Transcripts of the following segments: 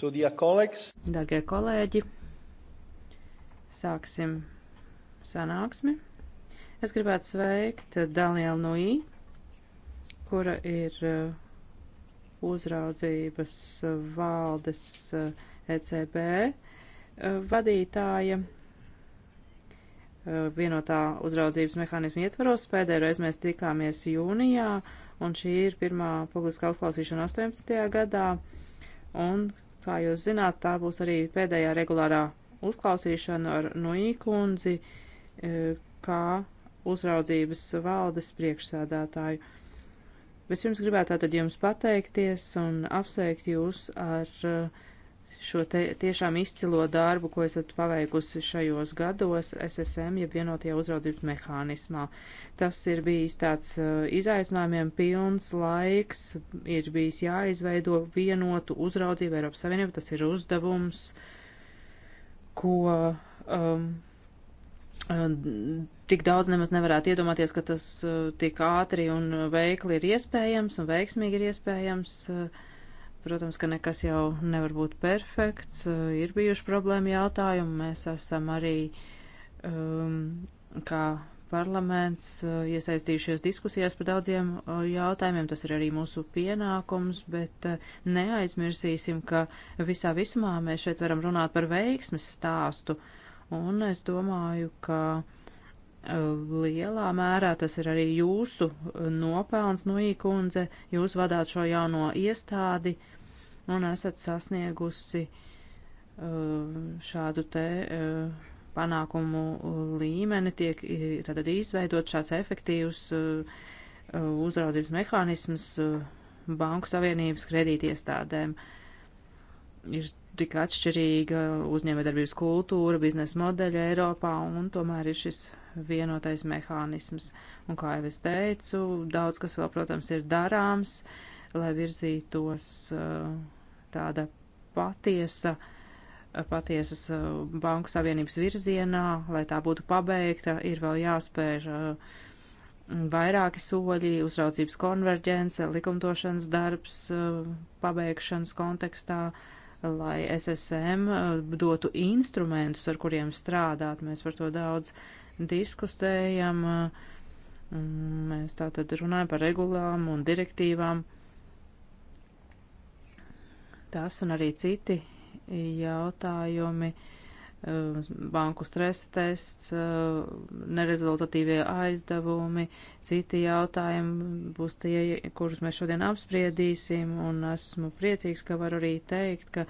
So, Dargie kolēģi, sāksim sanāksmi. Es gribētu sveikt Danielu Nui, kura ir uh, uzraudzības uh, valdes uh, ECB vadītāja vienotā uzraudzības mehānismu ietvaros. Pēdējo reizi mēs tikāmies jūnijā, un šī ir pirmā publiska uzklausīšana 18. gadā. Un Kā jūs zināt, tā būs arī pēdējā regulārā uzklausīšana ar Nui kundzi, e, kā uzraudzības valdes priekšsēdētāju. Vispirms gribētu tātad jums pateikties un apsveikt jūs ar uh, šo te, tiešām izcilo darbu, ko esat paveikusi šajos gados SSM, jeb vienotajā uzraudzības mehānismā. Tas ir bijis tāds uh, izaicinājumiem pilns laiks, ir bijis jāizveido vienotu uzraudzību Eiropas Savienību, tas ir uzdevums, ko. Um, uh, tik daudz nemaz nevarētu iedomāties, ka tas uh, tik ātri un veikli ir iespējams un veiksmīgi ir iespējams. Uh, Protams, ka nekas jau nevar būt perfekts, eh, ir bijuši problēma jautājumi, mēs esam arī um, kā parlaments eh, iesaistījušies diskusijās par daudziem eh, jautājumiem. Tas ir arī mūsu pienākums, bet neaizmirsīsim, ka visā visumā mēs šeit varam runāt par veiksmes stāstu. Un es domāju, ka lielā mērā tas ir arī jūsu nopelns, nu, īkundze, jūs vadāt šo jauno iestādi un esat sasniegusi uh, šādu te uh, panākumu līmeni, tiek tad izveidot šāds efektīvs uh, uzraudzības mehānisms Banku Savienības kredītiestādēm. Ir tik atšķirīga uzņēmējdarbības kultūra, biznesa modeļa Eiropā, un tomēr ir šis vienotais mehānisms. Un, kā jau es teicu, daudz kas vēl, protams, ir darāms, lai virzītos uh, tāda patiesa, uh, patiesas uh, banku savienības virzienā, lai tā būtu pabeigta, ir vēl jāspēr vairāki soļi, uzraudzības konverģence, likumdošanas darbs pabeigšanas kontekstā, lai SSM dotu instrumentus, ar kuriem strādāt. Mēs par to daudz diskutējam. Uh, mēs tātad runājam par regulām un direktīvām. Tas un arī citi jautājumi. Uh, banku stresa tests, uh, nerezultatīvie aizdevumi, citi jautājumi būs tie, kurus mēs šodien apspriedīsim, un esmu priecīgs, ka varu arī teikt, ka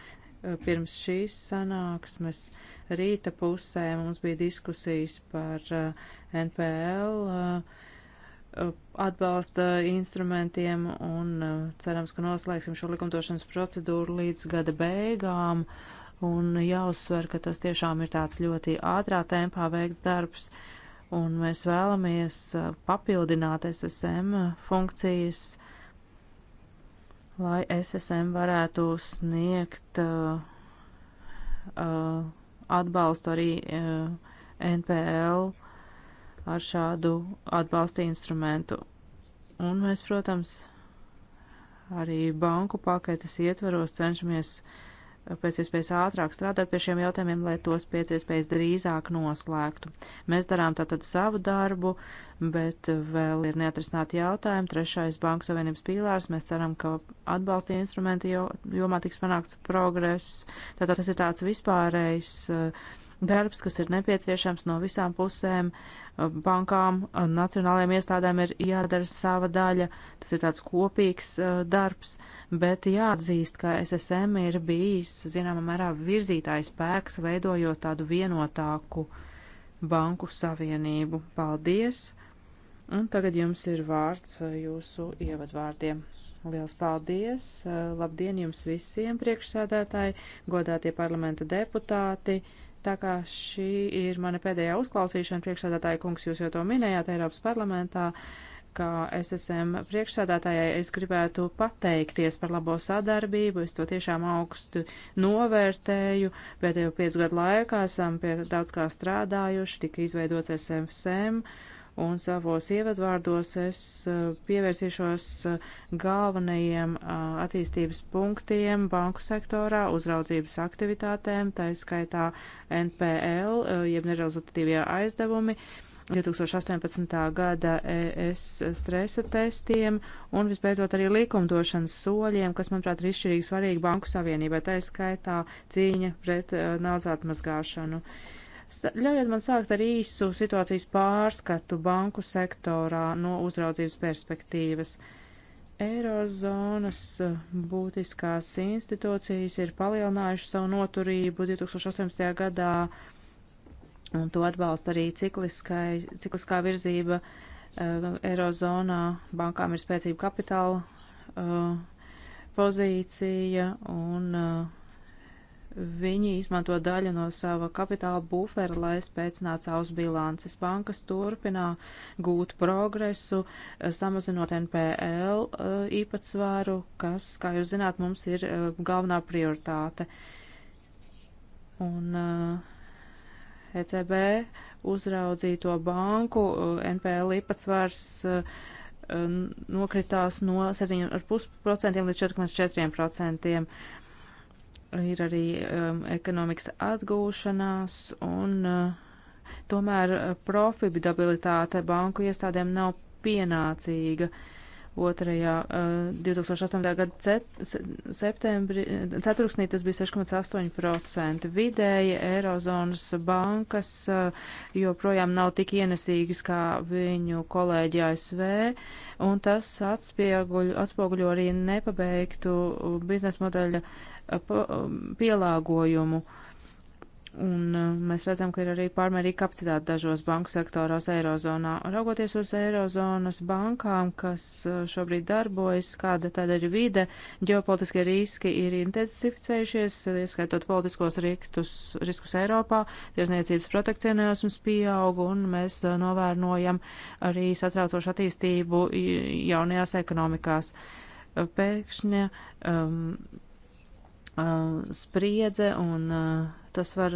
Eh, pirms šīs sanāksmes rīta pusē mums bija diskusijas par eh, NPL eh, atbalsta instrumentiem un cerams, ka noslēgsim šo likumdošanas procedūru līdz gada beigām. Un jāuzsver, ka tas tiešām ir tāds ļoti ātrā tempā veikts darbs, un mēs vēlamies papildināt SSM funkcijas uh, lai SSM varētu sniegt uh, uh, atbalstu arī uh, NPL ar šādu atbalsta instrumentu. Un mēs, protams, arī banku paketes ietveros cenšamies uh, pēc iespējas ātrāk strādāt pie šiem jautājumiem, lai tos pēc iespējas drīzāk noslēgtu. Mēs darām tātad savu darbu, bet vēl ir neatrisināti jautājumi. Trešais Banku Savienības pīlārs, mēs ceram, ka atbalsta instrumenti jomā tiks panākts progress. Tātad tas ir tāds vispārējs uh, Darbs, kas ir nepieciešams no visām pusēm, bankām, nacionālajiem iestādēm ir jādara sava daļa. Tas ir tāds kopīgs uh, darbs, bet jāatzīst, ka SSM ir bijis, zināmā mērā, virzītājs spēks, veidojot tādu vienotāku banku savienību. Paldies! Un tagad jums ir vārds uh, jūsu ievadvārdiem. Liels paldies! Uh, labdien jums visiem priekšsēdētāji, godātie parlamenta deputāti, Tā kā šī ir mana pēdējā uzklausīšana, priekšsādātāja kungs, jūs jau to minējāt Eiropas parlamentā, kā SSM priekšsādātājai es gribētu pateikties par labo sadarbību, es to tiešām augstu novērtēju, pēdējo piecu gadu laikā esam pie daudz kā strādājuši, tika izveidots SSM. SSM un savos ievadvārdos es uh, pievērsīšos uh, galvenajiem uh, attīstības punktiem banku sektorā, uzraudzības aktivitātēm, tā izskaitā NPL, jeb nerealizatīvie aizdevumi. 2018. gada ES stresa testiem un visbeidzot arī likumdošanas soļiem, kas, manuprāt, ir izšķirīgi svarīgi Banku Savienībai, tā izskaitā cīņa pret uh, naudas atmazgāšanu. Uh, Ļaujiet man sākt ar īsu situācijas pārskatu banku sektorā no uzraudzības perspektīvas. Eirozonas eh, būtiskās institūcijas ir palielinājuši savu noturību 2018. gadā, un to atbalsta arī cikliskā virzība. Eh, Eirozonā bankām ir spēcīga kapitāla eh, pozīcija, un uh, Viņi izmanto daļu no sava kapitāla bufera, lai spēcinātu savus bilances. Bankas turpinā gūt progresu, samazinot NPL e, īpatsvaru, kas, kā jūs zināt, mums ir e, galvenā prioritāte. Un ECB e uzraudzīto banku NPL īpatsvars nokritās no 7,5% līdz 4,4% ir arī um, ekonomikas atgūšanās un uh, tomēr uh, profitabilitāte banku iestādēm nav pienācīga. Otrajā uh, 2008. gada cet, septembrī, ceturksnī tas bija 6,8%. Vidēji Eirozonas bankas uh, joprojām nav tik ienesīgas kā viņu kolēģi ASV, un tas atspoguļo arī nepabeigtu biznesa modeļa uh, Um, pielāgojumu. Un uh, mēs redzam, ka ir arī pārmērīga kapacitāte dažos banku sektoros Eirozonā. Raugoties uz Eirozonas bankām, kas uh, šobrīd darbojas, kāda tad ir vide, ģeopolitiskie riski ir intensificējušies, uh, ieskaitot politiskos riktus, riskus Eiropā, tiesniecības protekcionēsums pieaug, un mēs novērnojam arī satraucošu attīstību jaunajās ekonomikās. Pēkšņa um, spriedze, un tas var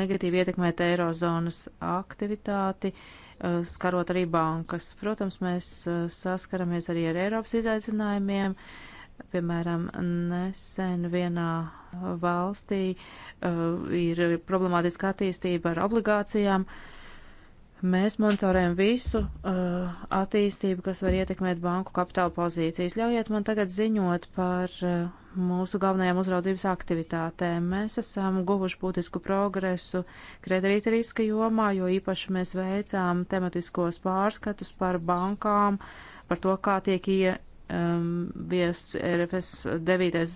negatīvi ietekmēt eirozonas aktivitāti, skarot arī bankas. Protams, mēs saskaramies arī ar Eiropas izaicinājumiem. Piemēram, nesen vienā valstī ir problemātiska attīstība ar obligācijām. Uh, Mēs monitorējam visu uh, attīstību, kas var ietekmēt banku kapitāla pozīcijas. Ļaujiet man tagad ziņot par uh, mūsu galvenajām uzraudzības aktivitātēm. Mēs esam guvuši būtisku progresu kredīta riska jomā, jo īpaši mēs veicām tematiskos pārskatus par bankām, par to, kā tiek ieviests um, RFS 9.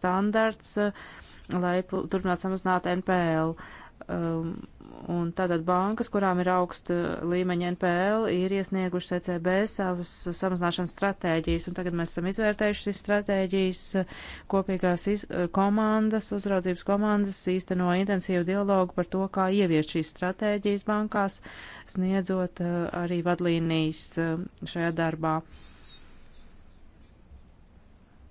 standarts, uh, lai turpinātu samazināt NPL. Um, Un tātad bankas, kurām ir augsta līmeņa NPL, ir iesniegušas ECB savas samazināšanas stratēģijas, un tagad mēs esam izvērtējuši šīs stratēģijas kopīgās iz, komandas, uzraudzības komandas, īsteno intensīvu dialogu par to, kā ieviest šīs stratēģijas bankās, sniedzot eh, arī vadlīnijas eh, šajā darbā.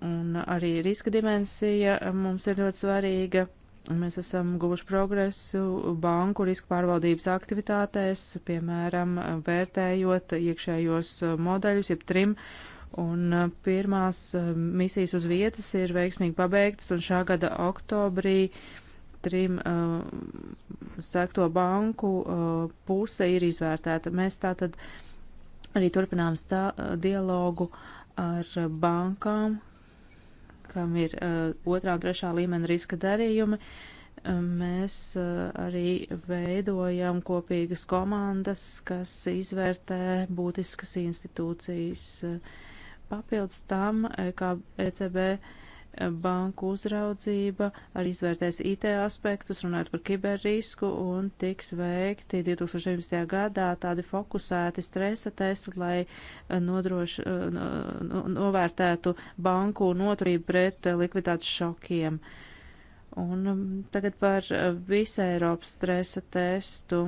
Un arī riska dimensija eh, mums ir ļoti svarīga Mēs esam guvuši progresu banku riska pārvaldības aktivitātēs, piemēram, vērtējot iekšējos modeļus, jeb trim, un uh, pirmās uh, misijas uz vietas ir veiksmīgi pabeigtas, un šā gada oktobrī trim uh, sekto banku uh, puse ir izvērtēta. Mēs tātad arī turpinām stā, dialogu ar bankām, kam ir uh, otrā un trešā līmena riska darījumi, um, mēs uh, arī veidojam kopīgas komandas, kas izvērtē būtiskas institūcijas. Uh, papildus tam, eh, kā ECB banku uzraudzība arī izvērtēs IT aspektus, runājot par kiberrisku, un tiks veikti 2019. gadā tādi fokusēti stresa testi, lai eh, nodroš, eh, nu, novērtētu banku noturību pret eh, likviditātes šokiem. Un mm, tagad par visu Eiropas stresa testu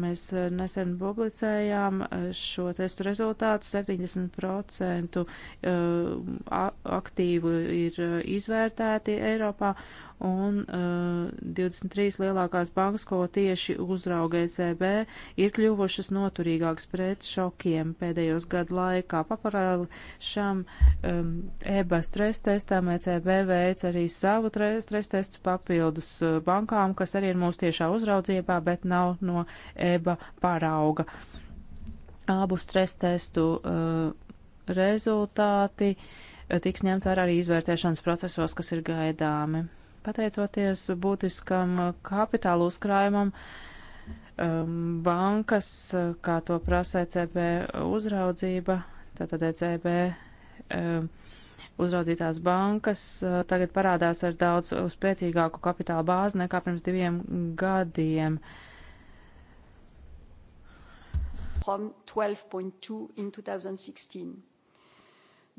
Mēs eh, nesen publicējām eh, šo testu rezultātu. 70% eh, aktīvu ir izvērtēti Eiropā, un uh, 23 lielākās bankas, ko tieši uzrauga ECB, ir kļuvušas noturīgākas pret šokiem pēdējos gadu laikā. Paparēli šam um, EBA stres testam ECB veic arī savu stres testus papildus uh, bankām, kas arī ir mūsu tiešā uzraudzībā, bet nav no EBA parauga. Abu stres testu uh, rezultāti uh, tiks ņemt vērā arī izvērtēšanas procesos, kas ir gaidāmi. Pateicoties būtiskam kapitālu uzkrājumam, um, bankas, kā to prasa ECB uzraudzība, tātad ECB um, uzraudzītās bankas uh, tagad parādās ar daudz spēcīgāku kapitāla bāzi nekā pirms diviem gadiem. 12.2 in 2016.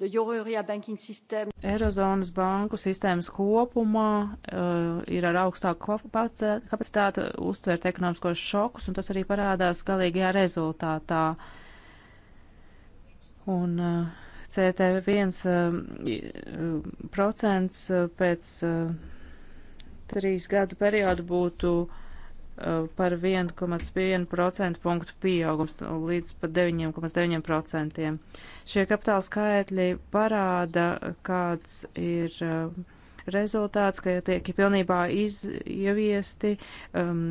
Eirozonas banku sistēmas kopumā uh, ir ar augstāku kapacitāti uztvērt ekonomiskos šokus, un tas arī parādās galīgajā rezultātā. Un uh, CT1 uh, procents eh, pēc uh, trīs gadu periodu būtu uh, Uh, par 1,1 procentu punktu pieaugums līdz pat 9,9%. Šie kapitāla skaitļi parāda, kāds ir uh, rezultāts, ka tiek pilnībā ieviesti, um,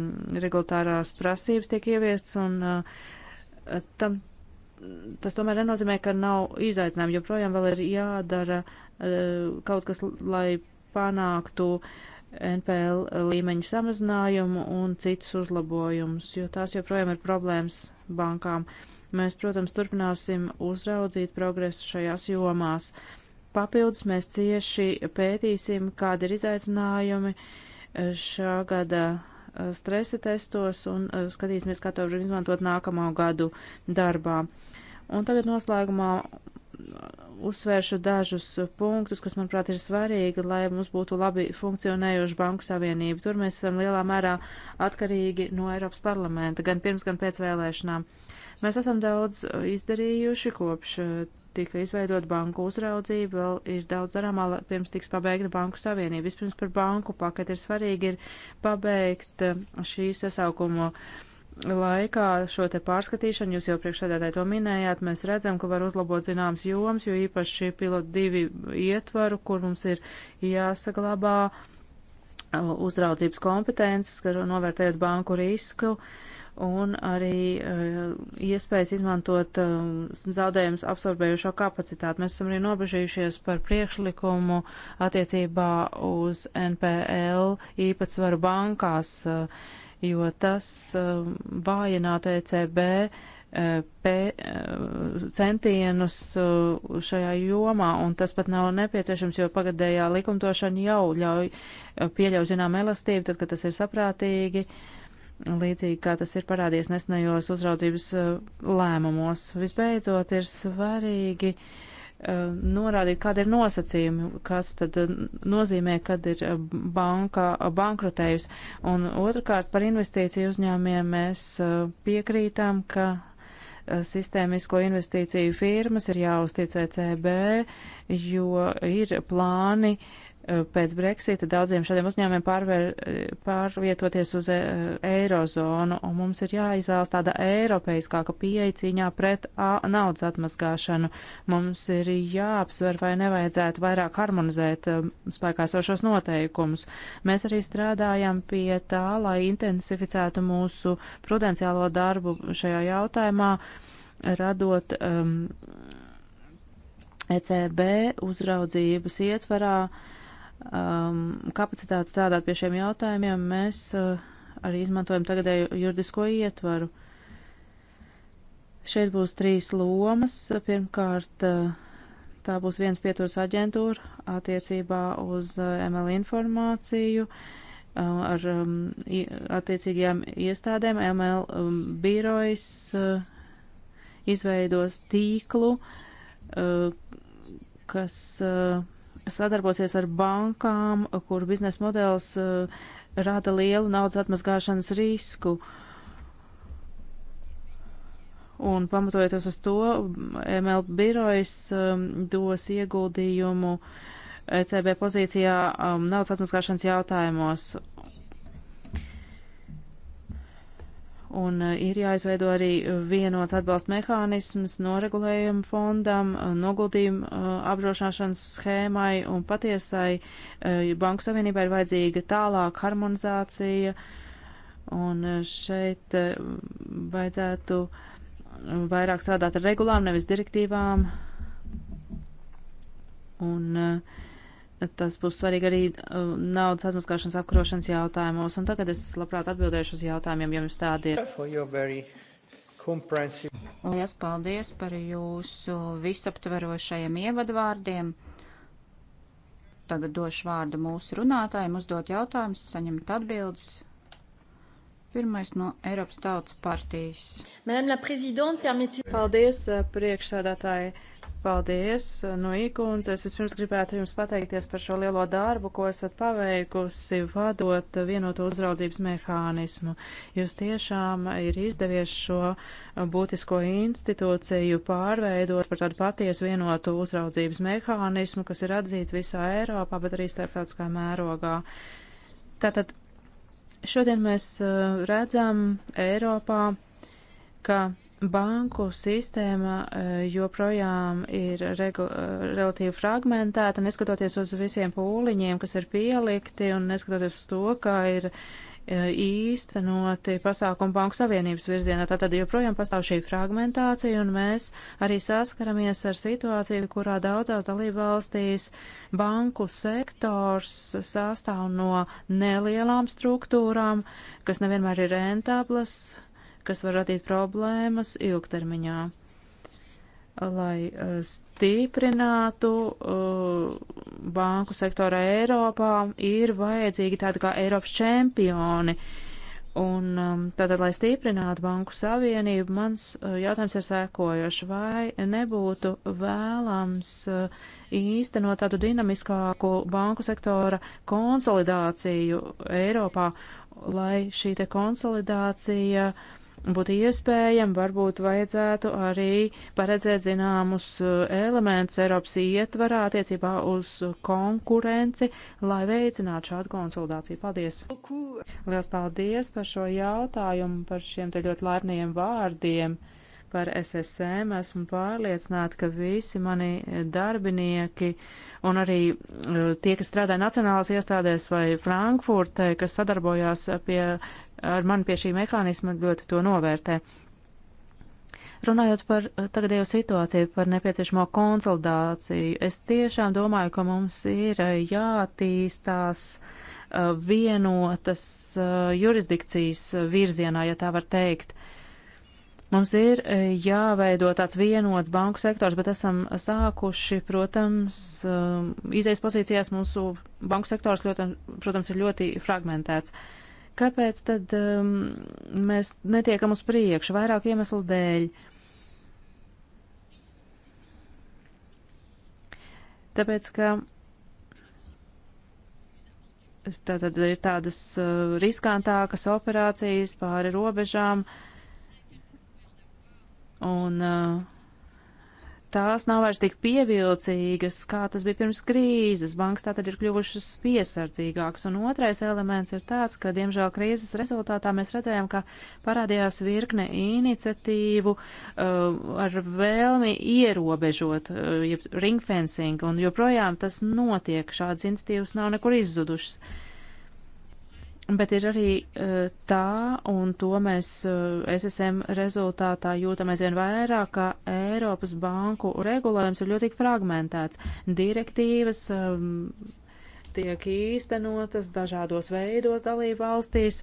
regulārās prasības tiek ieviestas un uh, tam. Tas tomēr nenozīmē, ka nav izaicinājumi, joprojām vēl ir jādara uh, kaut kas, lai panāktu uh, NPL līmeņu samazinājumu un citus uzlabojumus, jo tās joprojām ir problēmas bankām. Mēs, protams, turpināsim uzraudzīt progresu šajās jomās. Papildus mēs cieši pētīsim, kādi ir izaicinājumi eh, šā gada eh, stresa testos un eh, skatīsimies, kā to varam izmantot nākamā gadu darbā. Un tagad noslēgumā uzsvēršu dažus punktus, kas, manuprāt, ir svarīgi, lai mums būtu labi funkcionējoša banku savienība. Tur mēs esam lielā mērā atkarīgi no Eiropas parlamenta, gan pirms, gan pēc vēlēšanām. Mēs esam daudz izdarījuši kopš eh, tika izveidot banku uzraudzību, vēl ir daudz darāmā, pirms tiks pabeigta banku savienība. Vispirms par banku paketi ir svarīgi ir pabeigt eh, šī sasaukuma uh, laikā šo te pārskatīšanu, jūs jau priekšsēdētāji to minējāt, mēs redzam, ka var uzlabot zināmas jomas, jo īpaši pilotu divi ietvaru, kur mums ir jāsaglabā uh, uzraudzības kompetences, novērtējot banku risku un arī uh, iespējas izmantot uh, zaudējumus absorbējušo kapacitāti. Mēs esam arī nobežījušies par priekšlikumu attiecībā uz NPL īpatsvaru bankās. Uh, jo tas um, vājinātu ECB uh, pē, uh, centienus uh, šajā jomā, un tas pat nav nepieciešams, jo pagadējā likumdošana jau ļauj pieļauj zinām elastību, tad, kad tas ir saprātīgi, līdzīgi kā tas ir parādījies nesenajos uzraudzības lēmumos. Visbeidzot, ir svarīgi uh, Uh, norādīt, kāda ir nosacījumi, kas tad uh, nozīmē, kad ir uh, banka bankrotējusi. Un otrkārt par investīciju uzņēmiem mēs piekrītam, ka sistēmisko investīciju firmas ir jāuzticē CB, jo ir plāni uh, Eh, pēc Brexita daudziem šādiem uzņēmumiem pārvēr, eh, pārvietoties uz eh, eirozonu, un mums ir jāizvēlas tāda eiropeiskāka pieeja cīņā pret naudas atmazgāšanu. Mums ir jāapsver, vai nevajadzētu vairāk harmonizēt spēkā sošos noteikumus. Mēs arī strādājam pie tā, lai intensificētu mūsu prudenciālo darbu šajā jautājumā, radot um, ehm, ECB uzraudzības ietvarā uh, um, kapacitāti strādāt pie šiem jautājumiem, mēs uh, arī izmantojam tagadēju juridisko ietvaru. Šeit būs trīs lomas. Pirmkārt, uh, tā būs viens pieturas aģentūra attiecībā uz uh, ML informāciju uh, ar um, attiecīgajām iestādēm. ML um, birojs izveidos tīklu, kas sadarbosies ar bankām, kur biznesa modelis uh, eh, rada lielu naudas atmazgāšanas risku. Un pamatojoties uz to, ML birojas um, dos ieguldījumu ECB pozīcijā um, naudas atmazgāšanas jautājumos. un eh, ir jāizveido arī eh, vienots atbalsta mehānisms noregulējumu fondam, eh, noguldījumu apdrošināšanas schēmai un patiesai Banku Savienībai ir vajadzīga tālāk harmonizācija, un šeit vajadzētu vairāk strādāt ar regulām, nevis direktīvām. Un uh, Tas būs svarīgi arī uh, naudas atmaskāšanas apkarošanas jautājumos. Un tagad es labprāt atbildēšu uz jautājumiem, ja jums tādi ir. Lielas paldies par jūsu visaptverošajiem ievadvārdiem. Tagad došu vārdu mūsu runātājiem, uzdot jautājumus, saņemt atbildes. Pirmais no Eiropas Tautas partijas. Paldies, uh, priekšsādātāji. Paldies, uh, no īkundze. Es vispirms gribētu jums pateikties par šo lielo darbu, ko esat paveikusi, vadot vienotu uzraudzības mehānismu. Jūs tiešām ir izdevies šo uh, būtisko institūciju pārveidot par tādu patiesu vienotu uzraudzības mehānismu, kas ir atzīts visā Eiropā, bet arī starptautiskā mērogā. Tātad šodien mēs uh, redzam Eiropā, ka banku sistēma e, joprojām ir regl, e, relatīvi fragmentēta, neskatoties uz visiem pūliņiem, kas ir pielikti, un neskatoties uz to, kā ir e, īstenoti pasākumu banku savienības virzienā. Tātad joprojām pastāv šī fragmentācija, un mēs arī saskaramies ar situāciju, kurā daudzās dalībvalstīs banku sektors sastāv no nelielām struktūrām, kas nevienmēr ir rentablas, kas var radīt problēmas ilgtermiņā, lai eh, stiprinātu eh, banku sektoru Eiropā, ir vajadzīgi tādi kā Eiropas čempioni. Un um, tātad, lai stiprinātu banku savienību, mans eh, jautājums ir sēkojoši, vai nebūtu vēlams īstenot tādu dinamiskāku banku sektora konsolidāciju Eiropā, lai šī te konsolidācija uh, būtu iespējami, varbūt vajadzētu arī paredzēt zināmus eh, elementus Eiropas ietvarā attiecībā uz konkurenci, lai veicinātu šādu konsolidāciju. Paldies! Lielas paldies par šo jautājumu, par šiem te ļoti laipniem vārdiem par SSM. Esmu pārliecināta, ka visi mani darbinieki un arī eh, tie, kas strādāja nacionālās iestādēs vai Frankfurtē, kas sadarbojās pie ar mani pie šī mehānisma ļoti to novērtē. Runājot par eh, tagadējo situāciju, par nepieciešamo konsolidāciju, es tiešām domāju, ka mums ir eh, jātīstās eh, vienotas jurisdikcijas virzienā, ja tā var teikt. Mums ir jāveido tāds vienots banku sektors, bet esam sākuši, protams, izējas pozīcijās mūsu banku sektors, ļoti, protams, ir ļoti fragmentēts. Uh, Kāpēc tad um, mēs netiekam uz priekšu? Vairāk iemeslu dēļ. Tāpēc, ka tā tad ir tādas uh, riskantākas operācijas pāri robežām. Un uh, tās nav vairs tik pievilcīgas, kā tas bija pirms krīzes. Bankas tātad ir kļuvušas piesardzīgākas. Un otrais elements ir tāds, ka, diemžēl, krīzes rezultātā mēs redzējām, ka parādījās virkne iniciatīvu uh, ar vēlmi ierobežot, uh, ringfencing, un joprojām tas notiek. Šādas iniciatīvas nav nekur izzudušas. Uh, Bet ir arī eh, tā, un to mēs eh, SSM rezultātā jūtam aizvien vairāk, ka Eiropas banku regulējums ir ļoti fragmentēts. Direktīvas eh, tiek īstenotas dažādos veidos dalību valstīs,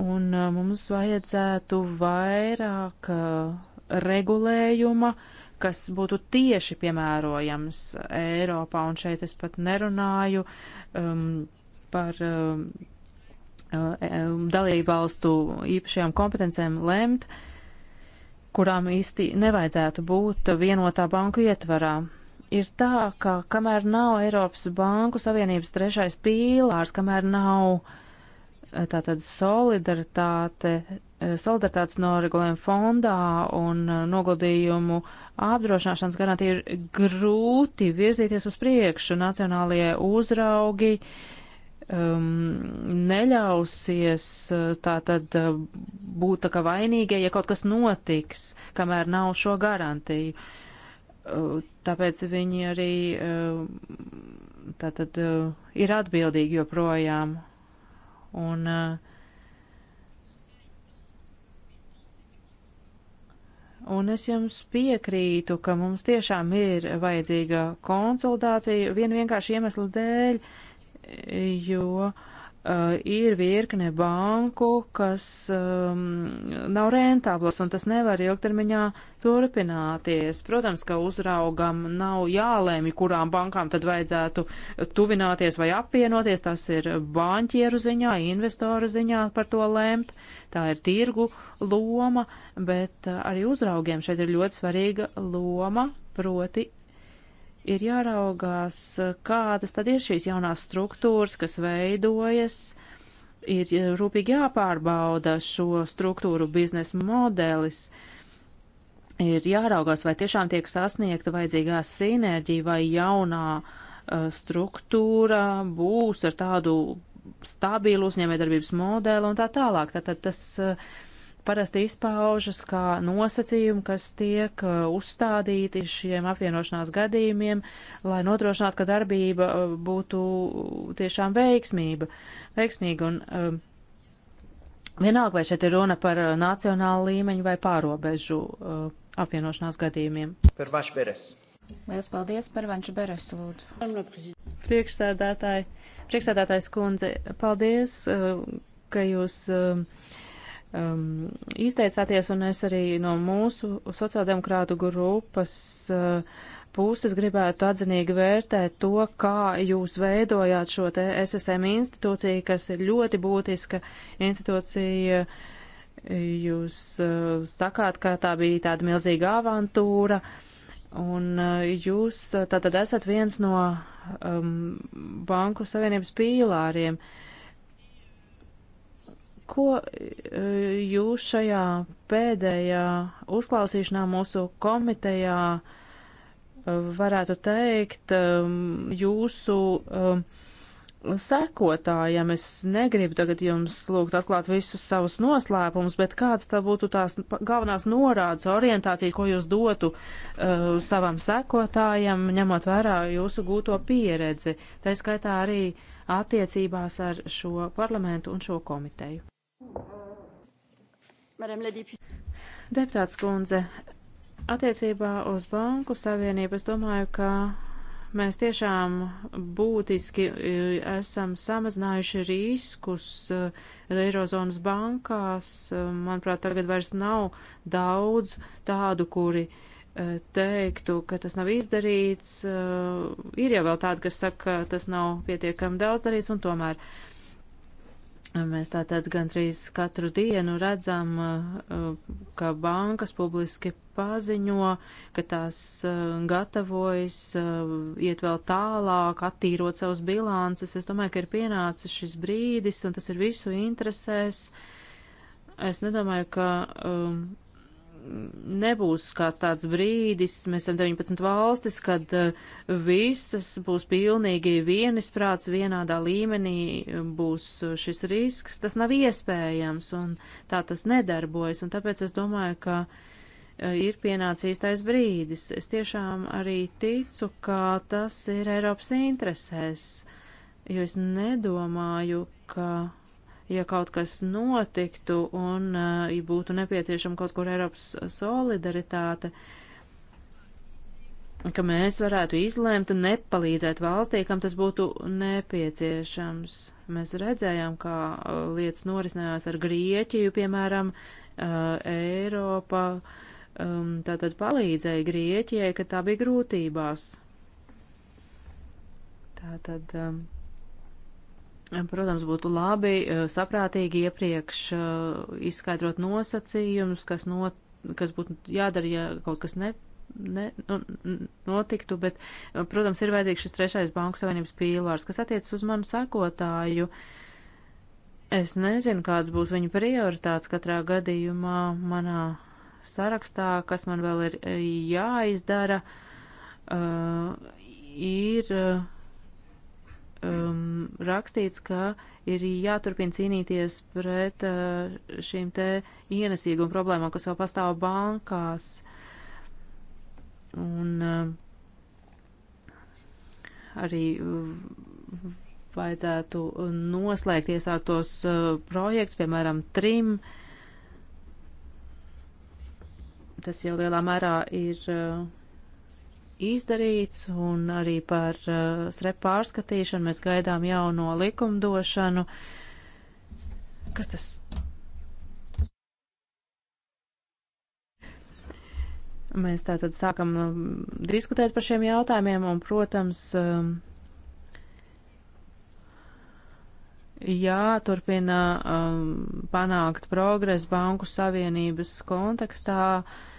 un mums vajadzētu vairāk regulējuma, kas būtu tieši piemērojams Eiropā, un šeit es pat nerunāju um, par. Um, Eh, eh, um, dalībvalstu īpašajām kompetencēm lemt, kurām īsti nevajadzētu būt vienotā banku ietvarā. Ir tā, ka kamēr nav Eiropas Banku Savienības trešais pīlārs, kamēr nav eh, tātad solidaritāte, solidaritātes noregulējuma fondā un noguldījumu apdrošināšanas garantija ir grūti virzīties uz priekšu. Nacionālie uzraugi uh, um, neļausies uh, tātad uh, būt tā kā vainīgie, ja kaut kas notiks, kamēr nav šo garantiju. Uh, tāpēc viņi arī uh, tātad uh, ir atbildīgi joprojām. Un uh, un es jums piekrītu, ka mums tiešām ir vajadzīga konsultācija vien vienkārši iemesla dēļ, uh, jo uh, ir virkne banku, kas um, nav rentablas, un tas nevar ilgtermiņā turpināties. Protams, ka uzraugam nav jālēmi, kurām bankām tad vajadzētu tuvināties vai apvienoties. Tas ir banķieru ziņā, investoru ziņā par to lēmt. Tā ir tirgu loma, bet eh, arī uzraugiem šeit ir ļoti svarīga loma, proti ir jāraugās, kādas tad ir šīs jaunās struktūras, kas veidojas, ir rūpīgi jāpārbauda šo struktūru biznesa modelis, ir jāraugās, vai tiešām tiek sasniegta vajadzīgā sinerģija, vai jaunā uh, struktūra būs ar tādu stabilu uzņēmējdarbības modeli un tā tālāk. Tātad tas uh, parasti izpaužas kā nosacījumi, kas tiek uh, uzstādīti šiem apvienošanās gadījumiem, lai nodrošinātu, ka darbība uh, būtu tiešām veiksmība, veiksmīga. Un, um, vienalga, vai šeit ir runa par uh, nacionālu līmeņu vai pārobežu apvienošanās gadījumiem. Per vašberes. Lielas paldies par Vanču Beresu lūdzu. Priekšsēdētāji, priekšsēdētājs kundze, paldies, ka jūs uh, um, izteicāties, un es arī no mūsu sociāldemokrātu grupas uh, puses gribētu atzinīgi vērtēt to, kā jūs veidojāt šo te SSM institūciju, kas ir ļoti būtiska institūcija. Jūs uh, sakāt, ka tā bija tāda milzīga avantūra, un uh, jūs uh, tātad esat viens no um, Banku Savienības pīlāriem. Uh, Ko e, jūs šajā pēdējā uzklausīšanā mūsu komitejā e, varētu teikt e, jūsu sekotājiem? Es negribu tagad jums lūgt atklāt visus savus noslēpumus, bet kāds tā būtu tās galvenās norādes, orientācijas, ko jūs dotu savam sekotājam, ņemot vērā jūsu gūto pieredzi? Tā skaitā arī attiecībās ar šo parlamentu un šo komiteju. Deputāts kundze, attiecībā uz Banku Savienību es domāju, ka mēs tiešām būtiski e, esam samazinājuši riskus e, Eirozonas bankās. E, manuprāt, tagad vairs nav daudz tādu, kuri teiktu, ka tas nav izdarīts. Ir jau vēl tādi, kas saka, ka tas nav pietiekami daudz darīts un tomēr. Uh, Mēs tātad gandrīz katru dienu redzam, eh, ka bankas publiski paziņo, ka tās eh, gatavojas eh, iet vēl tālāk, attīrot savus bilances. Es domāju, ka ir pienācis šis brīdis, un tas ir visu interesēs. Es nedomāju, ka um, nebūs kāds tāds brīdis, mēs esam 19 valstis, kad eh, visas būs pilnīgi vienisprāts, vienādā līmenī būs šis risks. Tas nav iespējams un tā tas nedarbojas. Un tāpēc es domāju, ka eh, ir pienācis tais brīdis. Es tiešām arī ticu, ka tas ir Eiropas interesēs, jo es nedomāju, ka ja kaut kas notiktu un eh, ja būtu nepieciešama kaut kur Eiropas solidaritāte, ka mēs varētu izlēmt un nepalīdzēt valstī, kam tas būtu nepieciešams. Mēs redzējām, kā eh, lietas norisinājās ar Grieķiju, piemēram, eh, Eiropa um, tātad palīdzēja Grieķijai, kad tā bija grūtībās. Tātad. Um, Protams, būtu labi eh, saprātīgi iepriekš eh, izskaidrot nosacījumus, kas, no, kas būtu jādara, ja kaut kas ne, ne, nu, notiktu, bet, eh, protams, ir vajadzīgs šis trešais banku savienības pīlārs, kas attiecas uz manu sakotāju. Es nezinu, kāds būs viņa prioritāts katrā gadījumā manā sarakstā, kas man vēl ir jāizdara, ir um, rakstīts, ka ir jāturpina cīnīties pret uh, šīm te ienesīgumu problēmām, kas vēl pastāv bankās. Un uh, arī uh, vajadzētu noslēgt iesāktos uh, projekts, piemēram, trim. Tas jau lielā mērā ir. Uh, izdarīts, un arī par uh, SREP pārskatīšanu mēs gaidām jauno likumdošanu. Kas tas? Mēs tātad sākam uh, diskutēt par šiem jautājumiem, un, protams, uh, jāturpina um, panākt progres Banku Savienības kontekstā. Uh,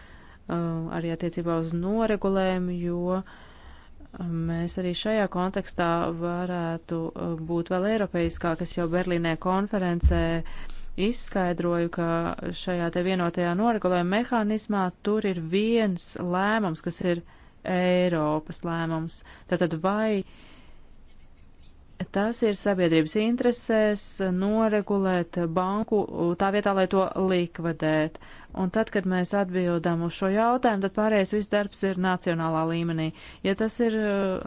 Um, arī attiecībā uz noregulējumu, jo um, mēs arī šajā kontekstā varētu uh, būt vēl eiropeiskākas, jo Berlīnē konferencē izskaidroju, ka šajā te vienotajā noregulējuma mehānismā tur ir viens lēmums, kas ir Eiropas lēmums. Tātad vai uh, Tas ir sabiedrības interesēs noregulēt banku tā vietā, lai to likvidēt. Un tad, kad mēs atbildam uz šo jautājumu, tad pārējais viss darbs ir nacionālā līmenī. Ja tas ir uh,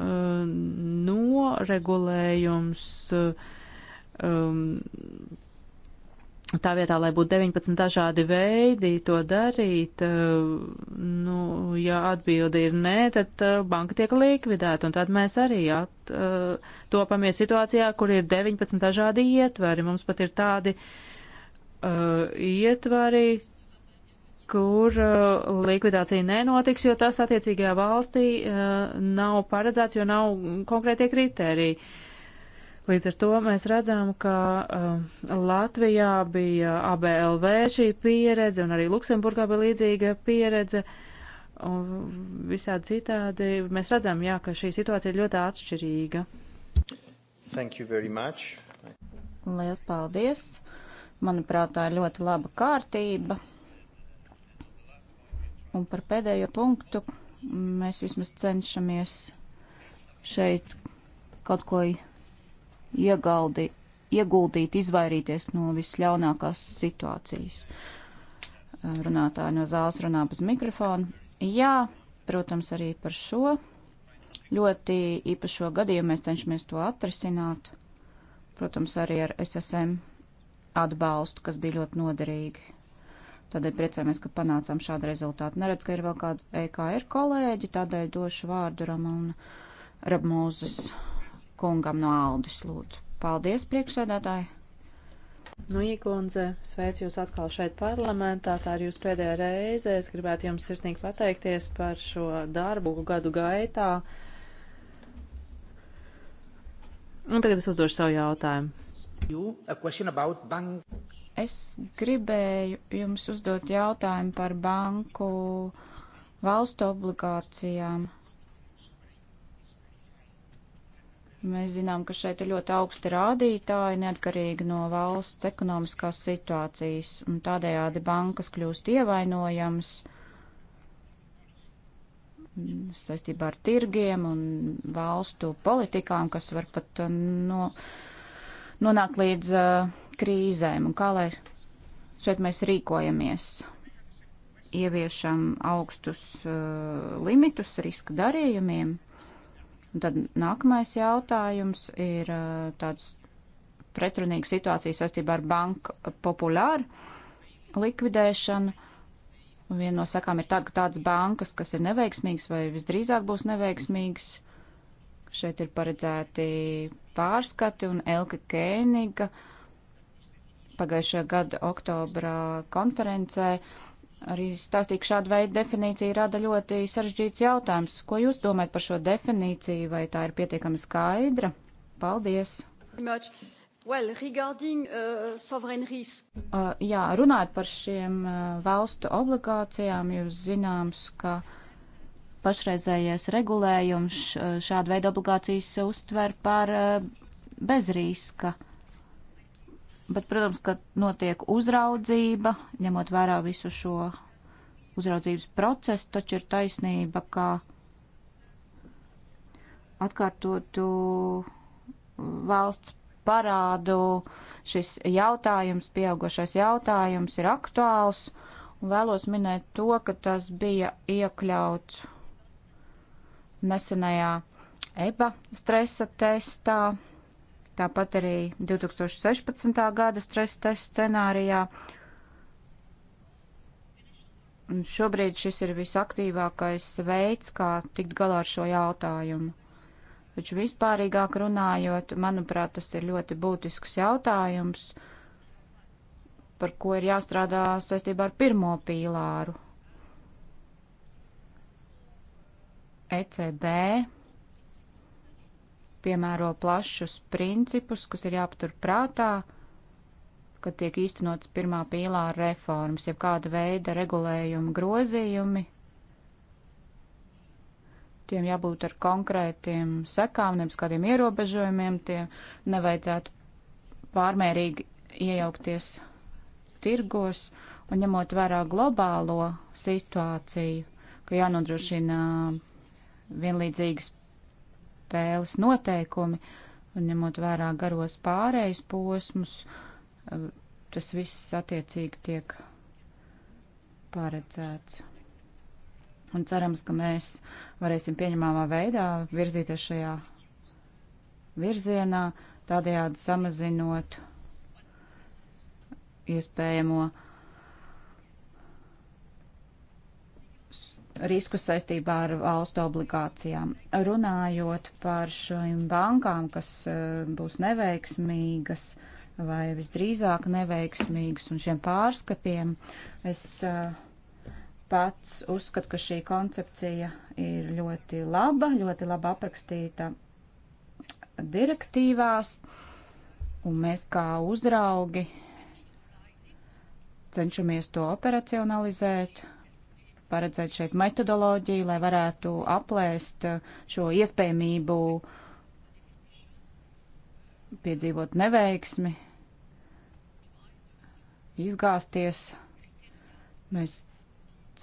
noregulējums, um, tā vietā, lai būtu 19 dažādi veidi to darīt, eh, nu, ja atbildi ir nē, tad eh, banka tiek likvidēta, un tad mēs arī at, eh, topamies situācijā, kur ir 19 dažādi ietvari. Mums pat ir tādi uh, ietvari, kur uh, likvidācija nenotiks, jo tas attiecīgajā valstī uh, nav paredzēts, jo nav konkrētie kritēriji. Uh, Līdz ar to mēs redzam, ka uh, Latvijā bija ABLV šī pieredze un arī Luksemburgā bija līdzīga pieredze. Un visādi citādi mēs redzam, jā, ka šī situācija ir ļoti atšķirīga. Thank you very much. Lielas paldies. Manuprāt, tā ir ļoti laba kārtība. Un par pēdējo punktu mēs vismaz cenšamies šeit kaut ko iegaldi, ieguldīt, izvairīties no visļaunākās situācijas. Runātāji no zāles runā bez mikrofona. Jā, protams, arī par šo ļoti īpašo gadījumu mēs cenšamies to atrisināt. Protams, arī ar SSM atbalstu, kas bija ļoti noderīgi. Tādēļ priecājamies, ka panācām šādu rezultātu. Neredz, ka ir vēl kāda EKR kolēģi, tādēļ došu vārdu Ramona Rabmūzes kungam no Aldus lūdzu. Paldies, priekšsēdētāji! Nu, Īkundze, sveicu jūs atkal šeit parlamentā. Tā ir jūs pēdējā reize. Es gribētu jums sirsnīgi pateikties par šo darbu gadu gaitā. Un tagad es uzdošu savu jautājumu. Es gribēju jums uzdot jautājumu par banku valstu obligācijām. Mēs zinām, ka šeit ir ļoti augsti rādītāji, neatkarīgi no valsts ekonomiskās situācijas, un tādējādi bankas kļūst ievainojamas saistībā ar tirgiem un valstu politikām, kas var pat uh, no, nonākt līdz uh, krīzēm. Un kā lai šeit mēs rīkojamies? Ieviešam augstus uh, limitus riska darījumiem Un tad nākamais jautājums ir uh, tāds pretrunīga situācija saistībā ar banku populāru likvidēšanu. Viena no sakām ir tāda, ka tādas bankas, kas ir neveiksmīgas vai visdrīzāk būs neveiksmīgas, šeit ir paredzēti pārskati un Elka Kēniga pagājušajā gada oktobrā konferencē Arī stāstīt šādu veidu definīciju rada ļoti sarežģīts jautājums. Ko jūs domājat par šo definīciju, vai tā ir pietiekami skaidra? Paldies! Much. Well, regarding uh, sovereign risk. Uh, jā, runājot par šiem uh, valstu obligācijām, jūs zināms, ka pašreizējais regulējums uh, šādu veidu obligācijas uztver par uh, bezriska uh, Bet, protams, ka notiek uzraudzība, ņemot vērā visu šo uzraudzības procesu, taču ir taisnība, ka atkārtotu uh, valsts parādu šis jautājums, pieaugušais jautājums ir aktuāls, un vēlos minēt to, ka tas bija iekļauts nesenajā EBA stresa testā. Tāpat arī 2016. gada stresa testa scenārijā. Un šobrīd šis ir visaktīvākais veids, kā tikt galā ar šo jautājumu. Taču vispārīgāk runājot, manuprāt, tas ir ļoti būtisks jautājums, par ko ir jāstrādā saistībā ar pirmo pīlāru. ECB piemēro plašus principus, kas ir jāpatur prātā, kad tiek īstenots pirmā pīlāra reformas, jeb kāda veida regulējuma grozījumi. Tiem jābūt ar konkrētiem sekām, nevis kādiem ierobežojumiem, tiem nevajadzētu pārmērīgi iejaukties tirgos un ņemot vērā globālo situāciju, ka jānodrošina vienlīdzīgas spēles noteikumi, un ņemot vērā garos pārējus posmus, eh, tas viss attiecīgi tiek paredzēts. Un cerams, ka mēs varēsim pieņemamā veidā virzīties šajā virzienā, tādējādi samazinot iespējamo uh, risku saistībā ar valstu obligācijām. Runājot par šīm bankām, kas e, būs neveiksmīgas vai visdrīzāk neveiksmīgas un šiem pārskatiem, es e, pats uzskatu, ka šī koncepcija ir ļoti laba, ļoti laba aprakstīta direktīvās, un mēs kā uzraugi cenšamies to operacionalizēt paredzēt šeit metodoloģiju, lai varētu aplēst uh, šo iespējamību piedzīvot neveiksmi, izgāzties. Mēs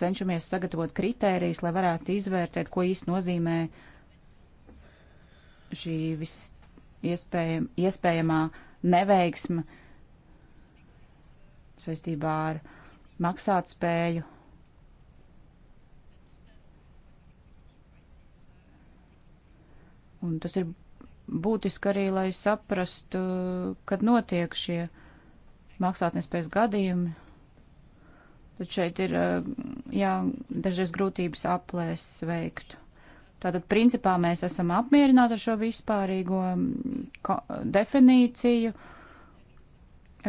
cenšamies sagatavot kritērijas, lai varētu izvērtēt, ko īsti nozīmē šī visiespējamā iespējamā neveiksma saistībā ar maksātspēju. spēju Un tas ir būtiski arī, lai saprastu, kad notiek šie maksātnespējas gadījumi. Tad šeit ir, jā, dažreiz grūtības aplēs veikt. Tātad, principā, mēs esam apmierināti ar šo vispārīgo definīciju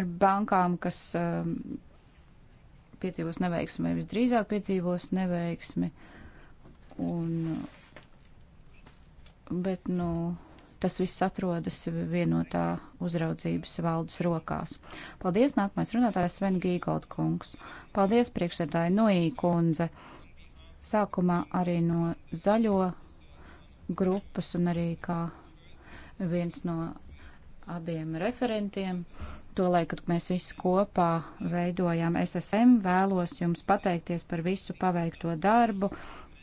ar bankām, kas piedzīvos neveiksmi vai visdrīzāk piedzīvos neveiksmi. Un bet, nu, tas viss atrodas vienotā uzraudzības valdes rokās. Paldies, nākamais runātājs Sven Gīgold kungs. Paldies, priekšsēdāja Noī kundze. Sākumā arī no zaļo grupas un arī kā viens no abiem referentiem. Tolēk, kad mēs visi kopā veidojām SSM, vēlos jums pateikties par visu paveikto darbu,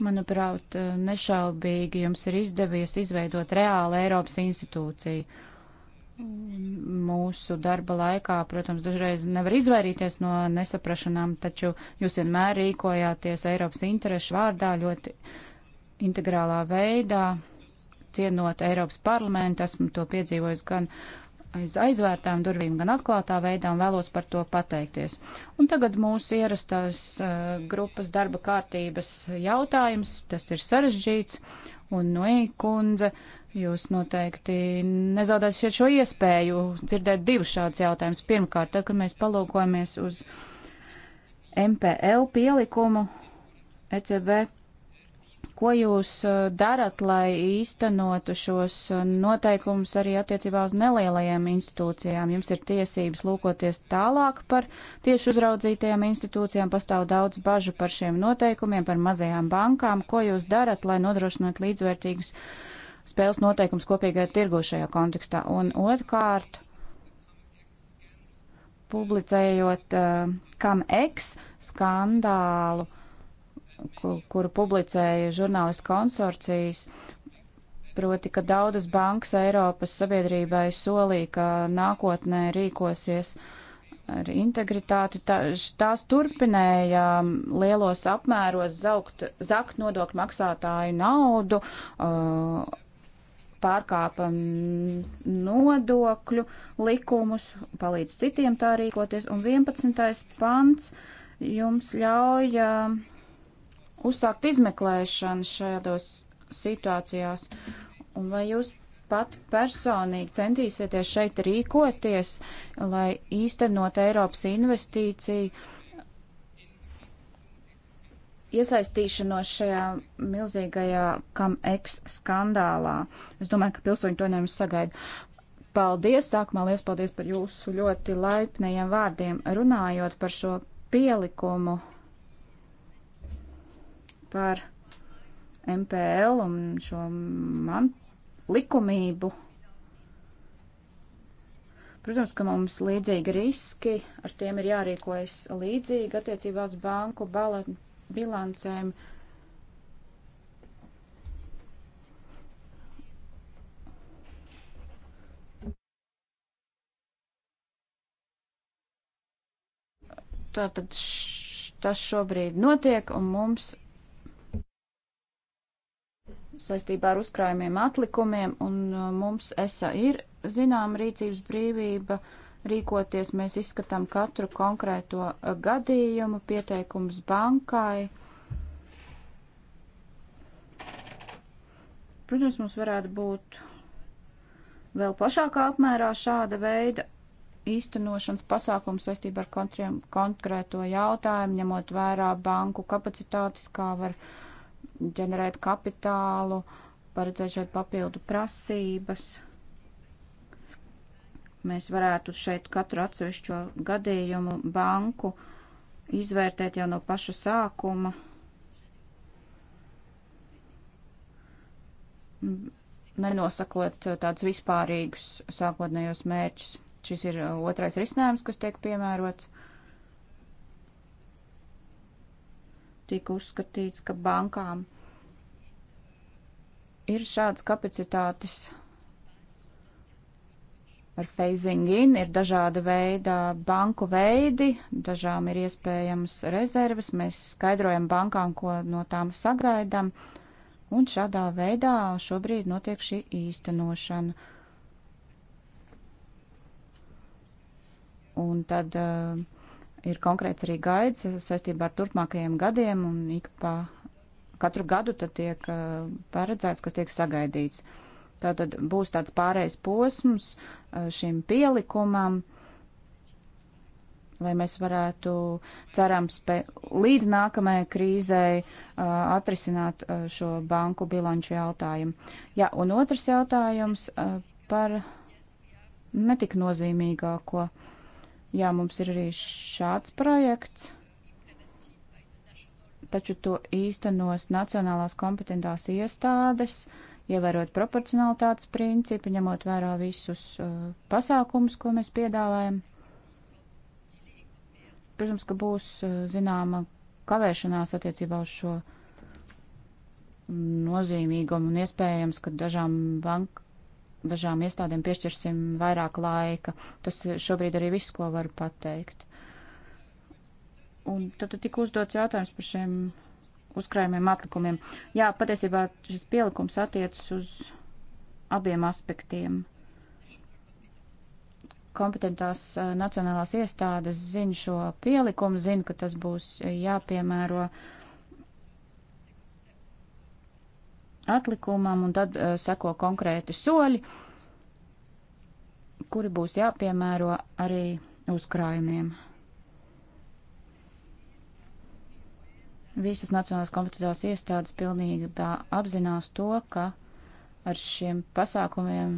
Manuprāt, nešaubīgi jums ir izdevies izveidot reālu Eiropas institūciju. Mūsu darba laikā, protams, dažreiz nevar izvairīties no nesaprašanām, taču jūs vienmēr rīkojāties Eiropas interešu vārdā ļoti integrālā veidā, cienot Eiropas parlamentu. Esmu to piedzīvojis gan uh, aiz aizvērtām durvīm, gan atklātā veidā, un vēlos par to pateikties. Un tagad mūsu ierastās uh, grupas darba kārtības jautājums, tas ir sarežģīts, un Nui kundze, jūs noteikti nezaudēsiet šo iespēju dzirdēt divus šādus jautājumus. Pirmkārt, tad, kad mēs palūkojamies uz MPL pielikumu, ECB Ko jūs uh, darat, lai īstenotu šos uh, noteikumus arī attiecībā uz nelielajām institūcijām? Jums ir tiesības lūkoties tālāk par tieši uzraudzītajām institūcijām, pastāv daudz bažu par šiem noteikumiem, par mazajām bankām. Ko jūs darat, lai nodrošinot līdzvērtīgus spēles noteikumus kopīgajā tirgu šajā kontekstā? Un otrkārt, publicējot uh, kam eks skandālu. Uh, kuru publicēja žurnālistu konsorcijas, proti, ka daudzas bankas Eiropas sabiedrībai solīja, ka nākotnē rīkosies ar integritāti. Tā, tās turpinēja lielos apmēros zaukt, zakt nodokļu maksātāju naudu, pārkāpa nodokļu likumus, palīdz citiem tā rīkoties. Un 11. pants jums ļauj uzsākt izmeklēšanu šādos situācijās? Un vai jūs pat personīgi centīsieties šeit rīkoties, lai īstenot Eiropas investīciju iesaistīšanos šajā milzīgajā CAMEX skandālā? Es domāju, ka pilsoņi to nevis sagaida. Paldies! Sākumā liels paldies par jūsu ļoti laipnajiem vārdiem runājot par šo pielikumu par MPL un šo man likumību. Protams, ka mums līdzīgi riski, ar tiem ir jārīkojas līdzīgi attiecībā uz banku bilancēm. Tātad š, tas šobrīd notiek, un mums saistībā ar uzkrājumiem atlikumiem, un uh, mums ESA ir zinām rīcības brīvība rīkoties. Mēs izskatām katru konkrēto uh, gadījumu, pieteikums bankai. Protams, mums varētu būt vēl plašākā apmērā šāda veida īstenošanas pasākums saistībā ar konkrēto jautājumu, ņemot vērā banku kapacitātes, kā var uh, ģenerēt kapitālu, paredzēšot papildu prasības. Mēs varētu šeit katru atsevišķo gadījumu banku izvērtēt jau no paša sākuma. Nenosakot tādus vispārīgus sākotnējos mērķus. Šis ir otrais risinājums, kas tiek piemērots. tika uzskatīts, ka bankām ir šādas kapacitātes ar phasing in, ir dažāda veida banku veidi, dažām ir iespējams rezerves, mēs skaidrojam bankām, ko no tām sagaidām, un šādā veidā šobrīd notiek šī īstenošana. Un tad uh, ir konkrēts arī gaids saistībā ar turpmākajiem gadiem, un ik pa katru gadu tad tiek uh, paredzēts, kas tiek sagaidīts. Tātad būs tāds pārējais posms uh, šim pielikumam, lai mēs varētu, cerams, līdz nākamajai krīzei uh, atrisināt šo banku bilanču jautājumu. Jā, un otrs jautājums par netik nozīmīgāko. Jā, mums ir arī šāds projekts, taču to īstenos nacionālās kompetentās iestādes, ievērot proporcionalitātes principu, ņemot vērā visus uh, pasākumus, ko mēs piedāvājam. Protams, ka būs uh, zināma kavēšanās attiecībā uz šo nozīmīgumu un iespējams, ka dažām bank dažām iestādēm piešķirsim vairāk laika. Tas šobrīd arī viss, ko varu pateikt. Un tad tika uzdots jautājums par šiem uzkrājumiem atlikumiem. Jā, patiesībā šis pielikums attiecas uz abiem aspektiem. Kompetentās eh, nacionālās iestādes zina šo pielikumu, zina, ka tas būs eh, jāpiemēro. Uh, atlikumam, un tad uh, seko konkrēti soļi, kuri būs jāpiemēro arī uzkrājumiem. Visas Nacionālās kompetentās iestādes pilnīgi apzinās to, ka ar šiem pasākumiem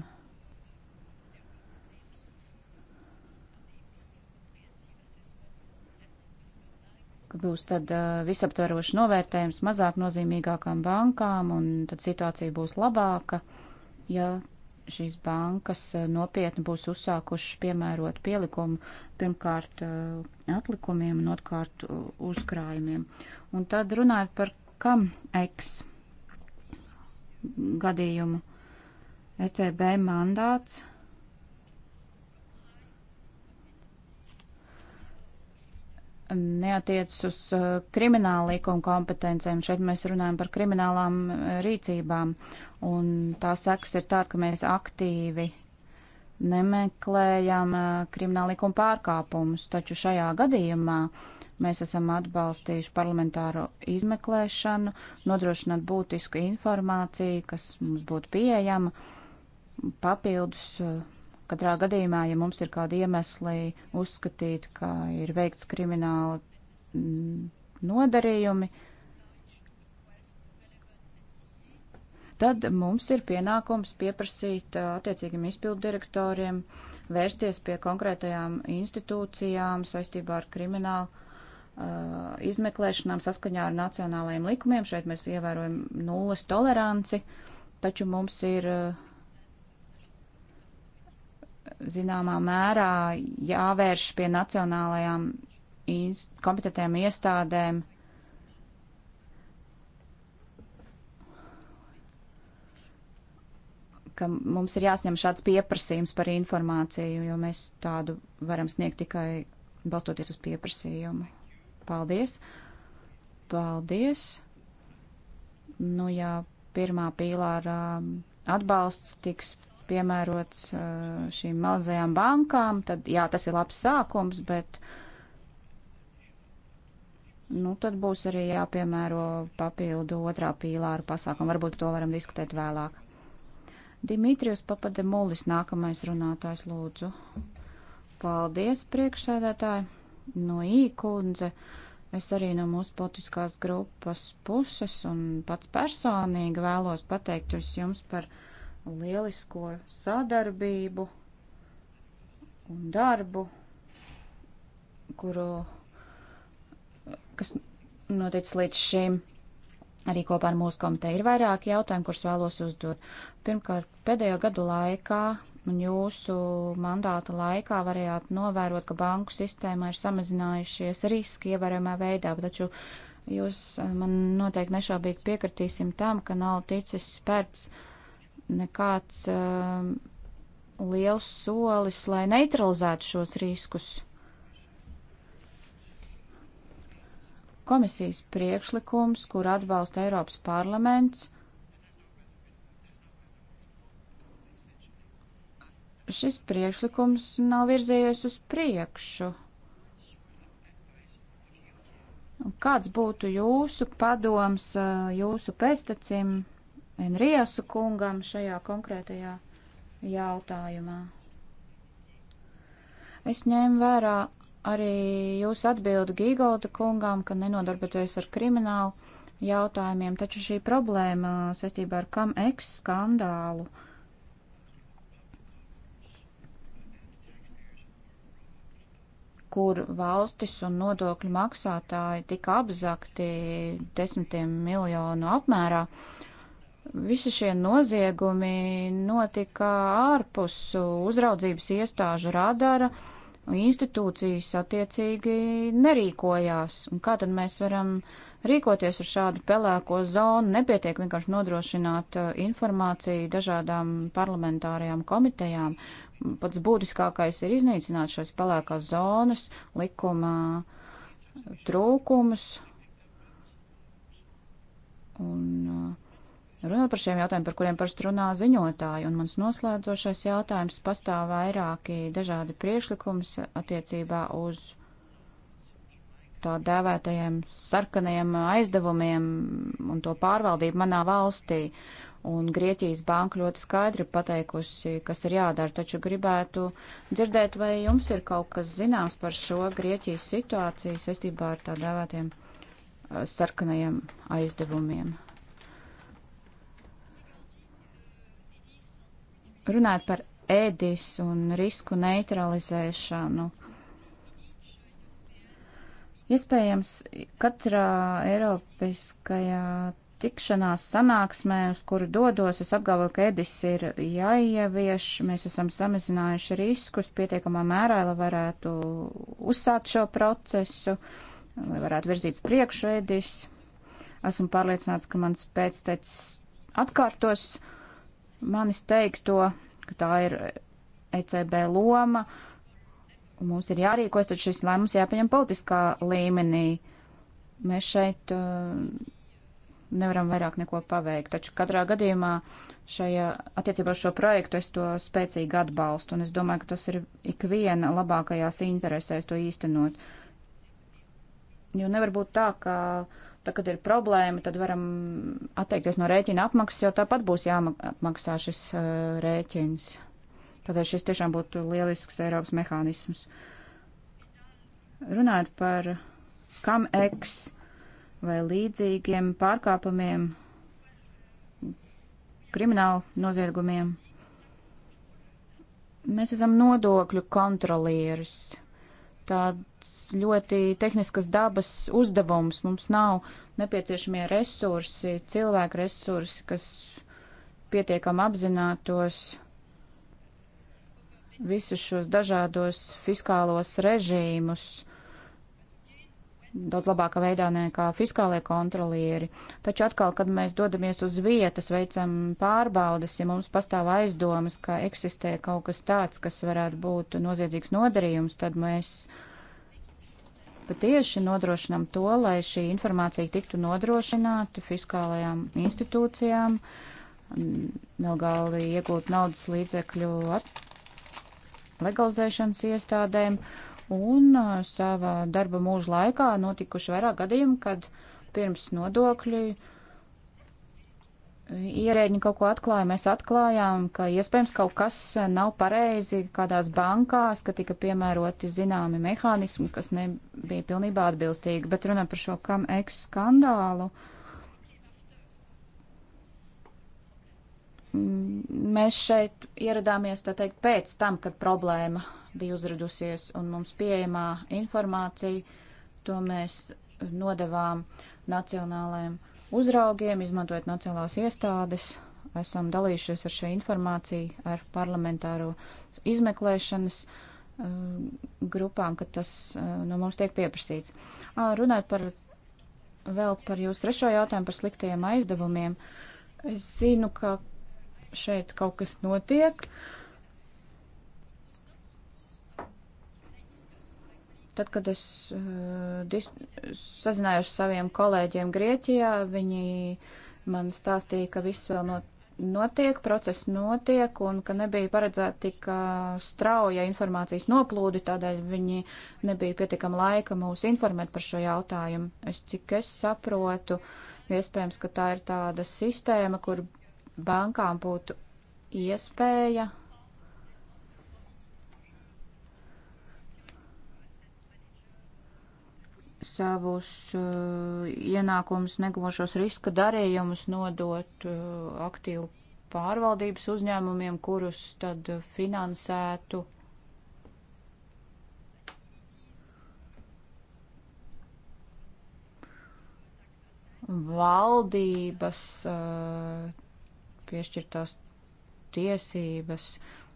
ka būs tad visaptverošs novērtējums mazāk nozīmīgākām bankām, un tad situācija būs labāka, ja šīs bankas nopietni būs uzsākušas piemērot pielikumu pirmkārt atlikumiem un otrkārt uzkrājumiem. Un tad runājot par kam eks gadījumu ECB mandāts neatiecas uz uh, krimināla likuma kompetencijām. Šeit mēs runājam par kriminālām uh, rīcībām, un tā sekas ir tāds, ka mēs aktīvi nemeklējam uh, krimināla likuma pārkāpumus, taču šajā gadījumā mēs esam atbalstījuši parlamentāro izmeklēšanu, nodrošinot būtisku informāciju, kas mums būtu pieejama papildus uh, Katrā gadījumā, ja mums ir kādi iemesli uzskatīt, ka ir veikts krimināli mm, nodarījumi, tad mums ir pienākums pieprasīt uh, attiecīgiem izpildu direktoriem vērsties pie konkrētajām institūcijām saistībā ar kriminālu uh, izmeklēšanām saskaņā ar nacionālajiem likumiem. Šeit mēs ievērojam nulles toleranci, taču mums ir uh, zināmā mērā jāvērš pie nacionālajām kompetentiem iestādēm. ka mums ir jāsņem šāds pieprasījums par informāciju, jo mēs tādu varam sniegt tikai balstoties uz pieprasījumu. Paldies! Paldies! Nu, ja pirmā pīlāra um, atbalsts tiks piemērots uh, šīm mazajām bankām, tad jā, tas ir labs sākums, bet nu, tad būs arī jāpiemēro papildu otrā pīlāra pasākumu. Varbūt to varam diskutēt vēlāk. Dimitrijus Papademulis nākamais runātājs lūdzu. Paldies, priekšsēdētāji, no īkundze. Es arī no mūsu politiskās grupas puses un pats personīgi vēlos pateikt jums par lielisko sadarbību un darbu, kuru, kas noticis līdz šim. Arī kopā ar mūsu komiteju ir vairāki jautājumi, kurus vēlos uzdot. Pirmkārt, pēdējo gadu laikā un jūsu mandāta laikā varējāt novērot, ka banku sistēmā ir samazinājušies riski ievērojamā veidā, bet taču jūs eh, man noteikti nešaubīgi piekritīsim tam, ka nav ticis spērts uh, nekāds uh, liels solis, lai neutralizētu šos riskus. Komisijas priekšlikums, kur atbalsta Eiropas parlaments, šis priekšlikums nav virzījies uz priekšu. Kāds būtu jūsu padoms uh, jūsu pēstacim? Enriesu kungam šajā konkrētajā jautājumā. Es ņēmu vērā arī jūs atbildi Gīgolda kungām, ka nenodarboties ar kriminālu jautājumiem, taču šī problēma saistībā ar kam eks skandālu. kur valstis un nodokļu maksātāji tika apzakti desmitiem miljonu apmērā. Uh, Visi šie noziegumi notika ārpus uzraudzības iestāžu radara, un institūcijas attiecīgi nerīkojās. Un kā tad mēs varam rīkoties ar šādu pelēko zonu? Nepietiek vienkārši nodrošināt uh, informāciju dažādām parlamentārajām komitejām. Pats būtiskākais ir iznīcināt šīs pelēkās zonas, likuma uh, trūkumus. Un, uh, Runāt par šiem jautājumiem, par kuriem parasti runā ziņotāji, un mans noslēdzošais jautājums pastāv vairāki dažādi priekšlikums attiecībā uz tā dēvētajiem sarkanajiem aizdevumiem un to pārvaldību manā valstī. Un Grieķijas banka ļoti skaidri pateikusi, kas ir jādara, taču gribētu dzirdēt, vai jums ir kaut kas zināms par šo Grieķijas situāciju saistībā ar tā dēvētiem eh, sarkanajiem aizdevumiem. Runājot par ēdis un risku neutralizēšanu. Iespējams, katrā Eiropiskajā tikšanās sanāksmē, uz kuru dodos, es apgalvoju, ka ēdis ir jāievieš, mēs esam samazinājuši riskus pietiekamā mērā, lai varētu uzsākt šo procesu, lai varētu virzīt priekšu ēdis. Esmu pārliecināts, ka mans pēctecis atkārtos manis teikto, ka tā ir ECB loma, un mums ir jārīkojas, tad šis lēmums jāpieņem politiskā līmenī. Mēs šeit uh, nevaram vairāk neko paveikt, taču katrā gadījumā šajā attiecībā uz šo projektu es to spēcīgi atbalstu, un es domāju, ka tas ir ikviena labākajās interesēs to īstenot. Jo nevar būt tā, ka uh, Tad, kad ir problēma, tad varam atteikties no rēķina apmaksas, jo tāpat būs jāmaksā šis uh, rēķins. Tātad šis tiešām būtu lielisks Eiropas mehānisms. Runājot par kam eks vai līdzīgiem pārkāpumiem, kriminālu noziegumiem, mēs esam nodokļu kontrolieris. Tāds ļoti tehniskas dabas uzdevums. Mums nav nepieciešamie resursi, cilvēku resursi, kas pietiekam apzinātos visus šos dažādos fiskālos režīmus daudz labākā veidā nekā fiskālie kontrolieri. Taču atkal, kad mēs dodamies uz vietas, veicam pārbaudas, ja mums pastāv aizdomas, ka eksistē kaut kas tāds, kas varētu būt noziedzīgs nodarījums, tad mēs patieši nodrošinam to, lai šī informācija tiktu nodrošināta fiskālajām institūcijām, nelegāli iegūt naudas līdzekļu legalizēšanas iestādēm, un uh, sava darba mūža laikā notikuši vairāk gadījumi, kad pirms nodokļu ierēģi kaut ko atklāja, mēs atklājām, ka iespējams kaut kas nav pareizi kādās bankās, ka tika piemēroti zināmi mehānismi, kas nebija pilnībā atbilstīgi. Bet runā par šo kam eks skandālu. Mēs šeit ieradāmies, tā teikt, pēc tam, kad problēma bija uzradusies un mums pieejamā informācija, to mēs nodevām nacionālajiem uh, uzraugiem, izmantojot nacionālās iestādes. Esam dalījušies ar šo informāciju ar parlamentāro izmeklēšanas eh, grupām, kad tas eh, no mums tiek pieprasīts. Runājot par vēl par jūsu trešo jautājumu par sliktajiem aizdevumiem, es zinu, ka šeit kaut kas notiek. Uh, Tad, kad es uh, eh, sazinājos ar saviem kolēģiem Grieķijā, viņi man stāstīja, ka viss vēl no notiek, process notiek un ka nebija paredzēta tik eh, strauja informācijas noplūdi, tādēļ viņi nebija pietiekama laika mūs informēt par šo jautājumu. Es cik es saprotu, iespējams, ka tā ir tāda sistēma, kur bankām būtu iespēja savus uh, ienākumus neguvušos riska darījumus nodot uh, aktīvu pārvaldības uzņēmumiem, kurus tad finansētu valdības uh, piešķirtās tiesības. Uh,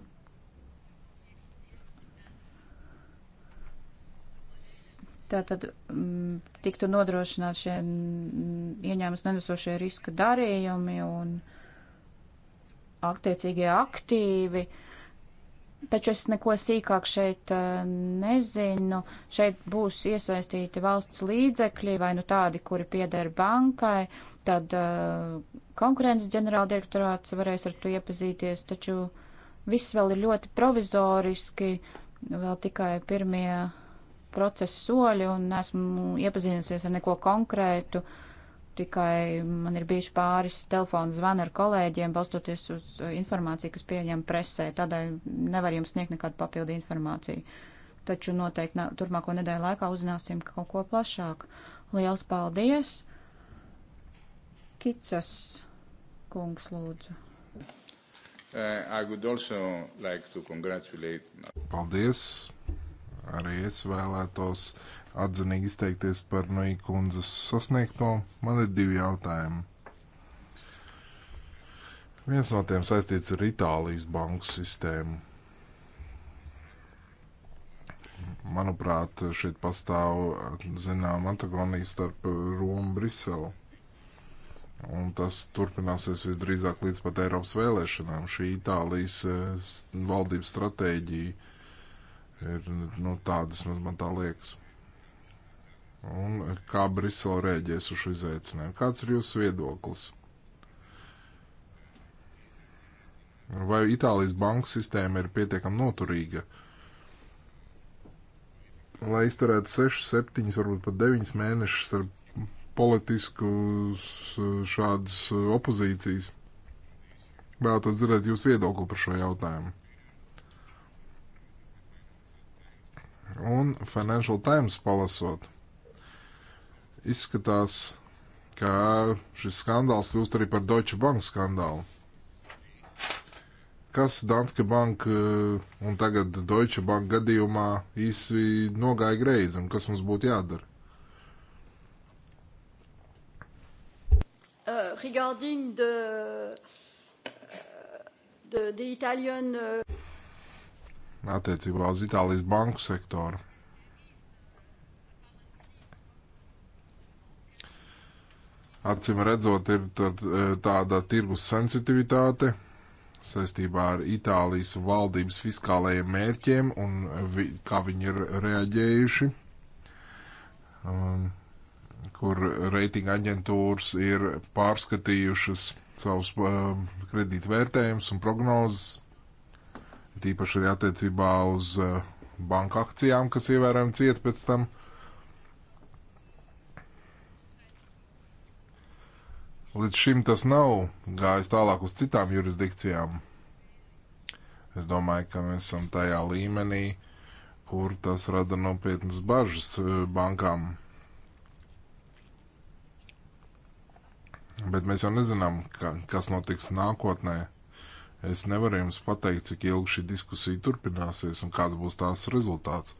Tātad m, mm, tiktu nodrošināt šie mm, ieņēmums nenesošie riska darījumi un attiecīgie aktīvi. Taču es neko sīkāk šeit eh, nezinu. Šeit būs iesaistīti valsts līdzekļi vai nu tādi, kuri pieder bankai, tad uh, konkurences ģenerāldirektorāts varēs ar to iepazīties, taču viss vēl ir ļoti provizoriski, vēl tikai pirmie procesa soļi un esmu iepazinusies ar neko konkrētu. Tikai man ir bijuši pāris telefonu zvani ar kolēģiem, balstoties uz uh, informāciju, kas pieņem presē. Tādēļ nevar jums sniegt nekādu papildu informāciju. Taču noteikti ne, turpmāko nedēļu laikā uzzināsim kaut ko plašāk. Liels paldies! Kicas kungs lūdzu. Uh, like Paldies! Arī es vēlētos atzinīgi izteikties par Noī kundzes sasniegto. Man ir divi jautājumi. Viens no tiem saistīts ar Itālijas banku sistēmu. Manuprāt, šeit pastāv zinām antagonija starp Romu un Briselu. Un tas turpināsies visdrīzāk līdz pat Eiropas vēlēšanām. Šī Itālijas eh, valdības stratēģija ir nu, tādas, man tā liekas. Un kā Brisele rēģēs uz šo izaicinājumu? Kāds ir jūsu viedoklis? Vai Itālijas banku sistēma ir pietiekami noturīga, lai izturētu 6, 7, varbūt pat 9 mēnešus ar politiskus šādas opozīcijas? Vēlētos dzirdēt jūsu viedokli par šo jautājumu. un Financial Times palasot, izskatās, ka šis skandāls kļūst arī par Deutsche Bank skandālu. Kas Danske Bank eh, un tagad Deutsche Bank gadījumā īsi nogāja greizi un kas mums būtu jādara? Uh, regarding the, the, euh, the Italian uh attiecībā uz Itālijas banku sektoru. Acīm redzot, ir e, tāda tirgus sensitivitāte saistībā ar Itālijas valdības fiskālajiem mērķiem un vi, kā viņi ir reaģējuši, um, kur reitinga aģentūras ir pārskatījušas savus um, kredītvērtējumus un prognozes tīpaši arī attiecībā uz eh, banka akcijām, kas ievērojami ciet pēc tam. Līdz šim tas nav gājis tālāk uz citām jurisdikcijām. Es domāju, ka mēs esam tajā līmenī, kur tas rada nopietnas bažas eh, bankām. Bet mēs jau nezinām, ka, kas notiks nākotnē. Es nevaru jums pateikt, cik ilgi šī diskusija turpināsies un kāds būs tās rezultāts.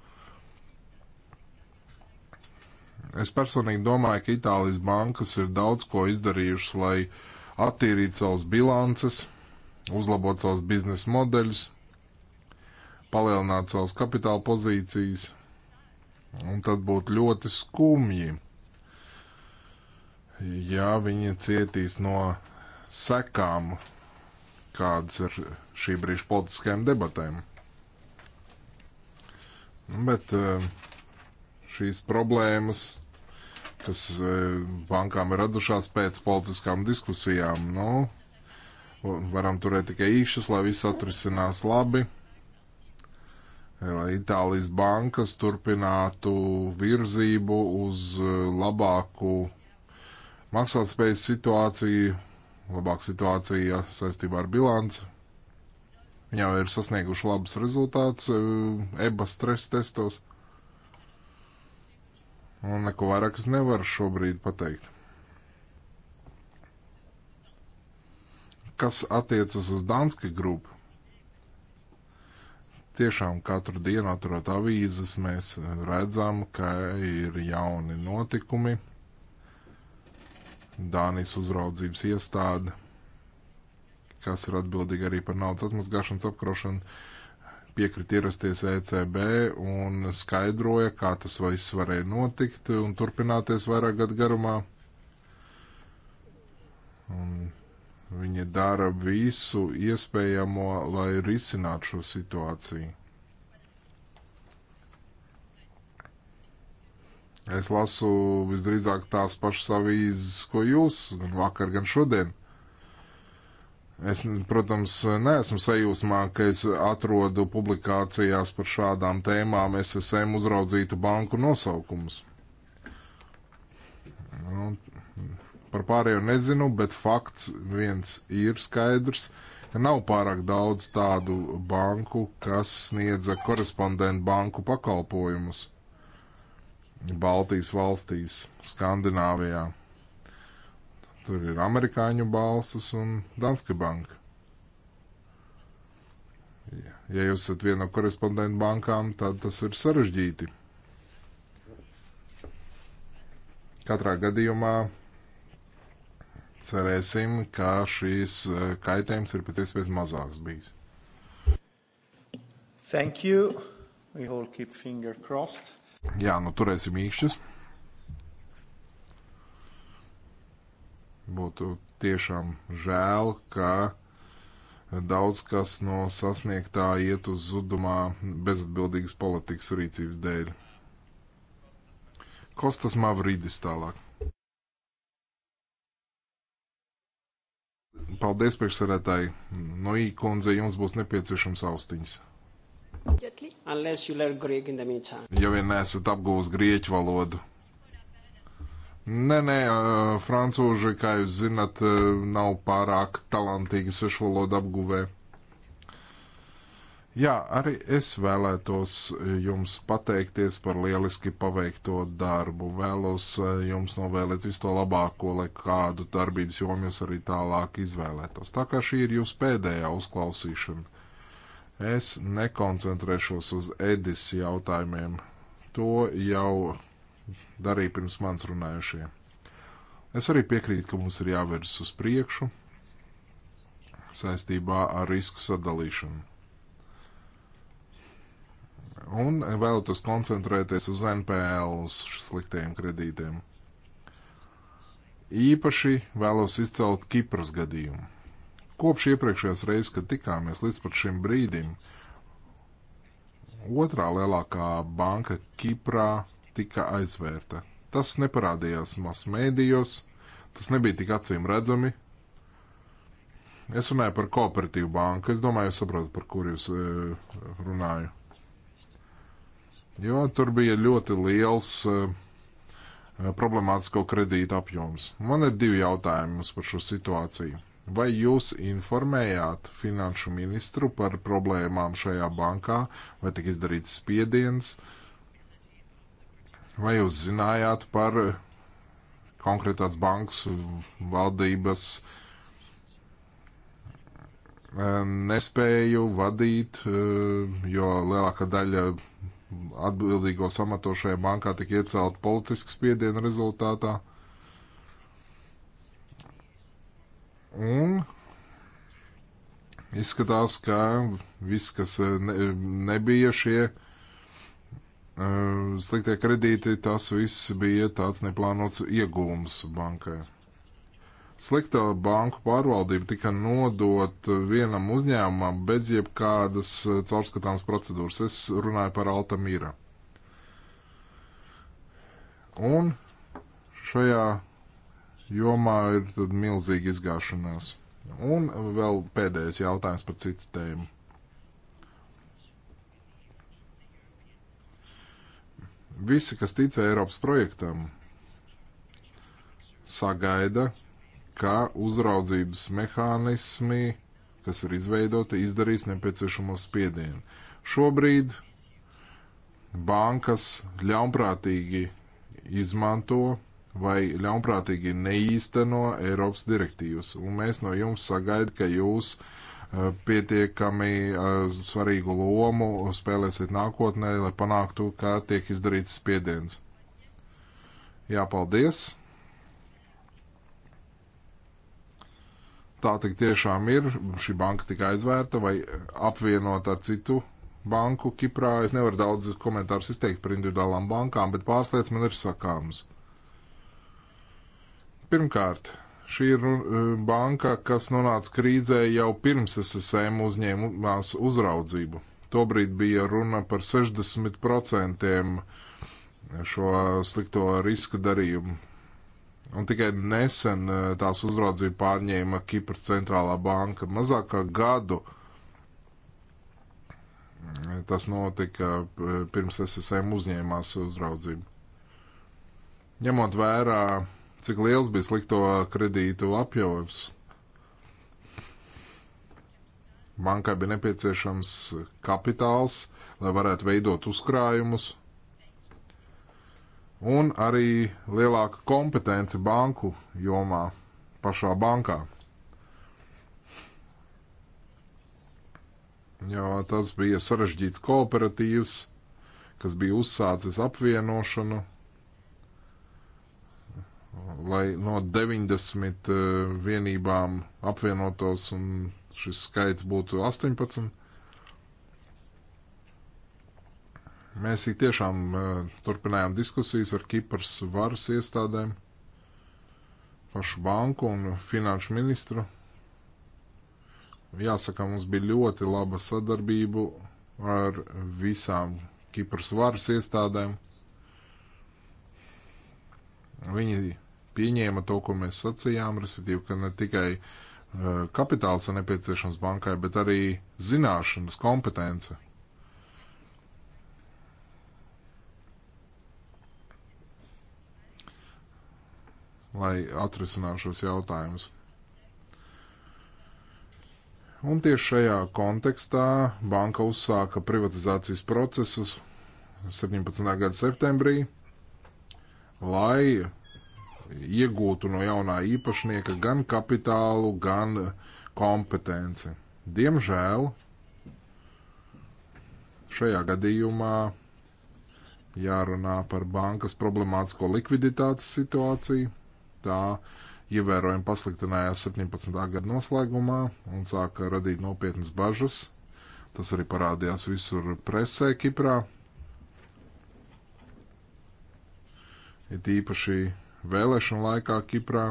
Es personīgi domāju, ka Itālijas bankas ir daudz ko izdarījušas, lai attīrītu savas bilances, uzlabotu savus biznesa modeļus, palielinātu savas kapitāla pozīcijas, un tad būtu ļoti skumji, ja viņi cietīs no sekām kādas ir šī brīža politiskajām debatēm. Bet eh, šīs problēmas, kas eh, bankām ir radušās pēc politiskām diskusijām, nu, varam turēt tikai īšas, lai viss atrisinās labi. Lai Itālijas bankas turpinātu virzību uz eh, labāku maksātspējas situāciju labāka situācija saistībā ar bilanci. Viņi jau ir sasnieguši labus rezultātus e, EBA stresa testos. Un neko vairāk es nevaru šobrīd pateikt. Kas attiecas uz Danske grupu? Tiešām katru dienu atrot avīzes, mēs e, redzam, ka ir jauni notikumi Dānijas uzraudzības iestāde, kas ir atbildīga arī par naudas atmazgāšanas apkarošanu, piekrita ierasties ECB un skaidroja, kā tas viss varēja notikt un turpināties vairāk gadu garumā. Un viņi dara visu iespējamo, lai risinātu šo situāciju. Es lasu visdrīzāk tās pašas avīzes, ko jūs, gan vakar, gan šodien. Es, protams, neesmu sajūsmā, ka es atrodu publikācijās par šādām tēmām SSM uzraudzītu banku nosaukumus. Nu, par pārējo nezinu, bet fakts viens ir skaidrs, ka nav pārāk daudz tādu banku, kas sniedza korespondentu banku pakalpojumus Baltijas valstīs, Skandināvijā. Tur ir amerikāņu balstas un Danske banka. Ja jūs esat viena no korespondentu bankām, tad tas ir sarežģīti. Katrā gadījumā cerēsim, ka šīs eh, kaitējums ir pēc iespējas mazāks bijis. Thank you. We all keep finger crossed. Jā, nu turēsim īkšķus. Būtu tiešām žēl, ka daudz kas no sasniegtā iet uz zudumā bezatbildīgas politikas rīcības dēļ. Kostas Mavridis tālāk. Paldies, priekšsarētāji. No īkundze jums būs nepieciešams austiņas. Unless you learn Greek in the meantime. Ja vien neesat apgūlis grieķu valodu. Nē, nē, francūži, kā jūs zinat, nav pārāk talantīgi sešu valodu apguvē. Jā, arī es vēlētos jums pateikties par lieliski paveikto darbu. Vēlos jums novēlēt visu to labāko, lai kādu darbības jomu jūs arī tālāk izvēlētos. Tā kā šī ir jūsu pēdējā uzklausīšana. Es nekoncentrēšos uz Edis jautājumiem. To jau darīja pirms mans runājušie. Es arī piekrītu, ka mums ir jāvērs uz priekšu saistībā ar risku sadalīšanu. Un vēlētos koncentrēties uz NPL, uz sliktiem kredītiem. Īpaši vēlos izcelt Kipras gadījumu. Kopš iepriekšējās reizes, kad tikāmies līdz pat šim brīdim, otrā lielākā banka Kiprā tika aizvērta. Tas neparādījās masmēdījos, tas nebija tik acīm redzami. Es runāju par kooperatīvu banku, es domāju, jūs saprotat, par kur jūs e, runāju. Jo tur bija ļoti liels e, e, problemātisko kredītu apjoms. Man ir divi jautājumi par šo situāciju. Vai jūs informējāt finanšu ministru par problēmām šajā bankā, vai tika izdarīts spiediens, vai jūs zinājāt par konkrētās bankas valdības e, nespēju vadīt, e, jo lielākā daļa atbildīgo samatošajā bankā tika iecelt politisku spiedienu rezultātā? Un izskatās, ka viss, kas eh, ne, nebija šie uh, sliktie kredīti, tas viss bija tāds neplānots iegūms bankai. Slikta banku pārvaldība tika nodot vienam uzņēmumam bez jebkādas eh, caurskatāmas procedūras. Es runāju par Altamīra. Un šajā jomā ir tad milzīgi izgāšanās. Un vēl pēdējais jautājums par citu tēmu. Visi, kas tic Eiropas projektam, sagaida, ka uzraudzības mehānismi, kas ir izveidoti, izdarīs nepieciešamo spiedienu. Šobrīd bankas ļaunprātīgi izmanto vai ļaunprātīgi neīsteno Eiropas direktīvas. Un mēs no jums sagaidām, ka jūs eh, pietiekami eh, svarīgu lomu spēlēsiet nākotnē, lai panāktu, ka tiek izdarīts spiediens. Jā, paldies! Tā tik tiešām ir. Šī banka tika aizvērta vai apvienota ar citu banku Kiprā. Es nevaru daudz komentārus izteikt par individuālām bankām, bet pārsteigts man ir sakāms. Pirmkārt, šī ir e, banka, kas nonāca krīzē jau pirms SSM uzņēmās uzraudzību. Tobrīd bija runa par 60% šo slikto riska darījumu. Un tikai nesen e, tās uzraudzību pārņēma Kipras centrālā banka. Mazāk kā gadu e, tas notika pirms SSM uzņēmās uzraudzību. Ņemot vērā cik liels bija slikto kredītu apjoms. Bankai bija nepieciešams kapitāls, lai varētu veidot uzkrājumus, un arī lielāka kompetence banku jomā pašā bankā. Jo tas bija sarežģīts kooperatīvs, kas bija uzsācis apvienošanu lai no 90 eh, vienībām apvienotos un šis skaits būtu 18. Mēs tik tiešām eh, turpinājām diskusijas ar Kipras varas iestādēm, pašu banku un finanšu ministru. Jāsaka, mums bija ļoti laba sadarbība ar visām Kipras varas iestādēm Viņi pieņēma to, ko mēs sacījām, respektīvi, ka ne tikai uh, kapitāls ir nepieciešams bankai, bet arī zināšanas, kompetence. Lai atrisinātu šos jautājumus. Un tieši šajā kontekstā banka uzsāka privatizācijas procesus 17. gada septembrī lai iegūtu no jaunā īpašnieka gan kapitālu, gan kompetenci. Diemžēl šajā gadījumā jārunā par bankas problemātisko likviditātes situāciju. Tā ievērojami pasliktinājās 17. gada noslēgumā un sāka radīt nopietnas bažas. Tas arī parādījās visur presē Kiprā, it īpaši vēlēšanu laikā Kiprā.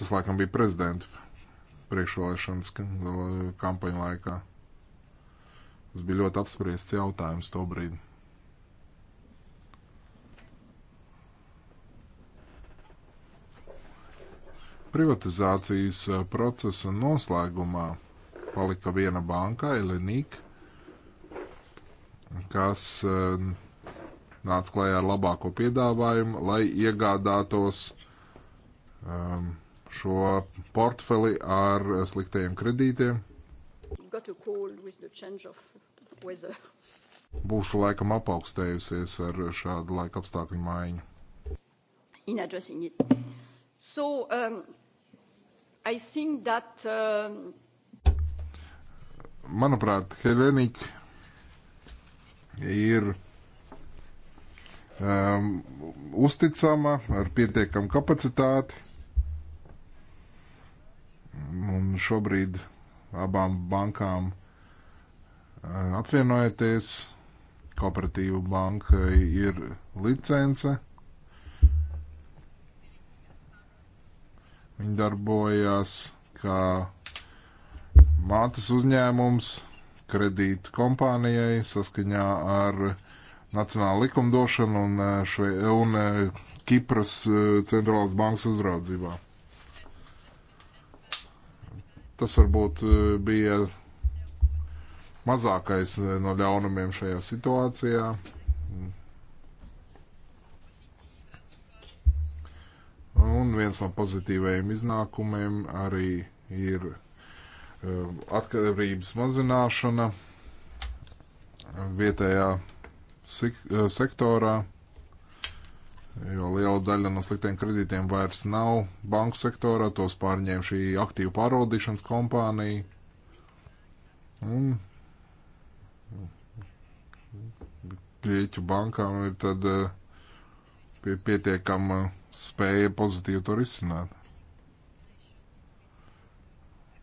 Tas laikam bija prezidenta priekšvēlēšanas kampaņa laikā. Tas bija ļoti apspriests jautājums to brīdi. Privatizācijas procesa noslēgumā palika viena banka, Elenika, kas uh, nāca klajā ar labāko piedāvājumu, lai iegādātos um, šo portfeli ar sliktajiem kredītiem. Būšu laikam apaugstējusies ar šādu laika apstākļu maiņu. In addressing it. So, um, I think that. Um... Manuprāt, Helēnika ir um, uzticama, ar pietiekamu kapacitāti. Un šobrīd abām bankām uh, eh, apvienojoties, kooperatīva banka ir licence. Viņi darbojās kā mātes uzņēmums kredītu kompānijai saskaņā ar uh, nacionāla likumdošana un, eh, šo, un eh, Kipras eh, centrālās bankas uzraudzībā. Tas varbūt bija mazākais no ļaunumiem šajā situācijā. Un viens no pozitīvajiem iznākumiem arī ir atkarības mazināšana vietējā Eh, sektorā, jo liela daļa no sliktiem kredītiem vairs nav banku sektorā, tos pārņēma šī aktīvu pārvaldīšanas kompānija. Un Grieķu bankām ir tad eh, pie, pietiekama spēja pozitīvi to risināt.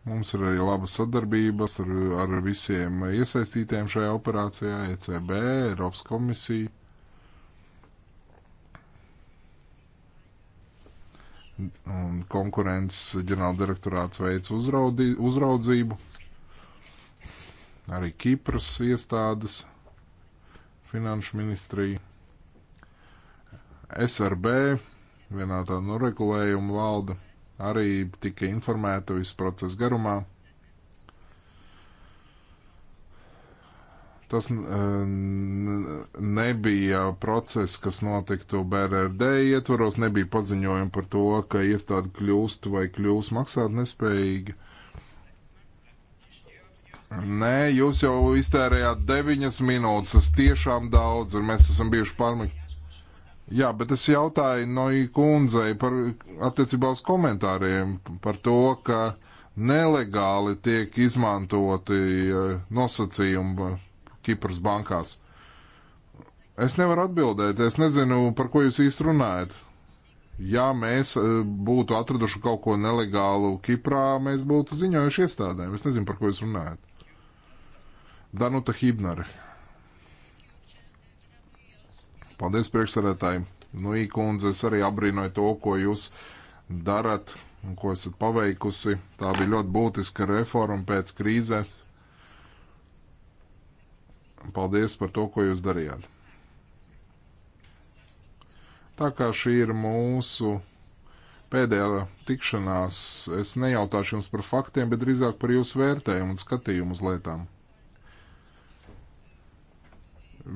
Mums ir arī laba sadarbība ar, ar visiem iesaistītiem šajā operācijā e - ECB, Eiropas komisija. Un konkurences ģenerāldirektorāts veids uzraudī, uzraudzību. Arī Kipras iestādes, finanšu ministrija, SRB, vienā tā noregulējuma valda arī tika informēta visu procesu garumā. Tas nebija process, kas notiktu BRD ietvaros, nebija paziņojumi par to, ka iestāde kļūst vai kļūs maksāt nespējīgi. Nē, jūs jau iztērējāt deviņas minūtes, tas tiešām daudz, un mēs esam bijuši pārmīgi. Jā, bet es jautāju Noī kundzei par attiecībā uz komentāriem par to, ka nelegāli tiek izmantoti e, nosacījumi Kipras bankās. Es nevaru atbildēt, es nezinu, par ko jūs īsti runājat. Ja mēs e, būtu atraduši kaut ko nelegālu Kiprā, mēs būtu ziņojuši iestādēm. Es nezinu, par ko jūs runājat. Danuta Hibnere. Paldies priekšsarētāji. Nu, īkundze, es arī abrīnoju to, ko jūs darat un ko esat paveikusi. Tā bija ļoti būtiska reforma pēc krīzes. Paldies par to, ko jūs darījāt. Tā kā šī ir mūsu pēdējā tikšanās, es nejautāšu jums par faktiem, bet drīzāk par jūsu vērtējumu un skatījumu uz lietām.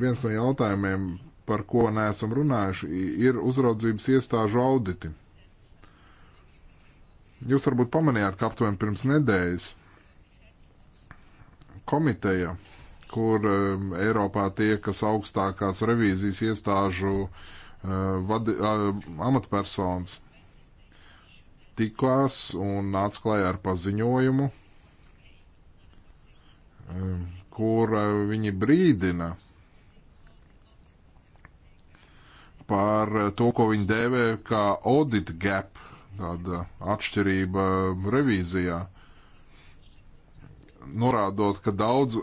Viens no jautājumiem par ko neesam runājuši, ir uzraudzības iestāžu auditi. Jūs varbūt pamanījāt, ka aptuveni pirms nedēļas komiteja, kur um, Eiropā tie, kas augstākās revīzijas iestāžu uh, vadi, uh, amatpersonas, tikās un atklāja ar paziņojumu, um, kur uh, viņi brīdina par eh, to, ko viņi dēvē kā audit gap, tāda atšķirība revīzijā, norādot, ka daudz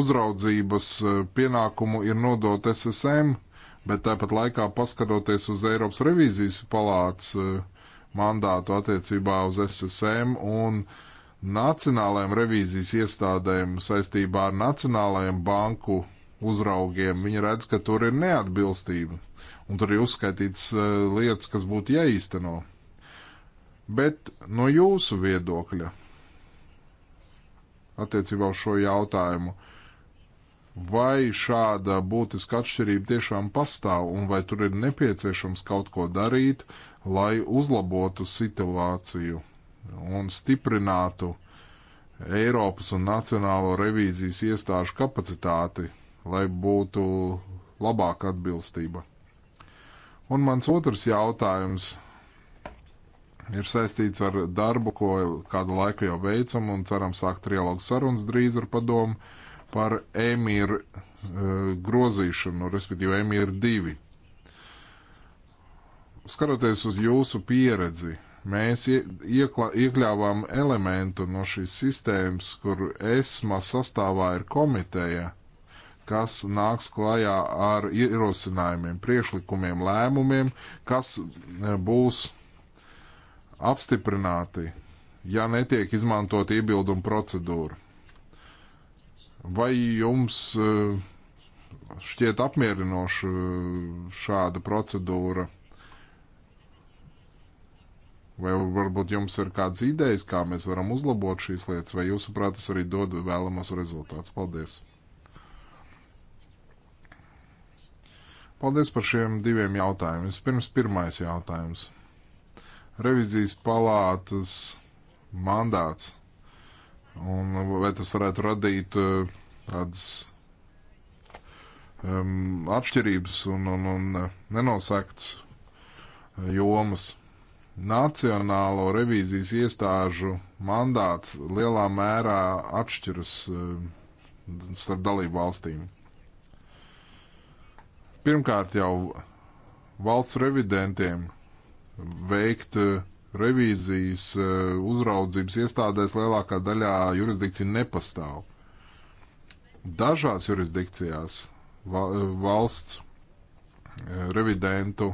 uzraudzības eh, pienākumu ir nodot SSM, bet tāpat laikā paskatoties uz Eiropas revīzijas palāts eh, mandātu attiecībā uz SSM un nacionālajiem revīzijas iestādēm saistībā ar nacionālajiem banku uzraugiem, viņi redz, ka tur ir neatbilstība. Un tur ir uzskaitīts eh, lietas, kas būtu jāīsteno. Bet no jūsu viedokļa attiecībā uz šo jautājumu, vai šāda būtiska atšķirība tiešām pastāv un vai tur ir nepieciešams kaut ko darīt, lai uzlabotu situāciju un stiprinātu Eiropas un Nacionālo revīzijas iestāžu kapacitāti, lai būtu labāka atbilstība. Un mans otrs jautājums ir saistīts ar darbu, ko kādu laiku jau veicam un ceram sākt trialogu sarunas drīz ar padomu par emīru eh, grozīšanu, respektīvi emīru divi. Skatoties uz jūsu pieredzi, mēs iekla, iekļāvām elementu no šīs sistēmas, kur ESMA sastāvā ir komiteja kas nāks klajā ar ierosinājumiem, priekšlikumiem, lēmumiem, kas e, būs apstiprināti, ja netiek izmantot iebildumu procedūru. Vai jums e, šķiet apmierinoša e, šāda procedūra? Vai varbūt jums ir kādas idejas, kā mēs varam uzlabot šīs lietas, vai jūsuprāt, tas arī dod vēlamos rezultātus? Paldies! Paldies par šiem diviem jautājumiem. Pirms pirmais jautājums. Revizijas palātas mandāts. Un vai tas varētu radīt eh, tādas um, atšķirības un, un, un eh, nenosakts eh, jomas. Nacionālo revīzijas iestāžu mandāts lielā mērā atšķiras um, starp dalību valstīm. Pirmkārt jau valsts revidentiem veikt eh, revīzijas eh, uzraudzības iestādēs lielākā daļā jurisdikcija nepastāv. Dažās jurisdikcijās valsts eh, revidentu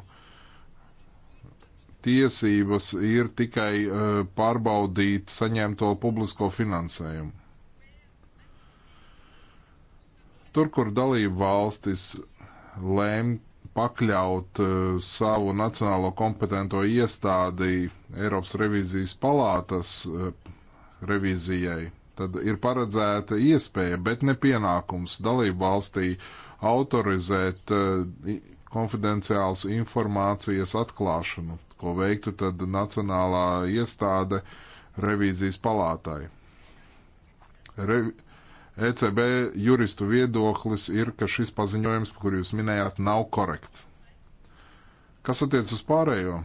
tiesības ir tikai pārbaudīt saņemto publisko finansējumu. Tur, kur dalību valstis lēmt, pakļaut eh, savu nacionālo kompetento iestādi Eiropas revīzijas palātas eh, revīzijai, tad ir paredzēta iespēja, bet ne pienākums dalību valstī autorizēt eh, konfidenciālas informācijas atklāšanu, ko veiktu tad nacionālā iestāde revīzijas palātai. Revi ECB juristu viedoklis ir, ka šis paziņojums, kur jūs minējāt, nav korekts. Kas attiec uz pārējo?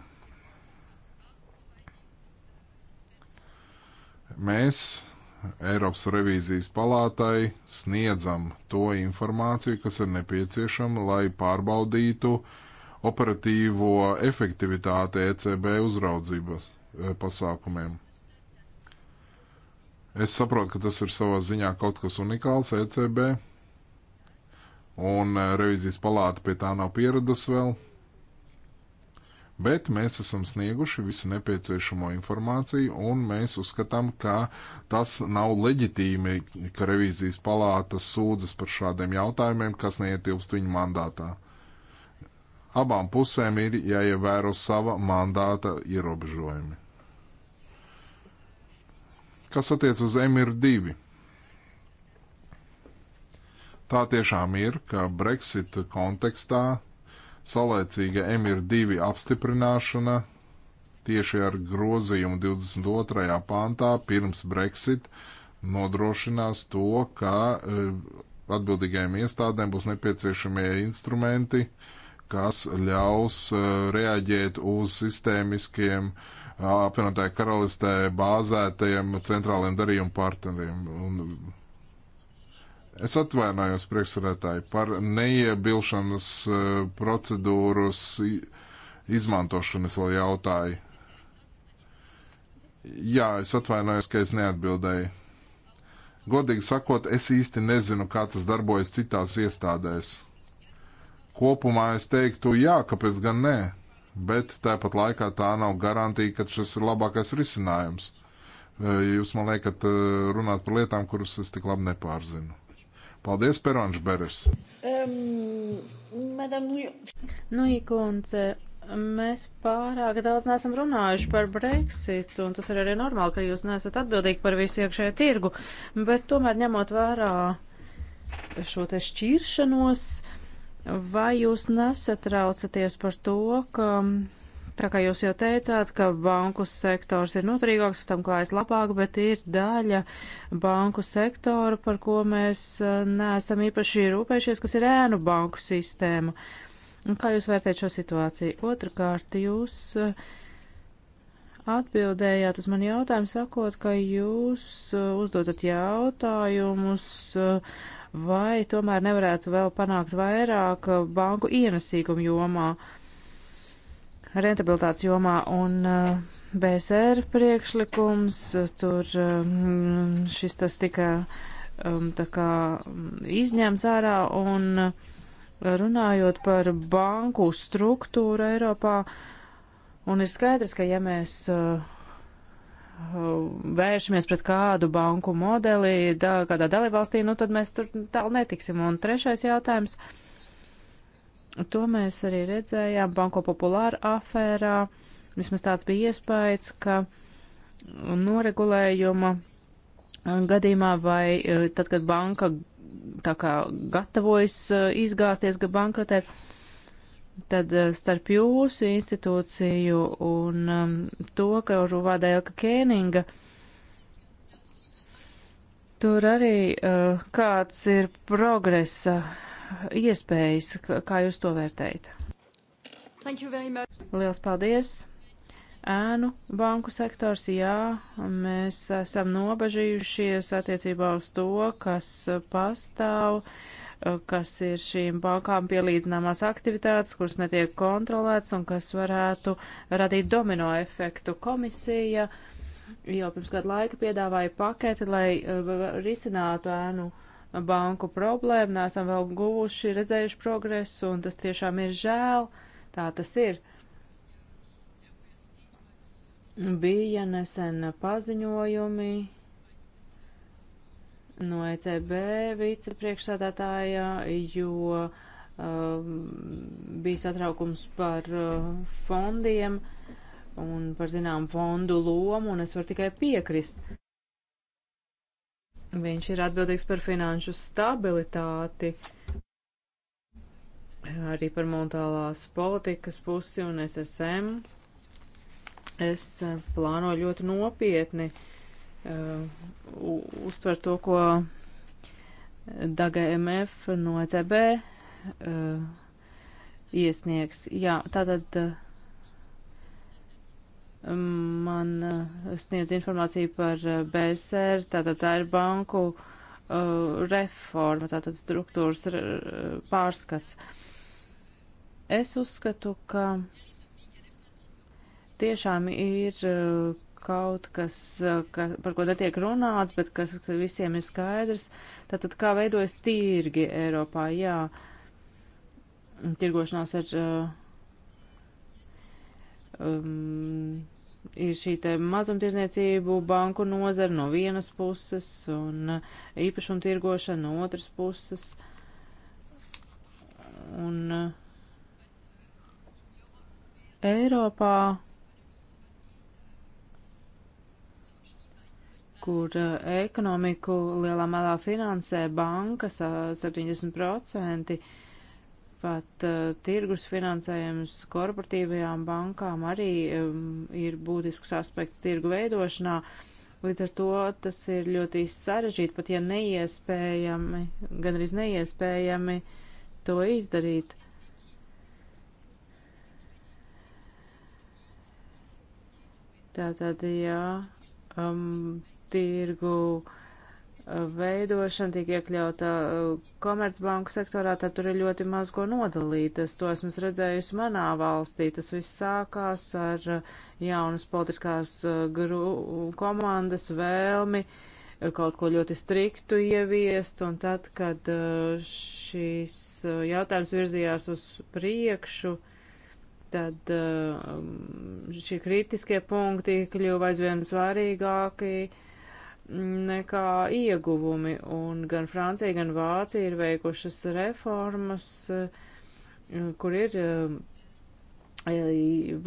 Mēs Eiropas revīzijas palātai sniedzam to informāciju, kas ir nepieciešama, lai pārbaudītu operatīvo efektivitāti ECB uzraudzības e, pasākumiem. Es saprotu, ka tas ir savā ziņā kaut kas unikāls ECB, un eh, revizijas palāta pie tā nav pieradusi vēl bet mēs esam snieguši visu nepieciešamo informāciju, un mēs uzskatām, ka tas nav leģitīmi, ka revīzijas palāta sūdzas par šādiem jautājumiem, kas neietilpst viņu mandātā. Abām pusēm ir jāievēro sava mandāta ierobežojumi. Kas attiec uz MIR2? Tā tiešām ir, ka Brexit kontekstā saulēcīga MIR2 apstiprināšana tieši ar grozījumu 22. pāntā pirms Brexit nodrošinās to, ka eh, atbildīgajiem iestādēm būs nepieciešamie instrumenti, kas ļaus eh, reaģēt uz sistēmiskiem uh, apvienotāja karalistē bāzētajiem centrāliem darījumu partneriem. Un es atvainojos priekšsarētāji par neiebilšanas procedūras izmantošanu, es vēl jautāju. Jā, es atvainojos, ka es neatbildēju. Godīgi sakot, es īsti nezinu, kā tas darbojas citās iestādēs. Kopumā es teiktu, jā, kāpēc gan ne? bet tāpat laikā tā nav garantija, ka šis ir labākais risinājums. E, jūs man liekat e, runāt par lietām, kuras es tik labi nepārzinu. Paldies, Peronš Beres. Um, madam, nu, nu ikundze, mēs pārāk daudz neesam runājuši par Brexit, un tas ir arī normāli, ka jūs neesat atbildīgi par visu iekšējo tirgu, bet tomēr ņemot vērā šo te šķiršanos, uh, Vai jūs nesatraucaties par to, ka, tā kā jūs jau teicāt, ka banku sektors ir noturīgāks, tam klājas labāk, bet ir daļa banku sektora, par ko mēs eh, neesam īpaši rūpējušies, kas ir ēnu banku sistēma. Un kā jūs vērtējat šo situāciju? Otrakārt, jūs eh, atbildējāt uz mani jautājumu, sakot, ka jūs eh, uzdodat jautājumus. Uh, vai tomēr nevarētu vēl panākt vairāk banku ienesīgumu jomā, rentabilitātes jomā un eh, BSR priekšlikums, tur eh, šis tas tika um, tā kā izņemts ārā un eh, runājot par banku struktūru Eiropā, un ir skaidrs, ka ja mēs uh, vēršamies pret kādu banku modeli da, kādā dalībvalstī, nu tad mēs tur tālu netiksim. Un trešais jautājums. To mēs arī redzējām Banko populāra afērā. Vismaz tāds bija iespējas, ka noregulējuma gadījumā vai eh, tad, kad banka tā kā gatavojas eh, izgāzties, ka bankrotēt, tad eh, starp jūsu institūciju un um, to, ka vada Elka Kēninga, tur arī uh, kāds ir progresa iespējas, kā jūs to vērtējat? Liels paldies! Ēnu banku sektors, jā, mēs esam nobežījušies attiecībā uz to, kas eh, pastāv. Uh, Eh, kas ir šīm bankām pielīdzināmās aktivitātes, kuras netiek kontrolēts un kas varētu radīt domino efektu. Komisija jau pirms kādu laiku piedāvāja paketi, lai eh, risinātu ēnu banku problēmu. Nesam vēl guvuši, redzējuši progresu, un tas tiešām ir žēl. Tā tas ir. Bija nesen paziņojumi no ECB vicepriekšsādātāja, jo um, bija satraukums par uh, fondiem un par zinām fondu lomu, un es varu tikai piekrist. Viņš ir atbildīgs par finanšu stabilitāti, arī par monetālās politikas pusi un SSM. Es uh, plānoju ļoti nopietni uh, Uh, uztver to, ko uh, Daga MF no ECB uh, iesniegs. Jā, tātad man sniedz informāciju par BSR, tātad tā ir banku reforma, tātad struktūras pārskats. Es uzskatu, ka tiešām ir kaut kas, ka, par ko netiek runāts, bet kas visiem ir skaidrs. Tātad kā veidojas tirgi Eiropā? Jā, tirgošanās ir, um, ir šī te mazumtirdzniecību banku nozara no vienas puses un īpašuma tirgošana no otras puses. Un uh, Eiropā kur uh, ekonomiku lielā mērā finansē bankas 70%, pat uh, tirgus finansējums korporatīvajām bankām arī um, ir būtisks aspekts tirgu veidošanā. Līdz ar to tas ir ļoti sarežģīti, pat ja neiespējami, gan arī neiespējami to izdarīt. Tātad, jā, um, tirgu uh, veidošana tiek iekļauta uh, komercbanku sektorā, tad tur ir ļoti maz ko nodalīt. Es to esmu redzējusi manā valstī. Tas viss sākās ar uh, jaunas politiskās komandas vēlmi kaut ko ļoti striktu ieviest, un tad, kad šīs jautājums virzījās uz priekšu, tad um, šie kritiskie punkti kļuva aizvien svarīgākie nekā ieguvumi, un gan Francija, gan Vācija ir veikušas reformas, eh, kur ir eh,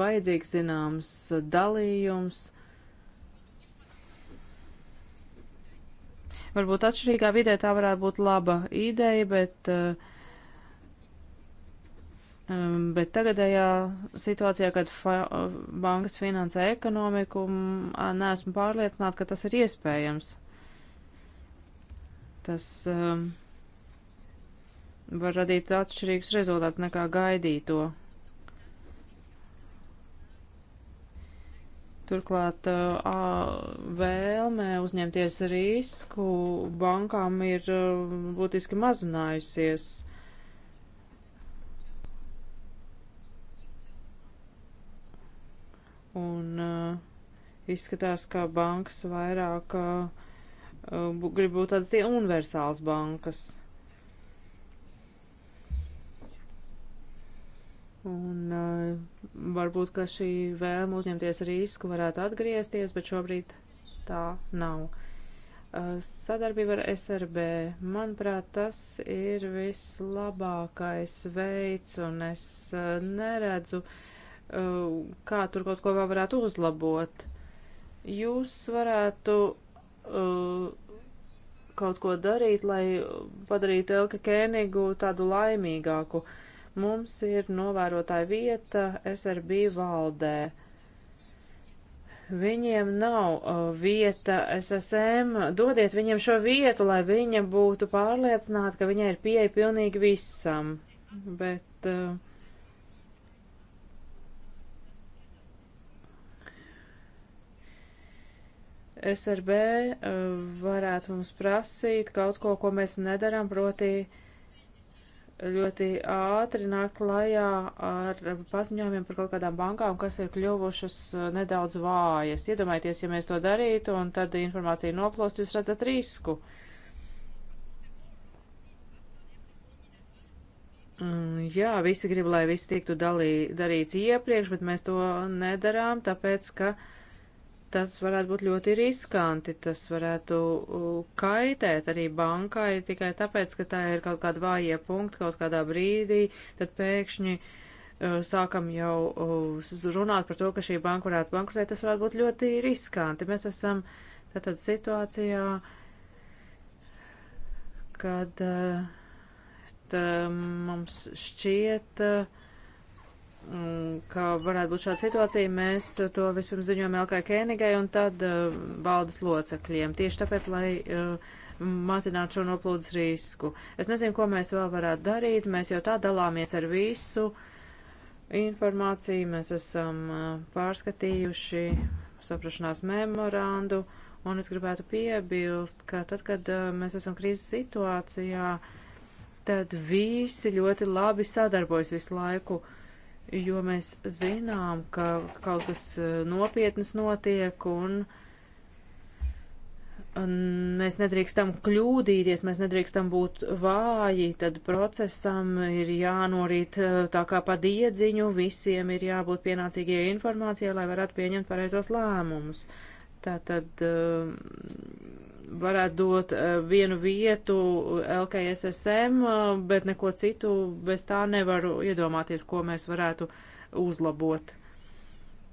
vajadzīgs zināms dalījums. Varbūt atšķirīgā vidē tā varētu būt laba ideja, bet uh, Um, bet tagadējā situācijā, kad fa bankas finansē ekonomiku, neesmu pārliecināta, ka tas ir iespējams. Tas um, var radīt atšķirīgs rezultāts nekā gaidīto. Turklāt uh, vēlme uzņemties risku bankām ir uh, būtiski mazinājusies. un uh, izskatās, ka bankas vairāk uh, uh grib būt tādas tie universāls bankas. Un uh, varbūt, ka šī vēlme uzņemties risku varētu atgriezties, bet šobrīd tā nav. Uh, sadarbība ar SRB, manuprāt, tas ir vislabākais veids, un es uh, neredzu uh, Uh, kā tur kaut ko vēl varētu uzlabot. Jūs varētu uh, kaut ko darīt, lai padarītu Elka Kēnigu tādu laimīgāku. Mums ir novērotāja vieta SRB valdē viņiem nav uh, vieta SSM, dodiet viņiem šo vietu, lai viņa būtu pārliecināta, ka viņai ir pieeja pilnīgi visam. Bet uh, SRB eh, varētu mums prasīt kaut ko, ko mēs nedaram, proti ļoti ātri nākt klajā ar paziņojumiem par kaut kādām bankām, kas ir kļuvušas eh, nedaudz vājas. Iedomājieties, ja mēs to darītu, un tad informācija noplūst, jūs redzat risku. Mm, jā, visi grib, lai viss tiktu dalī, darīts iepriekš, bet mēs to nedarām, tāpēc, ka uh, tas varētu būt ļoti riskanti, tas varētu kaitēt arī bankai tikai tāpēc, ka tā ir kaut kāda vājie punkti kaut kādā brīdī, tad pēkšņi uh, sākam jau uh, runāt par to, ka šī banka varētu bankrotēt, tas varētu būt ļoti riskanti. Mēs esam tātad situācijā, kad uh, tā, mums šķiet, uh, ka varētu būt šāda situācija, mēs to vispirms ziņojam Elkai Kēnigai un tad uh, valdes locekļiem. Tieši tāpēc, lai uh, mazinātu šo noplūdes risku. Es nezinu, ko mēs vēl varētu darīt. Mēs jau tā dalāmies ar visu informāciju. Mēs esam uh, pārskatījuši saprašanās memorandu. Un es gribētu piebilst, ka tad, kad uh, mēs esam krīzes situācijā, tad visi ļoti labi sadarbojas visu laiku. Uh, jo mēs zinām, ka kaut kas eh, nopietnas notiek un mēs nedrīkstam kļūdīties, mēs nedrīkstam būt vāji, tad procesam ir jānorīt eh, tā kā pa diedziņu, visiem ir jābūt pienācīgajai informācijai, lai varētu pieņemt pareizos lēmumus. Tātad eh, varētu dot eh, vienu vietu LKSSM, eh, bet neko citu bez tā nevaru iedomāties, ko mēs varētu uzlabot.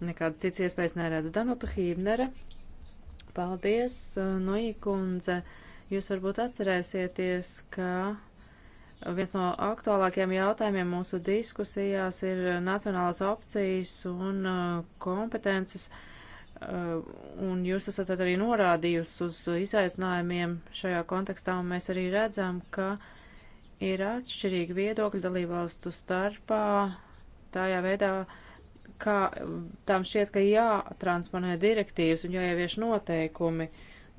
Nekādas citas iespējas neredz Danuta Hībnere. Paldies, eh, Noīkundze. Jūs varbūt atcerēsieties, ka viens no aktuālākajiem jautājumiem mūsu diskusijās ir nacionālās opcijas un kompetences. Uh, Eh, un jūs esat arī norādījusi uz izaicinājumiem šajā kontekstā, un mēs arī redzam, ka ir atšķirīgi viedokļi dalībvalstu starpā tajā veidā, kā tām šķiet, ka jātransponē direktīvas un jāievieš noteikumi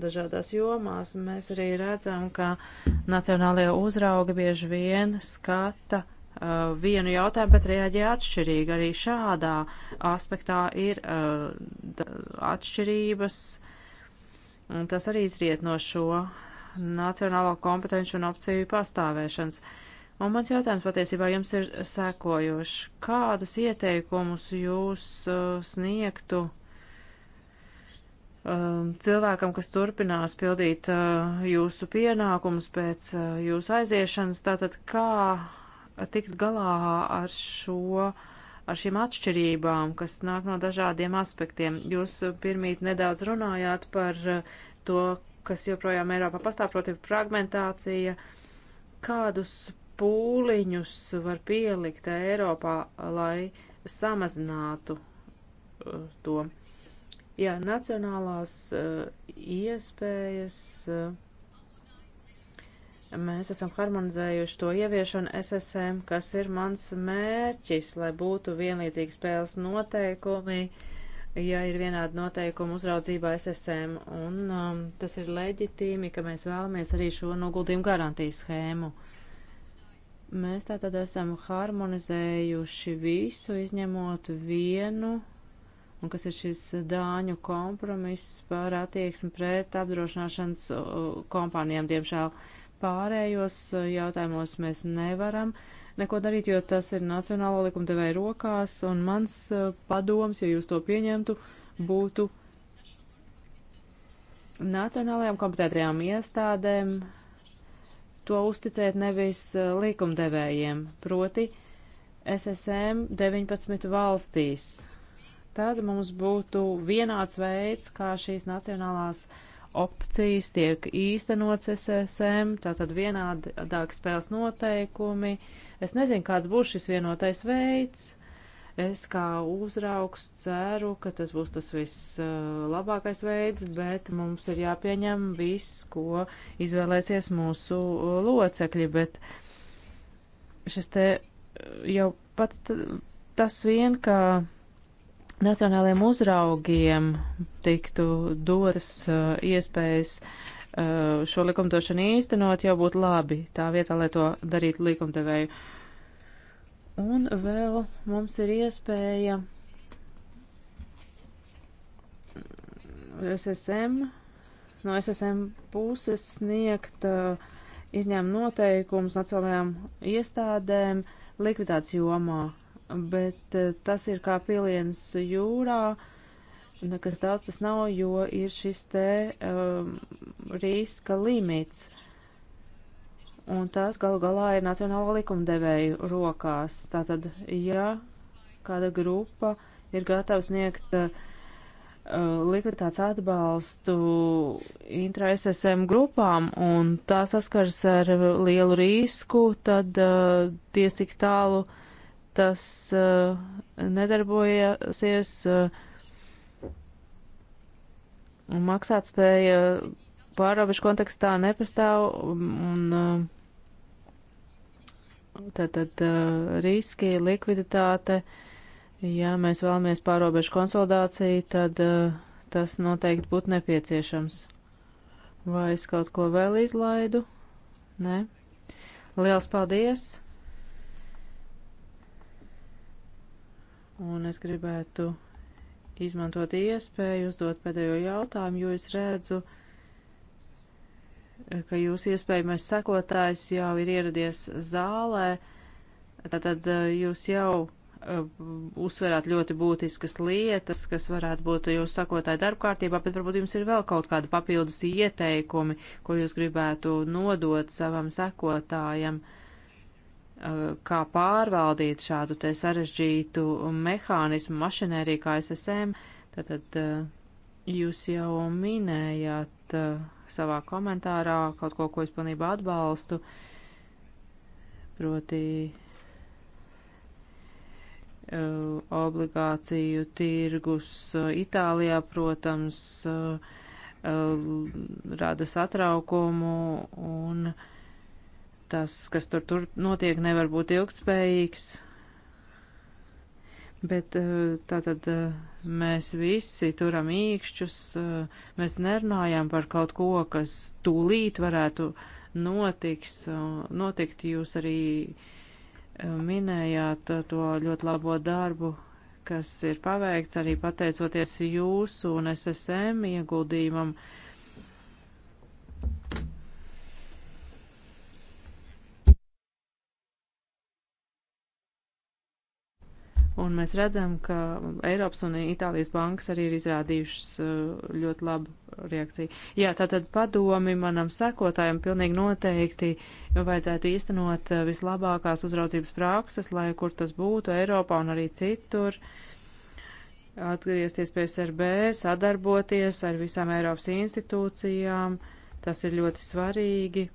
dažādās jomās, un mēs arī redzam, ka nacionālajie uzraugi bieži vien skata Uh, vienu jautājumu, bet reaģē atšķirīgi. Arī šādā aspektā ir uh, atšķirības, un tas arī izriet no šo nacionālo kompetenci un opciju pastāvēšanas. Un mans jautājums patiesībā jums ir sekojošs. Kādus ieteikumus jūs uh, sniegtu um, cilvēkam, kas turpinās pildīt uh, jūsu pienākumus pēc uh, jūsu aiziešanas, tātad kā tikt galā ar šo, ar šīm atšķirībām, kas nāk no dažādiem aspektiem. Jūs pirmīt nedaudz runājāt par eh, to, kas joprojām Eiropā pastāv, proti fragmentācija. Kādus pūliņus var pielikt Eiropā, lai samazinātu eh, to? Jā, nacionālās uh, iespējas. Uh, Mēs esam harmonizējuši to ieviešanu SSM, kas ir mans mērķis, lai būtu vienlīdzīgi spēles noteikumi, ja ir vienādi noteikumi uzraudzībā SSM. Un um, tas ir leģitīmi, ka mēs vēlamies arī šo noguldījumu garantiju schēmu. Mēs tātad esam harmonizējuši visu, izņemot vienu un kas ir šis dāņu kompromiss par attieksmi pret apdrošināšanas uh, kompānijām, diemžēl pārējos e, jautājumos mēs nevaram neko darīt, jo tas ir nacionālo likumdevēju rokās, un mans e, padoms, ja jūs to pieņemtu, būtu nacionālajām kompetētajām iestādēm to uzticēt nevis e, likumdevējiem, proti SSM 19 valstīs. Tad mums būtu vienāds veids, kā šīs nacionālās uh, opcijas tiek īstenots SSM, tātad vienādāk spēles noteikumi. Es nezinu, kāds būs šis vienotais veids. Es kā uzraugs ceru, ka tas būs tas vislabākais veids, bet mums ir jāpieņem viss, ko izvēlēsies mūsu locekļi, bet šis te jau pats tas vien, ka nacionālajiem uzraugiem tiktu dotas uh, iespējas uh, šo likumdošanu īstenot, jau būtu labi tā vietā, lai to darītu likumdevēju. Un vēl mums ir iespēja SSM, no SSM puses sniegt uh, izņēmu noteikumus nacionālajām iestādēm likvidācijas jomā bet eh, tas ir kā piliens jūrā, nekas nu, daudz tas nav, jo ir šis te um, riska limits. Un tas gal galā ir nacionālo likumdevēju rokās. Tātad, ja kāda grupa ir gatava sniegt uh, likviditātes atbalstu intra-SSM grupām, un tā saskars ar lielu risku, tad uh, eh, tie cik tālu uh, tas uh, nedarbojasies uh, un maksātspēja pārobežu kontekstā nepastāv un uh, eh, tātad uh, riski, likviditāte. Ja mēs vēlamies pārobežu konsolidāciju, tad uh, tas noteikti būtu nepieciešams. Vai es kaut ko vēl izlaidu? Nē. Liels paldies! Un es gribētu izmantot iespēju uzdot pēdējo jautājumu, jo es redzu, ka jūs iespējamais sekotājs jau ir ieradies zālē. Tātad eh, jūs jau eh, uzsverāt ļoti būtiskas lietas, kas varētu būt jūsu sakotāju darbkārtībā, bet varbūt jums ir vēl kaut kādi papildus ieteikumi, ko jūs gribētu nodot savam sekotājam. Uh, Uh, kā pārvaldīt šādu te sarežģītu mehānismu mašinērī kā SSM. Tātad uh, jūs jau minējāt uh, savā komentārā kaut ko, ko es pilnībā atbalstu, proti obligāciju tirgus Itālijā, protams, rada satraukumu un uh, Tas, kas tur, tur notiek, nevar būt ilgtspējīgs. Bet eh, tātad eh, mēs visi turam īkšķus, eh, mēs nerunājām par kaut ko, kas tūlīt varētu notiks, notikt. Jūs arī minējāt to ļoti labo darbu, kas ir paveikts arī pateicoties jūsu un SSM ieguldījumam. Un mēs redzam, ka Eiropas un Itālijas bankas arī ir izrādījušas uh, ļoti labu reakciju. Jā, tātad padomi manam sekotājam pilnīgi noteikti vajadzētu īstenot uh, vislabākās uzraudzības prakses, lai kur tas būtu Eiropā un arī citur. Atgriezties pie SRB, sadarboties ar visām Eiropas institūcijām, tas ir ļoti svarīgi.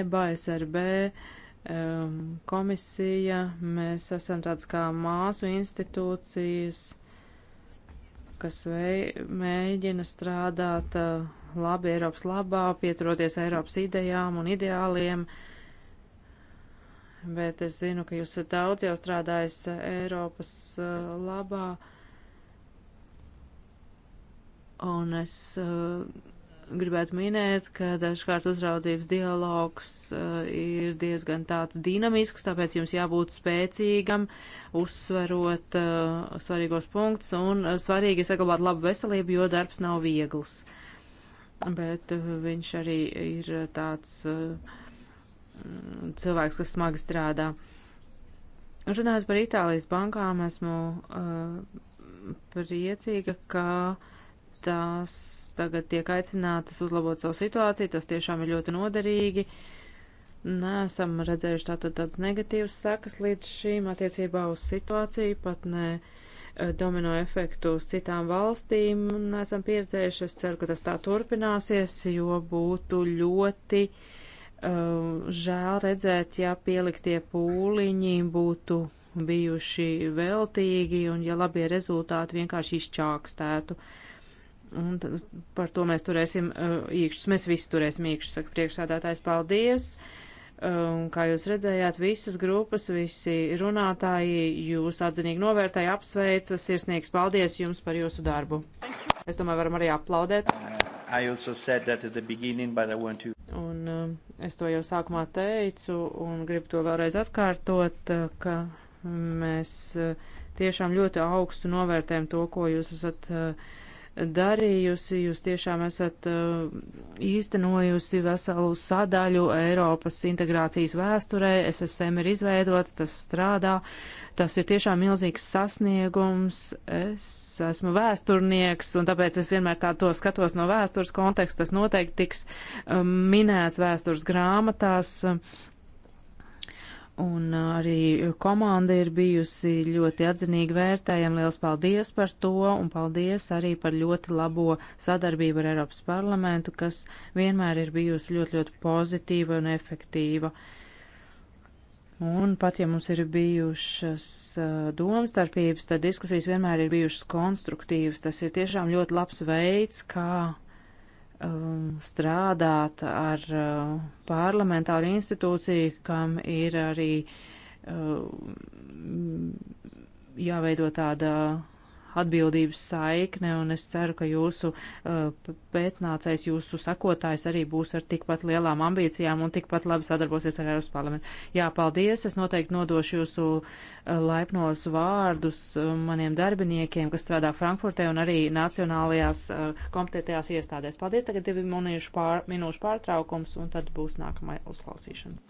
EBA, SRB. Uh, um, komisija, mēs esam tāds kā māsu institūcijas, kas vei, mēģina strādāt uh, labi Eiropas labā, pieturoties Eiropas idejām un ideāliem, bet es zinu, ka jūs daudz jau strādājis eh, Eiropas uh, labā, un es uh, gribētu minēt, ka dažkārt uzraudzības dialogs uh, ir diezgan tāds dinamisks, tāpēc jums jābūt spēcīgam, uzsverot uh, svarīgos punktus un uh, svarīgi saglabāt labu veselību, jo darbs nav viegls. Bet uh, viņš arī ir tāds uh, cilvēks, kas smagi strādā. Runājot par Itālijas bankām, esmu uh, priecīga, ka uh, tās tagad tiek aicinātas uzlabot savu situāciju, tas tiešām ir ļoti noderīgi. Nesam redzējuši tātad tādas negatīvas sekas līdz šīm attiecībā uz situāciju, pat ne eh, domino efektu uz citām valstīm nesam pieredzējuši. Es ceru, ka tas tā turpināsies, jo būtu ļoti uh, žēl redzēt, ja pieliktie pūliņi būtu bijuši veltīgi un ja labie rezultāti vienkārši izčākstētu. Uh, Un par to mēs turēsim īkšķus. Uh, mēs visi turēsim īkšķus, saka priekšsādātājs. Paldies! Uh, un kā jūs redzējāt, visas grupas, visi runātāji jūs atzinīgi novērtēja, apsveica, sirsnīgs paldies jums par jūsu darbu. Es domāju, varam arī aplaudēt. Uh, to... Un uh, es to jau sākumā teicu un gribu to vēlreiz atkārtot, uh, ka mēs uh, tiešām ļoti augstu novērtējam to, ko jūs esat uh, darījusi. Jūs tiešām esat uh, īstenojusi veselu sadaļu Eiropas integrācijas vēsturē. SSM ir izveidots, tas strādā. Tas ir tiešām milzīgs sasniegums. Es esmu vēsturnieks, un tāpēc es vienmēr tā to skatos no vēstures konteksta. Tas noteikti tiks um, minēts vēstures grāmatās. Un uh, arī komanda ir bijusi ļoti atzinīgi vērtējama. Liels paldies par to un paldies arī par ļoti labo sadarbību ar Eiropas parlamentu, kas vienmēr ir bijusi ļoti, ļoti pozitīva un efektīva. Un pat ja mums ir bijušas uh, domstarpības, tad diskusijas vienmēr ir bijušas konstruktīvas. Tas ir tiešām ļoti labs veids, kā Um, strādāt ar uh, parlamentāru institūciju, kam ir arī uh, jāveido tāda atbildības saikne, un es ceru, ka jūsu uh, pēcnācējs, jūsu sakotājs arī būs ar tikpat lielām ambīcijām un tikpat labi sadarbosies ar Eiropas parlamentu. Jā, paldies! Es noteikti nodošu jūsu uh, laipnos vārdus uh, maniem darbiniekiem, kas strādā Frankfurtē un arī nacionālajās uh, kompetētajās iestādēs. Paldies! Tagad divi minūšu, pār, minūšu pārtraukums, un tad būs nākamā uzklausīšana.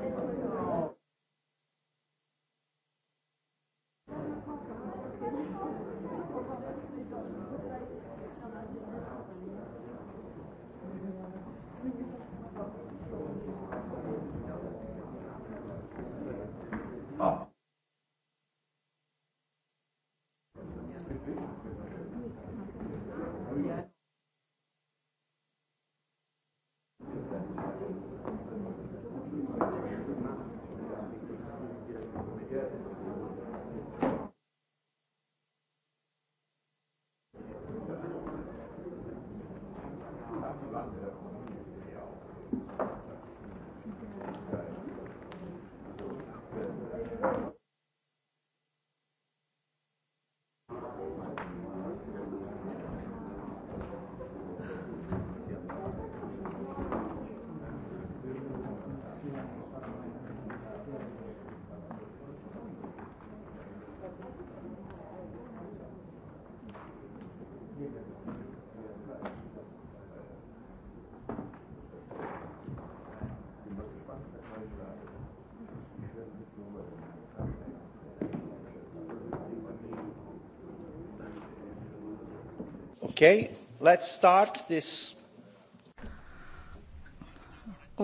Okay, let's start this.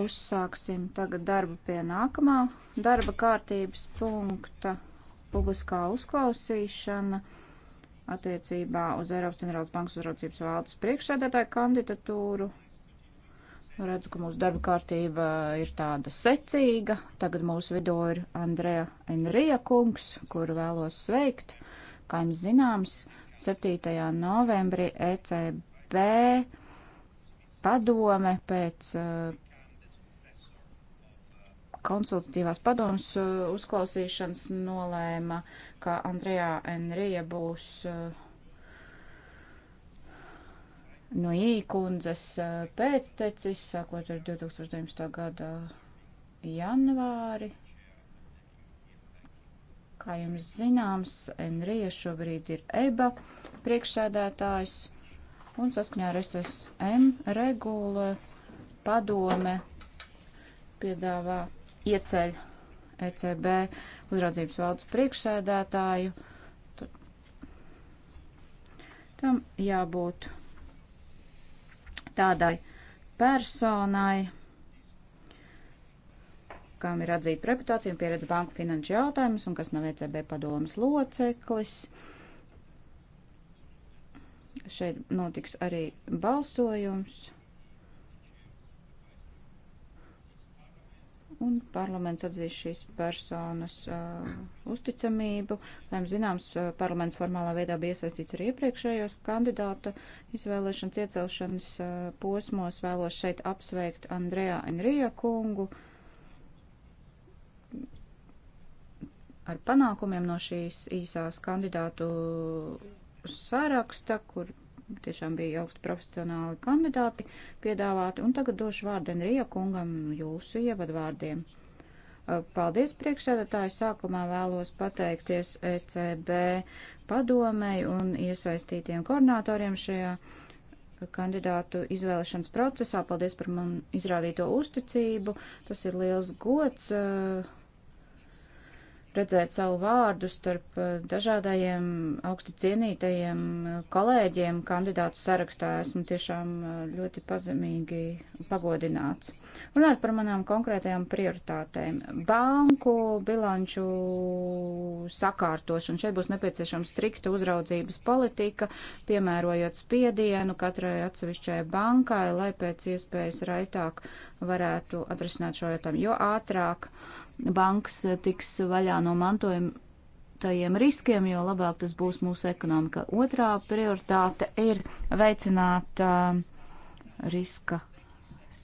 Uzsāksim tagad darbu pie nākamā darba kārtības punkta - publiskā uzklausīšana attiecībā uz Eiropas Centrālās Bankas uzraudzības valdes priekšsēdētāju kandidatūru. Redzu, ka mūsu darba kārtība ir tāda secīga. Tagad mūsu vidū ir Andreja Enrija kungs, kuru vēlos sveikt. Uh, Kā jums zināms, 7. novembrī ECB padome pēc uh, konsultatīvās padomas uh, uzklausīšanas nolēma, ka Andrejā Enrija būs uh, no īkundzes pēctecis, sākot ar 2019. gada janvāri. Kā jums zināms, Enrija šobrīd ir EBA priekšsēdētājs un saskaņā ar SSM regula padome piedāvā ieceļ ECB uzraudzības valdes priekšsēdētāju. Tam jābūt tādai personai, kam ir atzīta reputācija un pieredze banku finanšu jautājumus un kas nav ECB padomas loceklis. Šeit notiks arī balsojums. Un parlaments atzīs šīs personas uh, uzticamību. Lai zināms, uh, parlaments formālā veidā bija iesaistīts arī iepriekšējos kandidāta izvēlēšanas iecelšanas uh, posmos. Vēlos šeit apsveikt Andrejā Enrija kungu. Uh, ar panākumiem no šīs īsās kandidātu saraksta, kur tiešām bija augsti profesionāli kandidāti piedāvāti. Un tagad došu vārdu Enrija kungam jūsu ievadvārdiem. Uh, paldies priekšsēdētāji. Sākumā vēlos pateikties ECB padomei un iesaistītiem koordinatoriem šajā kandidātu izvēlešanas procesā. Paldies par man izrādīto uzticību. Tas ir liels gods. Uh, redzēt savu vārdu starp eh, dažādajiem augsti cienītajiem eh, kolēģiem kandidātu sarakstā. Esmu tiešām eh, ļoti pazemīgi pagodināts. Runāt par manām konkrētajām prioritātēm. Banku bilanču sakārtošana. Šeit būs nepieciešama strikta uzraudzības politika, piemērojot spiedienu katrai atsevišķai bankai, lai pēc iespējas raitāk varētu atrisināt šo jautājumu, jo ātrāk bankas eh, tiks vaļā no mantojumtajiem riskiem, jo labāk tas būs mūsu ekonomika. Otrā prioritāte ir veicināt uh, riska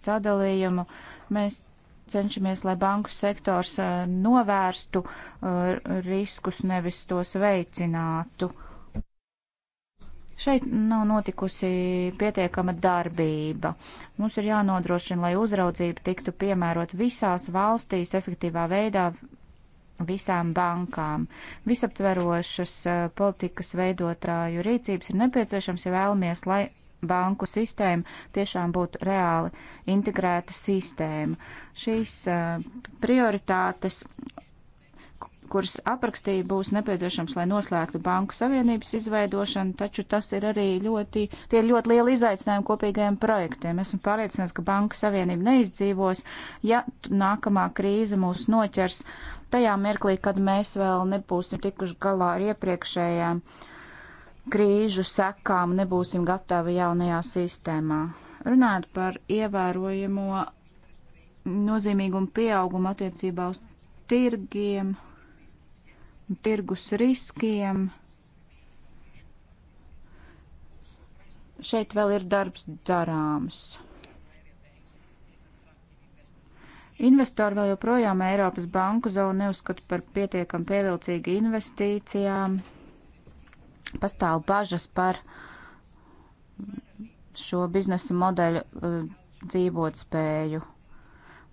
sadalījumu. Mēs cenšamies, lai banku sektors eh, novērstu riskus, nevis tos veicinātu. Šeit nav notikusi pietiekama darbība. Mums ir jānodrošina, lai uzraudzība tiktu piemērot visās valstīs efektīvā veidā visām bankām. Visaptverošas eh, politikas veidotāju rīcības ir nepieciešams, ja vēlamies, lai banku sistēma tiešām būtu reāli integrēta sistēma. Šīs eh, prioritātes kuras aprakstīja būs nepieciešams, lai noslēgtu banku savienības izveidošanu, taču tas ir arī ļoti, tie ir ļoti lieli izaicinājumi kopīgajiem projektiem. Esmu pārliecināts, ka banku savienība neizdzīvos, ja nākamā krīze mūs noķers tajā mirklī, kad mēs vēl nebūsim tikuši galā ar iepriekšējām krīžu sekām, nebūsim gatavi jaunajā sistēmā. Runājot par ievērojamo nozīmīgumu pieaugumu attiecībā uz tirgiem, tirgus riskiem. Šeit vēl ir darbs darāms. Investori vēl joprojām Eiropas banku zonu neuzskata par pietiekam pievilcīgu investīcijām. Pastāv bažas par šo biznesa modeļu eh, dzīvot spēju.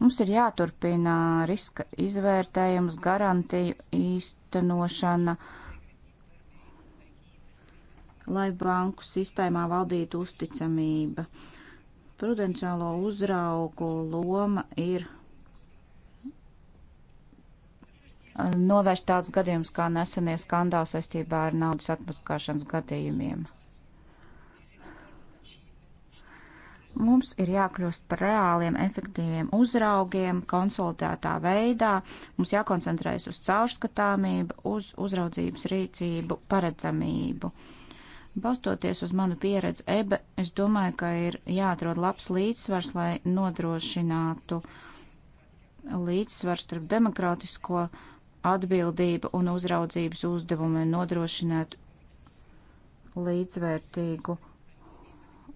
Mums ir jāturpina riska izvērtējums, garantiju īstenošana, lai banku sistēmā valdītu uzticamība. Prudenciālo uzraugu loma ir novērst tādus gadījumus kā nesenie skandāli saistībā ar naudas atmaskāšanas gadījumiem. Mums ir jākļūst par reāliem, efektīviem uzraugiem, konsolidētā veidā. Mums jākoncentrējas uz caurskatāmību, uz uzraudzības rīcību, paredzamību. Balstoties uz manu pieredzi EBE, es domāju, ka ir jāatrod labs līdzsvars, lai nodrošinātu līdzsvars starp demokrātisko atbildību un uzraudzības uzdevumu un nodrošinātu līdzvērtīgu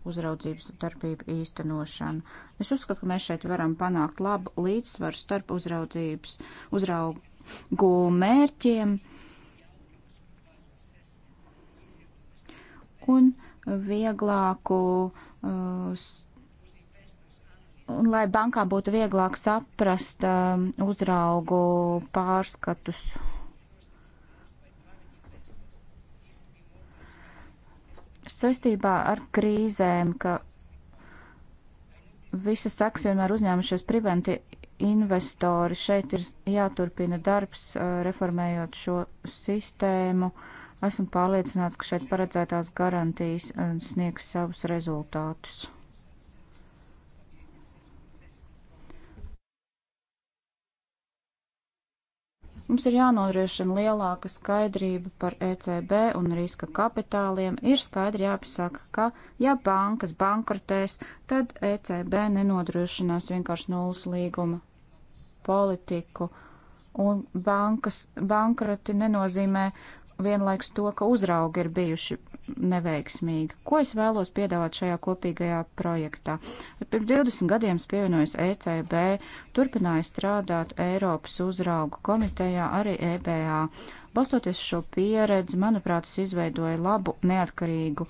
uzraudzības darbību īstenošanu. Es uzskatu, ka mēs šeit varam panākt labu līdzsvaru starp uzraudzības uzraugu mērķiem un vieglāku uh, un lai bankā būtu vieglāk saprast um, uzraugu pārskatus saistībā ar krīzēm, ka visas saks vienmēr uzņēmušies priventi investori. Šeit ir jāturpina darbs, reformējot šo sistēmu. Esmu pārliecināts, ka šeit paredzētās garantijas sniegs savus rezultātus. Mums ir jānodrošina lielāka skaidrība par ECB un riska kapitāliem. Ir skaidri jāpasaka, ka ja bankas bankrotēs, tad ECB nenodrošinās vienkārši nulles līguma politiku. Un bankas bankroti nenozīmē vienlaiks to, ka uzraugi ir bijuši neveiksmīga. Ko es vēlos piedāvāt šajā kopīgajā projektā? Pirms 20 gadiem es pievienojos ECB, turpināju strādāt Eiropas uzraugu komitejā, arī EBA. Balstoties šo pieredzi, manuprāt, es izveidoju labu, neatkarīgu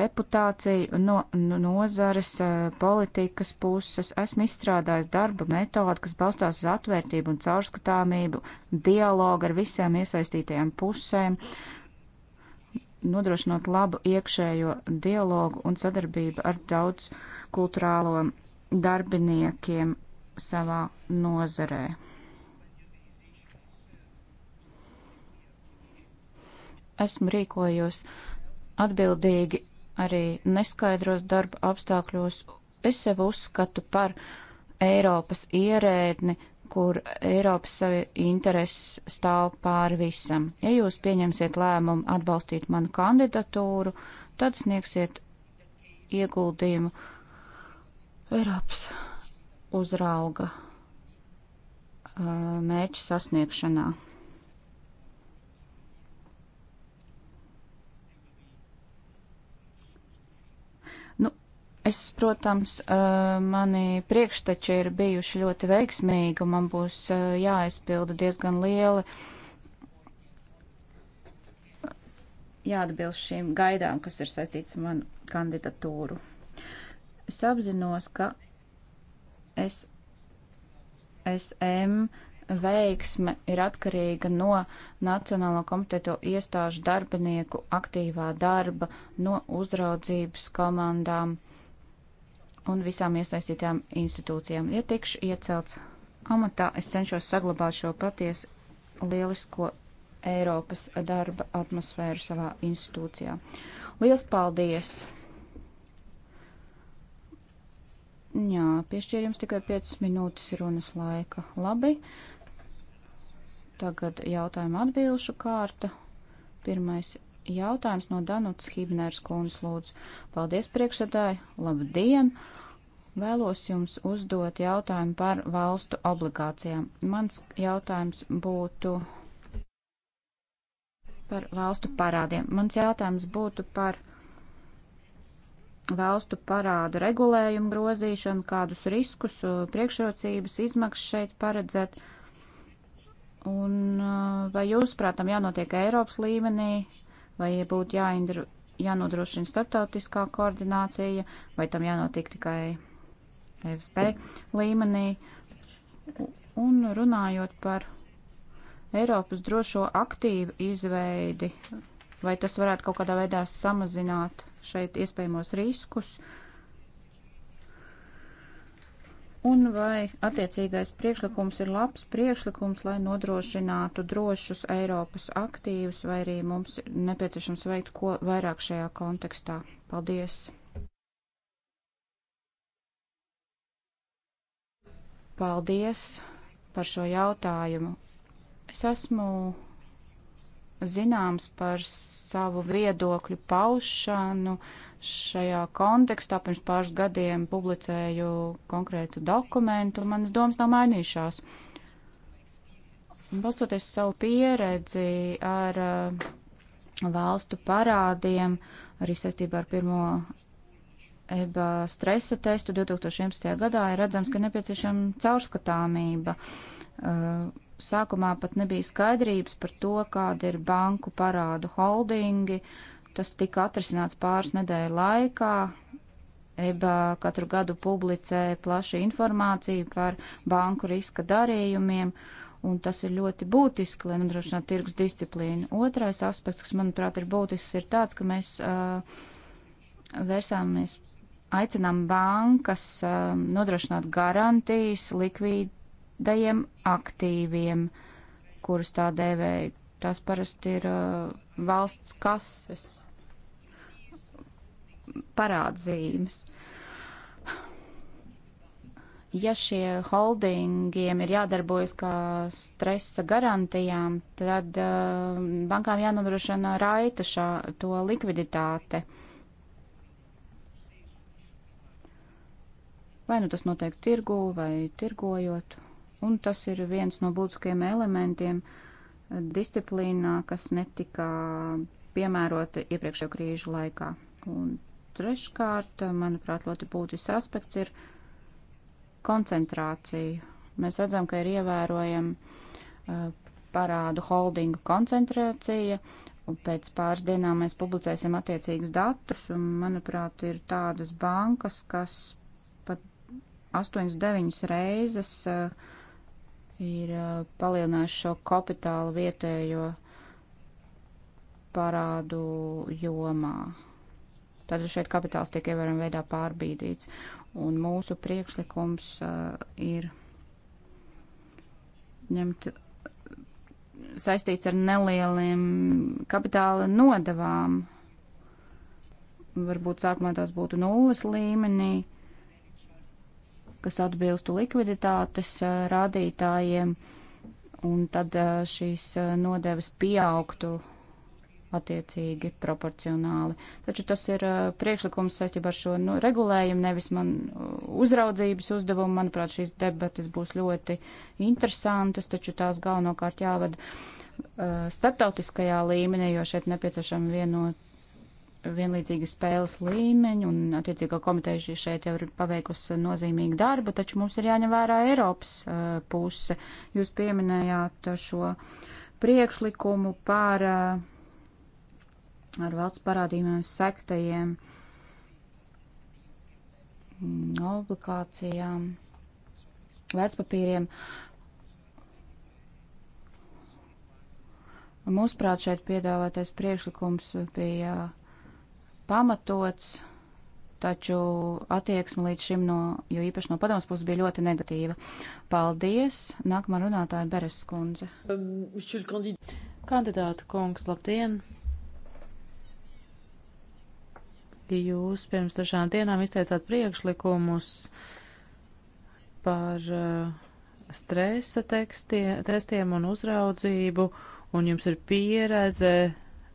reputāciju no nozares eh, politikas puses. Esmu izstrādājis darba metodu, kas balstās uz atvērtību un caurskatāmību, dialogu ar visām iesaistītajām pusēm. Uh, nodrošinot labu iekšējo dialogu un sadarbību ar daudz kultūrālo darbiniekiem savā nozarē. Esmu rīkojos atbildīgi arī neskaidros darba apstākļos. Es sev uzskatu par Eiropas ierēdni, kur Eiropas intereses stāv pāri visam. Ja jūs pieņemsiet lēmumu atbalstīt manu kandidatūru, tad sniegsiet ieguldījumu Eiropas uzrauga uh, mērķu sasniegšanā. Es, protams, mani priekšteči ir bijuši ļoti veiksmīgi, un man būs jāaizpilda diezgan lieli jāatbilst šīm gaidām, kas ir saistīts ar manu kandidatūru. Es apzinos, ka es, SM veiksme ir atkarīga no Nacionālo komiteto iestāžu darbinieku aktīvā darba, no uzraudzības komandām un visām iesaistītām institūcijām. Ja tikšu iecelts amatā, es cenšos saglabāt šo patiesu lielisko Eiropas darba atmosfēru savā institūcijā. Liels paldies! Jā, piešķīr jums tikai 5 minūtes runas laika. Labi. Tagad jautājuma atbilšu kārta. Pirmais jautājums no Danutas Hibnēras kundas lūdzu. Paldies priekšsēdāji, labdien! Vēlos jums uzdot jautājumu par valstu obligācijām. Mans jautājums būtu par valstu parādiem. Mans jautājums būtu par valstu parādu regulējumu grozīšanu, kādus riskus, uh, priekšrocības, izmaksas šeit paredzēt. Un uh, vai jūs, prātam, jānotiek Eiropas līmenī, vai būtu jāindru, jānodrošina starptautiskā koordinācija, vai tam jānotiek tikai FSB līmenī. Un runājot par Eiropas drošo aktīvu izveidi, vai tas varētu kaut kādā veidā samazināt šeit iespējamos riskus, uh, un vai attiecīgais priekšlikums ir labs priekšlikums, lai nodrošinātu drošus Eiropas aktīvus, vai arī mums ir nepieciešams veikt ko vairāk šajā kontekstā. Paldies! Paldies par šo jautājumu. Es esmu zināms par savu viedokļu paušanu. Uh, šajā kontekstā pirms pāris gadiem publicēju konkrētu dokumentu, un manas domas nav mainījušās. Balstoties savu pieredzi ar uh, valstu parādiem, arī saistībā ar pirmo EBA stresa testu 2011. gadā, ir redzams, ka nepieciešama caurskatāmība. Uh, sākumā pat nebija skaidrības par to, kāda ir banku parādu holdingi, uh, Tas tika atrisināts pāris nedēļu laikā. EBA katru gadu publicē plašu informāciju par banku riska darījumiem, un tas ir ļoti būtiski, lai nodrošinātu tirgus disciplīnu. Otrais aspekts, kas, manuprāt, ir būtisks, ir tāds, ka mēs uh, vērsāmies, aicinām bankas uh, nodrošināt garantijas likvīdajiem aktīviem, kurus tā dēvēja tās parasti ir uh, valsts kases parādzīmes. Ja šie holdingiem ir jādarbojas kā stresa garantijām, tad uh, bankām jānodrošina raita šā, to likviditāte. Vai nu tas notiek tirgū vai tirgojot. Un tas ir viens no būtiskajiem elementiem disciplīnā, kas netika piemērota iepriekšējo krīžu laikā. Un Treškārt, manuprāt, ļoti būtisks aspekts ir koncentrācija. Mēs redzam, ka ir ievērojama parādu holdingu koncentrācija, un pēc pāris dienām mēs publicēsim attiecīgus datus, un, manuprāt, ir tādas bankas, kas pat 8-9 reizes uh, ir uh, palielinājuši šo kapitālu vietējo parādu jomā. Tad šeit kapitāls tiek ievērojami veidā pārbīdīts. Un mūsu priekšlikums uh, ir ņemt saistīts ar nelieliem kapitāla nodavām. Varbūt sākumā tās būtu nulles līmenī, kas atbilstu likviditātes uh, rādītājiem, un tad uh, šīs uh, nodevas pieaugtu attiecīgi proporcionāli. Taču tas ir eh, priekšlikums saistībā ar šo nu, regulējumu, nevis man uh, uzraudzības uzdevumu. Manuprāt, šīs debatas būs ļoti interesantas, taču tās galvenokārt jāvada eh, starptautiskajā līmenī, jo šeit nepieciešama vienot vienlīdzīgi spēles līmeņi, un attiecīgā komiteja šeit jau ir paveikusi nozīmīgu darbu, taču mums ir jāņem vērā Eiropas uh, puse. Jūs pieminējāt šo priekšlikumu par uh, ar valsts parādījumiem sektajiem mm, obligācijām, vērtspapīriem. Mūsuprāt, šeit piedāvātais priekšlikums bija pamatots, taču attieksme līdz šim no, jo īpaši no padomas puses bija ļoti negatīva. Paldies! Nākamā runātāja Beres skundze. Um, Kandidāta kungs, labdien! Jūs pirms dažām dienām izteicāt priekšlikumus par uh, stresa tekstiem, testiem un uzraudzību, un jums ir pieredze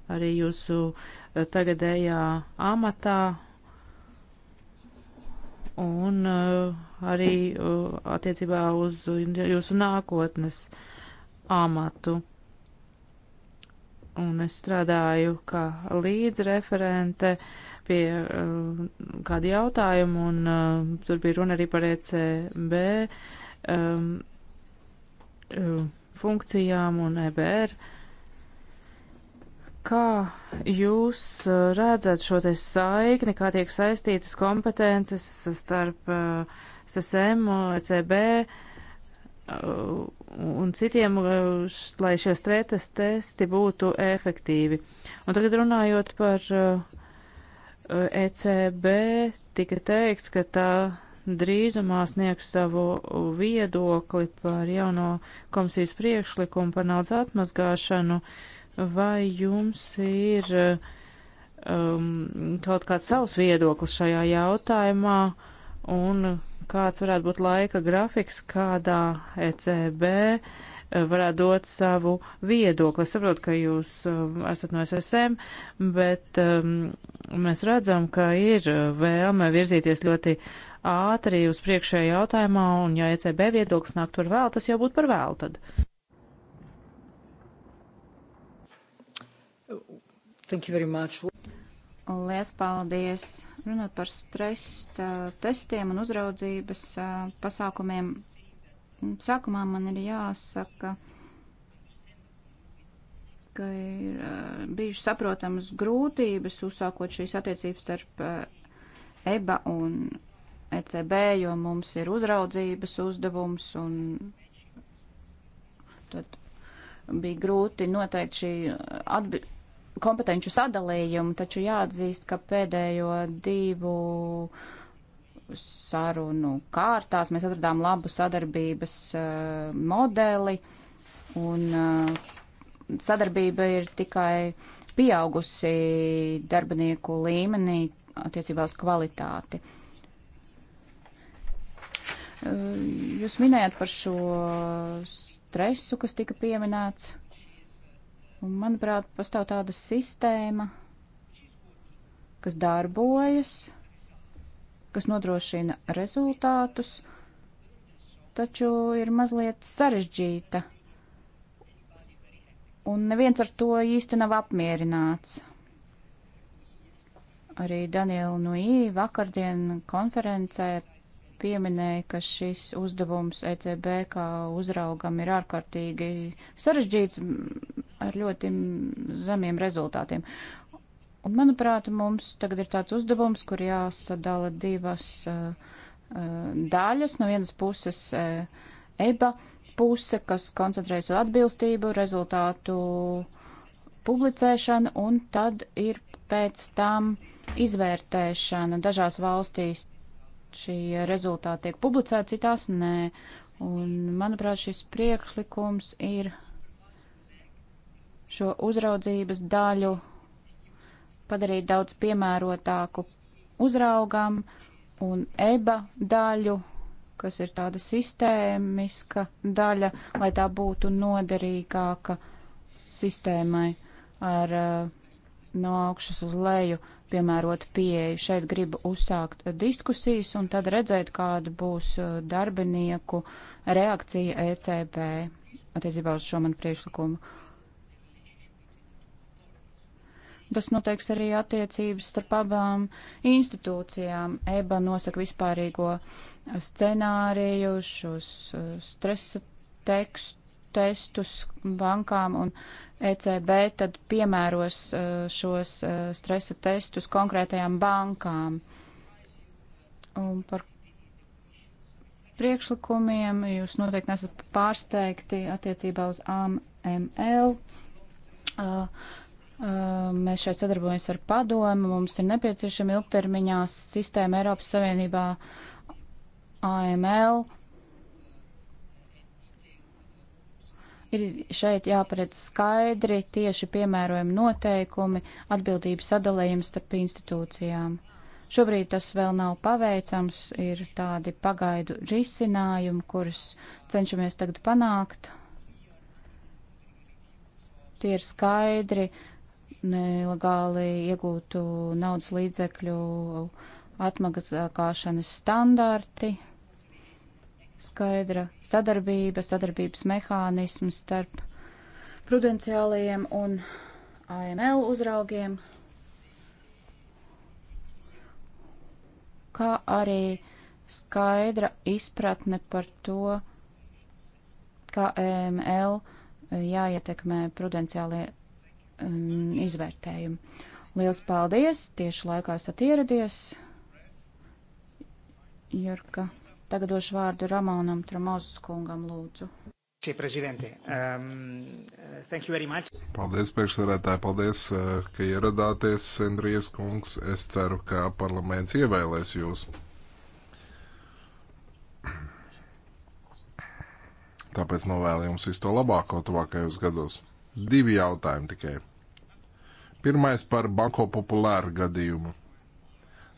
arī jūsu uh, tagadējā amatā un uh, arī attiecībā uz jūsu nākotnes amatu. Un es strādāju kā līdzreferente uh, pie uh, eh, kāda jautājuma, un uh, tur bija runa arī par ECB um, eh, funkcijām un EBR. Kā jūs redzat šo te saikni, kā tiek saistītas kompetences starp uh, SSM, ECB? un citiem, lai šie stretes testi būtu efektīvi. Un tagad runājot par uh, ECB tika teikts, ka tā drīzumā sniegs savu viedokli par jauno komisijas priekšlikumu par naudas atmazgāšanu. Vai jums ir um, kaut kāds savs viedoklis šajā jautājumā? Un kāds varētu būt laika grafiks, kādā ECB uh, varētu dot savu viedokli. Es saprotu, ka jūs um, esat no SSM, bet um, mēs redzam, ka ir uh, vēlme virzīties ļoti ātri uz priekšējā jautājumā, un ja ECB viedoklis nāk par vēlu, tas jau būtu par vēlu tad. Thank you very much. Lielas paldies! Runāt par stresa uh, testiem un uzraudzības uh, pasākumiem Sākumā man ir jāsaka, ka ir uh, eh, bijuši saprotamas grūtības uzsākot šīs attiecības starp uh, EBA un ECB, jo mums ir uzraudzības uzdevums un tad bija grūti noteikt šī eh, atbi kompetenču sadalījumu, taču jāatzīst, ka pēdējo divu uh, sarunu kārtās. Mēs atradām labu sadarbības eh, modeli, un eh, sadarbība ir tikai pieaugusi darbinieku līmenī attiecībā uz kvalitāti. Eh, jūs minējat par šo stresu, kas tika pieminēts. Un, manuprāt, pastāv tāda sistēma, kas darbojas, kas nodrošina rezultātus, taču ir mazliet sarežģīta. Un neviens ar to īsti nav apmierināts. Arī Daniela Nui vakardien konferencē pieminēja, ka šis uzdevums ECB kā uzraugam ir ārkārtīgi sarežģīts ar ļoti zemiem rezultātiem. Un, manuprāt, mums tagad ir tāds uzdevums, kur jāsadala divas uh, daļas. No vienas puses uh, EBA puse, kas koncentrējas uz atbilstību, rezultātu publicēšanu, un tad ir pēc tam izvērtēšana. Dažās valstīs šie rezultāti tiek publicēti, citās nē. Un, manuprāt, šis priekšlikums ir šo uzraudzības daļu padarīt daudz piemērotāku uzraugam un eba daļu, kas ir tāda sistēmiska daļa, lai tā būtu noderīgāka sistēmai ar eh, no augšas uz leju piemērot pieeju. Šeit gribu uzsākt diskusijas un tad redzēt, kāda būs eh, darbinieku reakcija ECB attiecībā uz šo manu priekšlikumu. Tas noteiks arī attiecības starp abām institūcijām. EBA nosaka vispārīgo scenāriju, šos uh, stresa tekstu testus bankām un ECB tad piemēros uh, šos uh, stresa testus konkrētajām bankām. Un par priekšlikumiem. Jūs noteikti nesat pārsteigti attiecībā uz AML. Uh, Uh, mēs šeit sadarbojamies ar padomu, mums ir nepieciešama ilgtermiņā sistēma Eiropas Savienībā AML. Ir šeit jāparedz skaidri, tieši piemērojami noteikumi, atbildības sadalījums starp institūcijām. Šobrīd tas vēl nav paveicams, ir tādi pagaidu risinājumi, kurus cenšamies tagad panākt. Tie ir skaidri, uh, nelegāli iegūtu naudas līdzekļu atmaksāšanas standarti, skaidra sadarbība, sadarbības mehānisms starp prudenciālajiem un AML uzraugiem, kā arī skaidra izpratne par to, kā AML jāietekmē prudenciālajie um, izvērtējumu. Liels paldies! Tieši laikā esat ieradies. Jurka, tagad došu vārdu Ramonam Tramozes kungam lūdzu. Um, paldies, priekšsēdētāji, paldies, uh, ka ieradāties, Endrijas kungs. Es ceru, ka parlaments ievēlēs jūs. Tāpēc novēlu jums visu to labāko tuvākajos gados. Divi jautājumi tikai. Pirmais par Banko populāru gadījumu.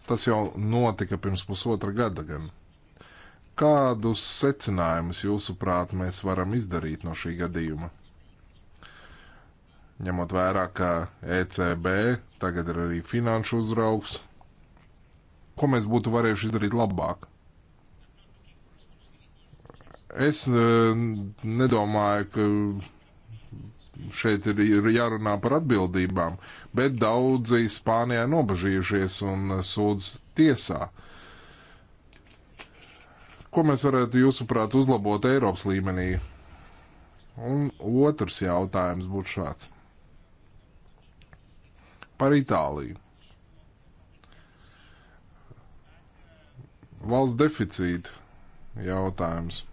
Tas jau notika pirms pusotra gada gan. Kādus secinājumus jūsuprāt mēs varam izdarīt no šī gadījuma? Ņemot vērā, ka ECB tagad ir arī finanšu uzraugs, ko mēs būtu varējuši izdarīt labāk? Es eh, nedomāju, ka šeit ir, ir jārunā par atbildībām, bet daudzi Spānijā nobažījušies un eh, sūdz tiesā. Ko mēs varētu, jūsuprāt, uzlabot Eiropas līmenī? Un otrs jautājums būtu šāds. Par Itāliju. Valsts deficīta jautājums.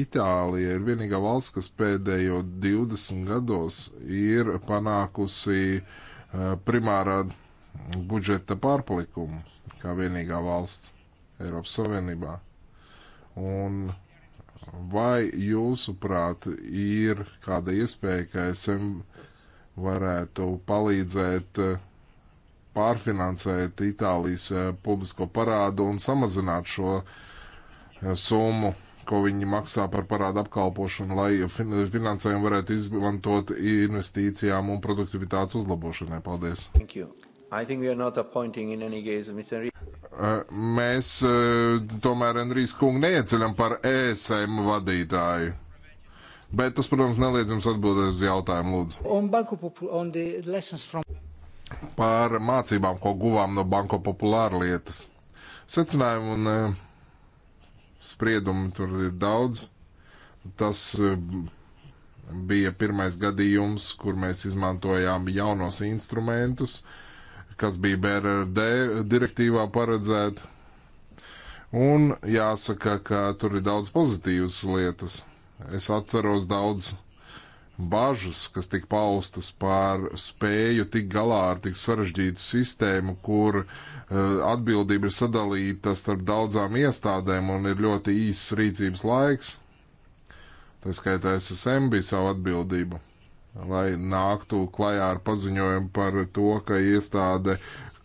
Itālija ir vienīgā valsts, kas pēdējo 20 gados ir panākusi eh, primārā budžeta pārpalikumu, kā vienīgā valsts Eiropas Savienībā. Un vai jūsuprāt ir kāda iespēja, ka SM varētu palīdzēt eh, pārfinansēt Itālijas eh, publisko parādu un samazināt šo summu ko viņi maksā par parādu apkalpošanu, lai finansējumu varētu izmantot investīcijām un produktivitātes uzlabošanai. Paldies! Case, eh, Mēs eh, tomēr Enrijas kungu neieceļam par ESM vadītāju. Bet tas, protams, neliedz jums atbildēt uz jautājumu, lūdzu. From... Par mācībām, ko guvām no Banko populāra lietas. Secinājumu un uh, Spriedumu tur ir daudz. Tas e, bija pirmais gadījums, kur mēs izmantojām jaunos instrumentus, kas bija BRD direktīvā paredzēti. Un jāsaka, ka tur ir daudz pozitīvas lietas. Es atceros daudz bažas, kas tika paustas par spēju tik galā ar tik sarežģītu sistēmu, kur uh, atbildība ir sadalīta starp daudzām iestādēm un ir ļoti īss rīcības laiks. Tā skaitā SSM bija savu atbildību, lai nāktu klajā ar paziņojumu par to, ka iestāde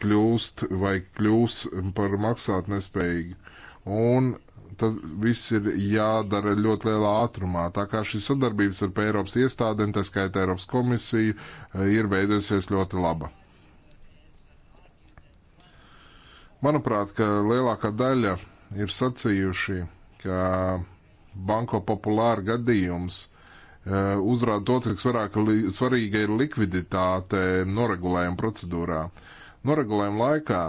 kļūst vai kļūs par maksātnespējīgu. Un tas viss ir jādara ļoti lielā ātrumā. Tā kā šī sadarbības ar Eiropas iestādēm, tā skaitā Eiropas komisiju, eh, ir veidojusies ļoti laba. Manuprāt, ka lielākā daļa ir sacījuši, ka banko populāra gadījums eh, uzrāda to, cik svarāka, svarīga ir likviditāte noregulējuma procedūrā. Noregulējuma laikā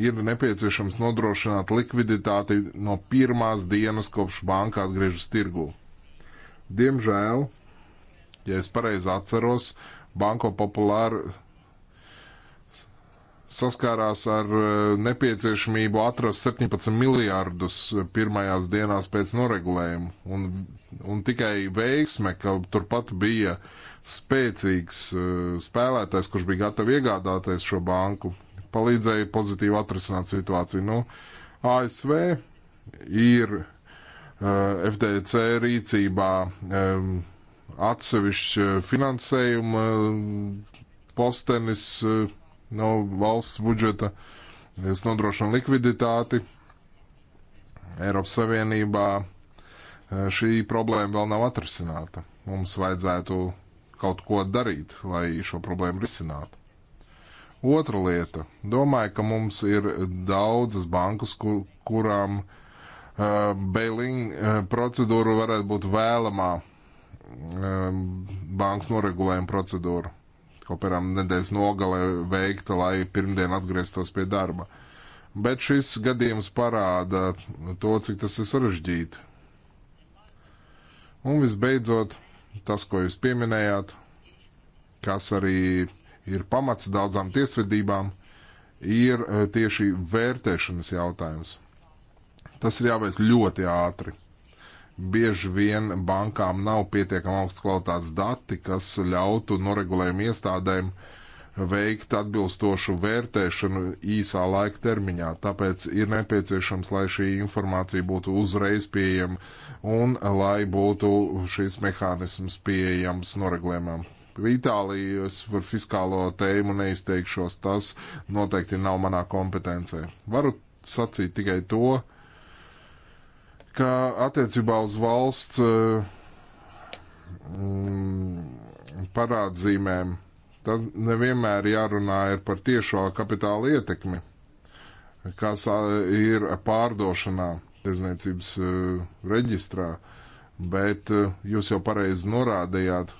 ir nepieciešams nodrošināt likviditāti no pirmās dienas, kopš banka atgriežas tirgū. Diemžēl, ja es pareizi atceros, Banko Populāra saskārās ar e, nepieciešamību atrast 17 miljārdus pirmajās dienās pēc noregulējuma. Un, un tikai veiksme, ka turpat bija spēcīgs e, spēlētājs, kurš bija gatavs iegādāties šo banku, palīdzēja pozitīvi atrisināt situāciju. Nu, ASV ir uh, eh, FDC rīcībā um, atsevišķi eh, finansējuma postenis uh, no valsts budžeta, kas nodrošina likviditāti. Eiropas Savienībā šī problēma vēl nav atrisināta. Mums vajadzētu kaut ko darīt, lai šo problēmu risinātu. Otra lieta. Domāju, ka mums ir daudzas bankas, kur, kurām uh, bailing uh, procedūra varētu būt vēlamā uh, bankas noregulējuma procedūra, ko pērām nedēļas nogalē veikta, lai pirmdien atgrieztos pie darba. Bet šis gadījums parāda to, cik tas ir sarežģīti. Un visbeidzot, tas, ko jūs pieminējāt, kas arī ir pamats daudzām tiesvedībām, ir e, tieši vērtēšanas jautājums. Tas ir jāveic ļoti ātri. Bieži vien bankām nav pietiekami augsts kvalitātes dati, kas ļautu noregulējumu iestādēm veikt atbilstošu vērtēšanu īsā laika termiņā. Tāpēc ir nepieciešams, lai šī informācija būtu uzreiz pieejama un lai būtu šis mehānisms pieejams noregulējumam. Itālijas par fiskālo tēmu neizteikšos, tas noteikti nav manā kompetencē. Varu sacīt tikai to, ka attiecībā uz valsts mm, parādzīmēm tad nevienmēr jārunā ir par tiešo kapitāla ietekmi, kas ir pārdošanā, tirzniecības e, reģistrā, bet e, jūs jau pareizi norādījāt,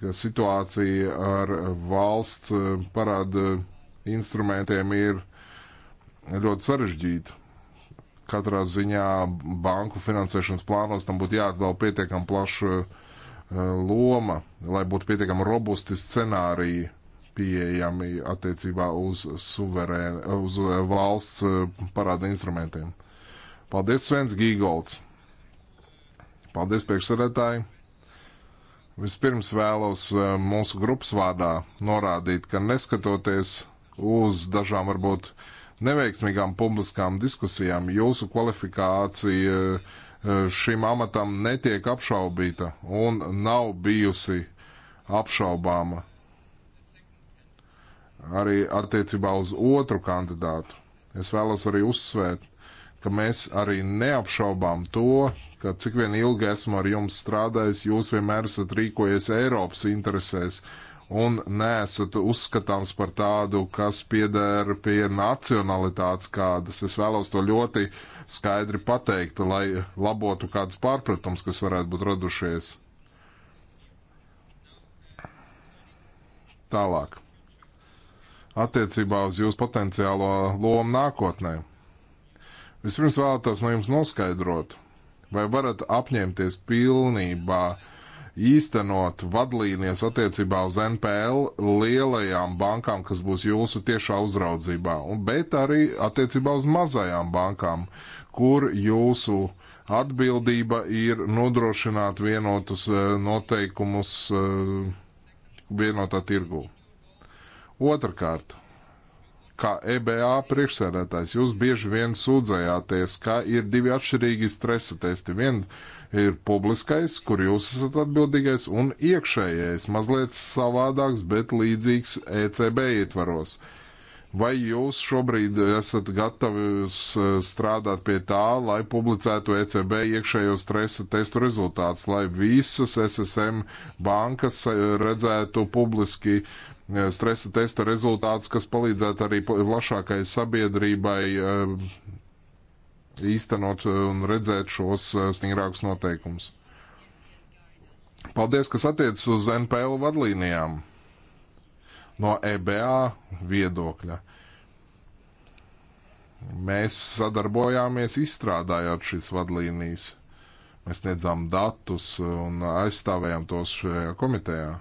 ka situācija ar valsts eh, parāda instrumentiem ir ļoti sarežģīta. Katrā ziņā banku finansēšanas plānos tam būtu jāatvēl pietiekami plaša eh, loma, lai būtu pietiekami robusti scenāriji pieejami attiecībā uz, suverēn, uz eh, valsts parāda instrumentiem. Paldies, Svens Gīgolds! Paldies, priekšsēdētāji! Vispirms vēlos eh, mūsu grupas vārdā norādīt, ka neskatoties uz dažām varbūt neveiksmīgām publiskām diskusijām, jūsu kvalifikācija eh, šim amatam netiek apšaubīta un nav bijusi apšaubāma arī attiecībā uz otru kandidātu. Es vēlos arī uzsvērt, ka mēs arī neapšaubām to, ka cik vien ilgi esmu ar jums strādājis, jūs vienmēr esat rīkojies Eiropas interesēs un nesat uzskatāms par tādu, kas pieder pie nacionalitātes kādas. Es vēlos to ļoti skaidri pateikt, lai labotu kādas pārpratums, kas varētu būt radušies. Tālāk. Attiecībā uz jūsu potenciālo lomu nākotnē. Vispirms vēlētos no jums noskaidrot, Vai varat apņemties pilnībā īstenot vadlīnijas attiecībā uz NPL lielajām bankām, kas būs jūsu tiešā uzraudzībā, un, bet arī attiecībā uz mazajām bankām, kur jūsu atbildība ir nodrošināt vienotus eh, noteikumus eh, vienotā tirgū? Otrakārt, kā EBA priekšsēdētājs, jūs bieži vien sūdzējāties, ka ir divi atšķirīgi stresa testi. Vien ir publiskais, kur jūs esat atbildīgais, un iekšējais, mazliet savādāks, bet līdzīgs ECB ietvaros. Vai jūs šobrīd esat gatavi uh, strādāt pie tā, lai publicētu ECB iekšējo stresa testu rezultātus, lai visas SSM bankas uh, redzētu publiski Eh, stresa testa rezultātus, kas palīdzētu arī plašākai sabiedrībai eh, īstenot un redzēt šos eh, stingrākus noteikumus. Paldies, kas attiecas uz NPL vadlīnijām no EBA viedokļa. Mēs sadarbojāmies izstrādājot šīs vadlīnijas. Mēs sniedzām datus un aizstāvējām tos šajā komitejā.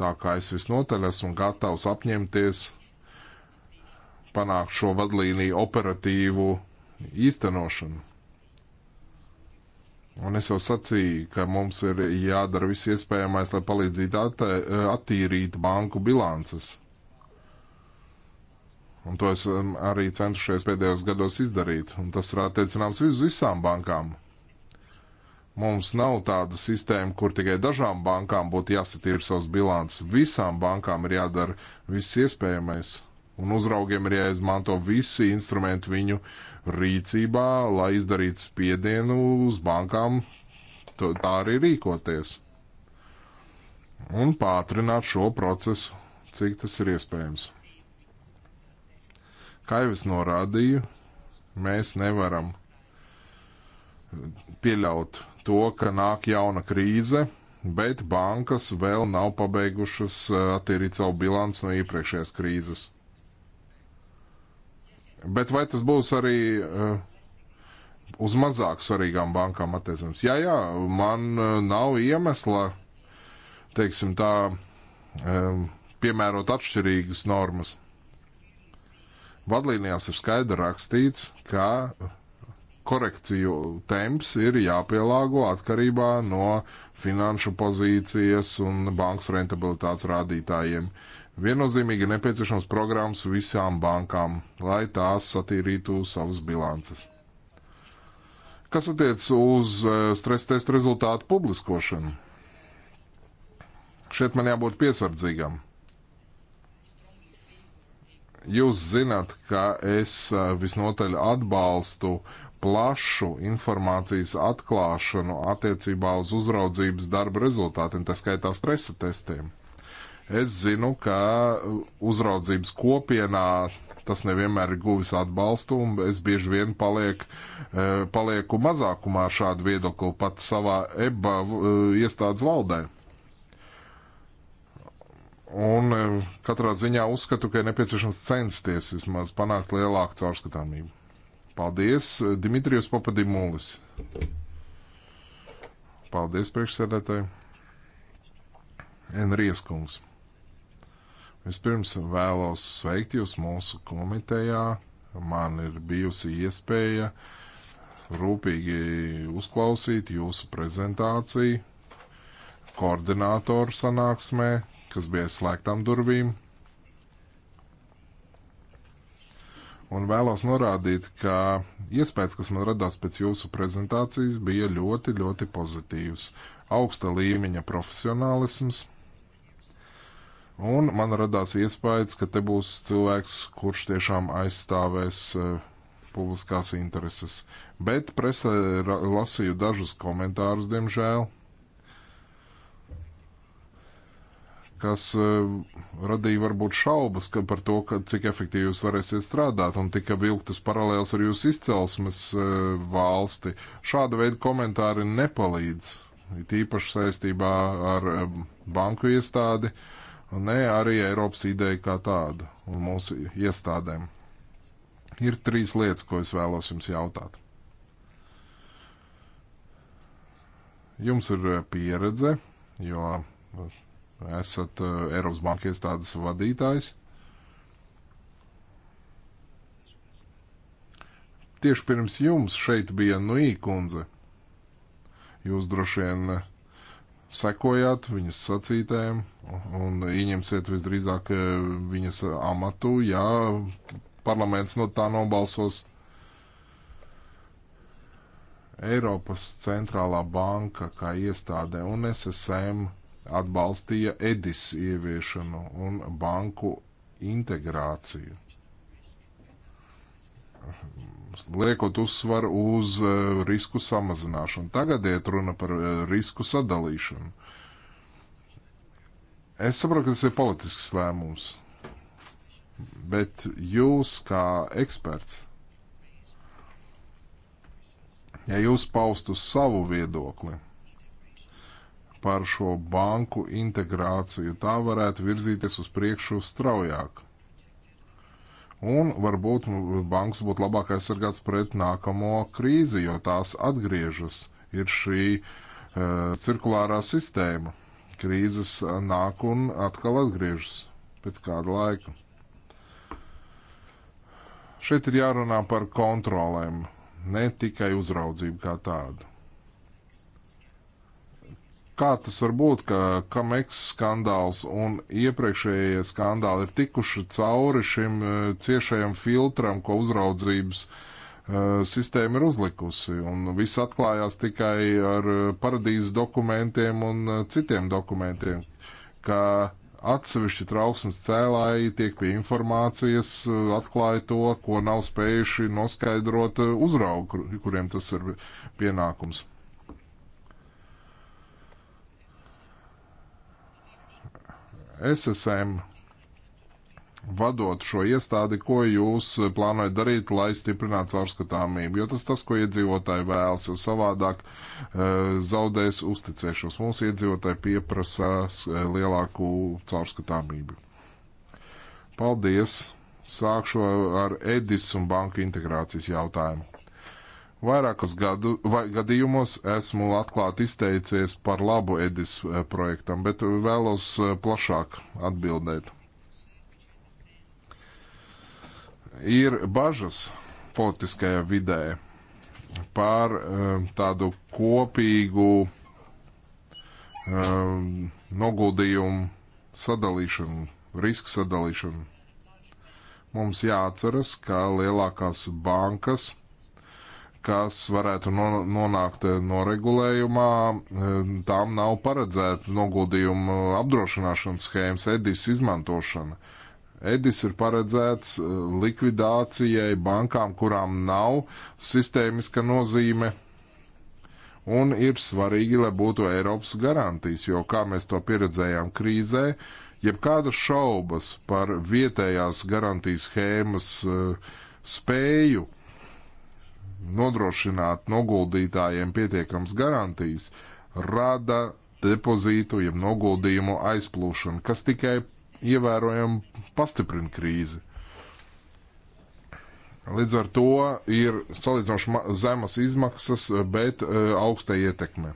Tā kā es visnotaļ esmu gatavs apņemties panākt šo vadlīniju operatīvu īstenošanu. Un es jau sacīju, ka mums ir jādara viss iespējamais, lai palīdzītu at attīrīt banku bilances. Un to esam arī centušies pēdējos gados izdarīt. Un tas ir attiecināms uz visām bankām. Mums nav tāda sistēma, kur tikai dažām bankām būtu jāsatīra savs bilants. Visām bankām ir jādara viss iespējamais, un uzraugiem ir jāizmanto visi instrumenti viņu rīcībā, lai izdarītu spiedienu uz bankām, to, tā arī rīkoties. Un pātrināt šo procesu, cik tas ir iespējams. Kā jau es norādīju, mēs nevaram pieļaut to, ka nāk jauna krīze, bet bankas vēl nav pabeigušas eh, attīrīt savu bilanci no iepriekšējās krīzes. Bet vai tas būs arī uh, uz mazāk svarīgām bankām attiecams? Jā, jā, man uh, nav iemesla, teiksim tā, um, piemērot atšķirīgas normas. Vadlīnijās ir skaidri rakstīts, ka korekciju temps ir jāpielāgo atkarībā no finanšu pozīcijas un bankas rentabilitātes rādītājiem. Viennozīmīgi nepieciešams programmas visām bankām, lai tās satīrītu savas bilances. Kas attiecas uz e, stresa testa rezultātu publiskošanu? Šeit man jābūt piesardzīgam. Jūs zināt, ka es e, visnotaļ atbalstu plašu informācijas atklāšanu attiecībā uz uzraudzības darba rezultātiem, tā skaitā stresa testiem. Es zinu, ka uzraudzības kopienā tas nevienmēr ir guvis atbalstu, un es bieži vien paliek, e, palieku mazākumā ar šādu viedokli pat savā EBA e, iestādes valdē. Un e, katrā ziņā uzskatu, ka ir nepieciešams censties vismaz panākt lielāku caurskatāmību. Paldies, Dimitrijus Papadimulis. Paldies, priekšsēdētāji. Enrijas kungs. Vispirms vēlos sveikt jūs mūsu komitejā. Man ir bijusi iespēja rūpīgi uzklausīt jūsu prezentāciju koordinātoru sanāksmē, kas bija slēgtām durvīm. un vēlos norādīt, ka iespējas, kas man radās pēc jūsu prezentācijas, bija ļoti, ļoti pozitīvas. Augsta līmeņa profesionālisms, un man radās iespējas, ka te būs cilvēks, kurš tiešām aizstāvēs uh, publiskās intereses. Bet presē lasīju dažus komentārus, diemžēl, kas eh, radīja varbūt šaubas ka par to, ka, cik efektīvi jūs varēsiet strādāt, un tika vilktas paralēls ar jūsu izcelsmes eh, valsti. Šāda veida komentāri nepalīdz, it īpaši saistībā ar eh, banku iestādi, ne arī Eiropas ideja kā tāda un mūsu iestādēm. Ir trīs lietas, ko es vēlos jums jautāt. Jums ir pieredze, jo esat eh, Eiropas Banka iestādes vadītājs. Tieši pirms jums šeit bija Nui kundze. Jūs droši vien eh, sekojāt viņas sacītēm un ieņemsiet visdrīzāk eh, viņas amatu, ja parlaments no tā nobalsos. Eiropas centrālā banka kā iestāde un SSM atbalstīja EDIS ieviešanu un banku integrāciju. Liekot uzsvaru uz eh, risku samazināšanu. Tagad iet runa par eh, risku sadalīšanu. Es saprotu, ka tas ir politisks lēmums, bet jūs kā eksperts, ja jūs paustu savu viedokli, par šo banku integrāciju. Tā varētu virzīties uz priekšu straujāk. Un varbūt nu, bankas būtu labāk aizsargāts pret nākamo krīzi, jo tās atgriežas. Ir šī uh, cirkulārā sistēma. Krīzes eh, nāk un atkal atgriežas pēc kāda laika. Šeit ir jārunā par kontrolēm, ne tikai uzraudzību kā tādu kā tas var būt, ka Kameks skandāls un iepriekšējie skandāli ir tikuši cauri šim e, ciešajam filtram, ko uzraudzības uh, sistēma ir uzlikusi, un viss atklājās tikai ar e, paradīzes dokumentiem un citiem dokumentiem, ka atsevišķi trauksmes cēlāji tiek pie informācijas, atklāja to, ko nav spējuši noskaidrot uzraugu, kuriem tas ir pienākums. SSM vadot šo iestādi, ko jūs plānojat darīt, lai stiprinātu caurskatāmību, jo tas tas, ko iedzīvotāji vēlas, jo savādāk eh, zaudēs uzticēšos. Mūsu iedzīvotāji pieprasās eh, lielāku caurskatāmību. Paldies! Sākšu ar Edis un banka integrācijas jautājumu. Vairākos gadu, vai, gadījumos esmu atklāti izteicies par labu Edis eh, projektam, bet vēlos eh, plašāk atbildēt. Ir bažas politiskajā vidē par eh, tādu kopīgu um, noguldījumu sadalīšanu, risku sadalīšanu. Mums jāatceras, ka lielākās bankas – kas varētu nonākt eh, noregulējumā, eh, tām nav paredzēta noguldījumu apdrošināšanas schēmas EDIS izmantošana. EDIS ir paredzēts eh, likvidācijai bankām, kurām nav sistēmiska nozīme, un ir svarīgi, lai būtu Eiropas garantijas, jo, kā mēs to pieredzējām krīzē, jebkādas šaubas par vietējās garantijas schēmas spēju nodrošināt noguldītājiem pietiekams garantijas, rada depozītu, jeb noguldījumu aizplūšanu, kas tikai ievērojami pastiprina krīzi. Līdz ar to ir salīdzinoši zemas izmaksas, bet uh, e, augsta ietekme.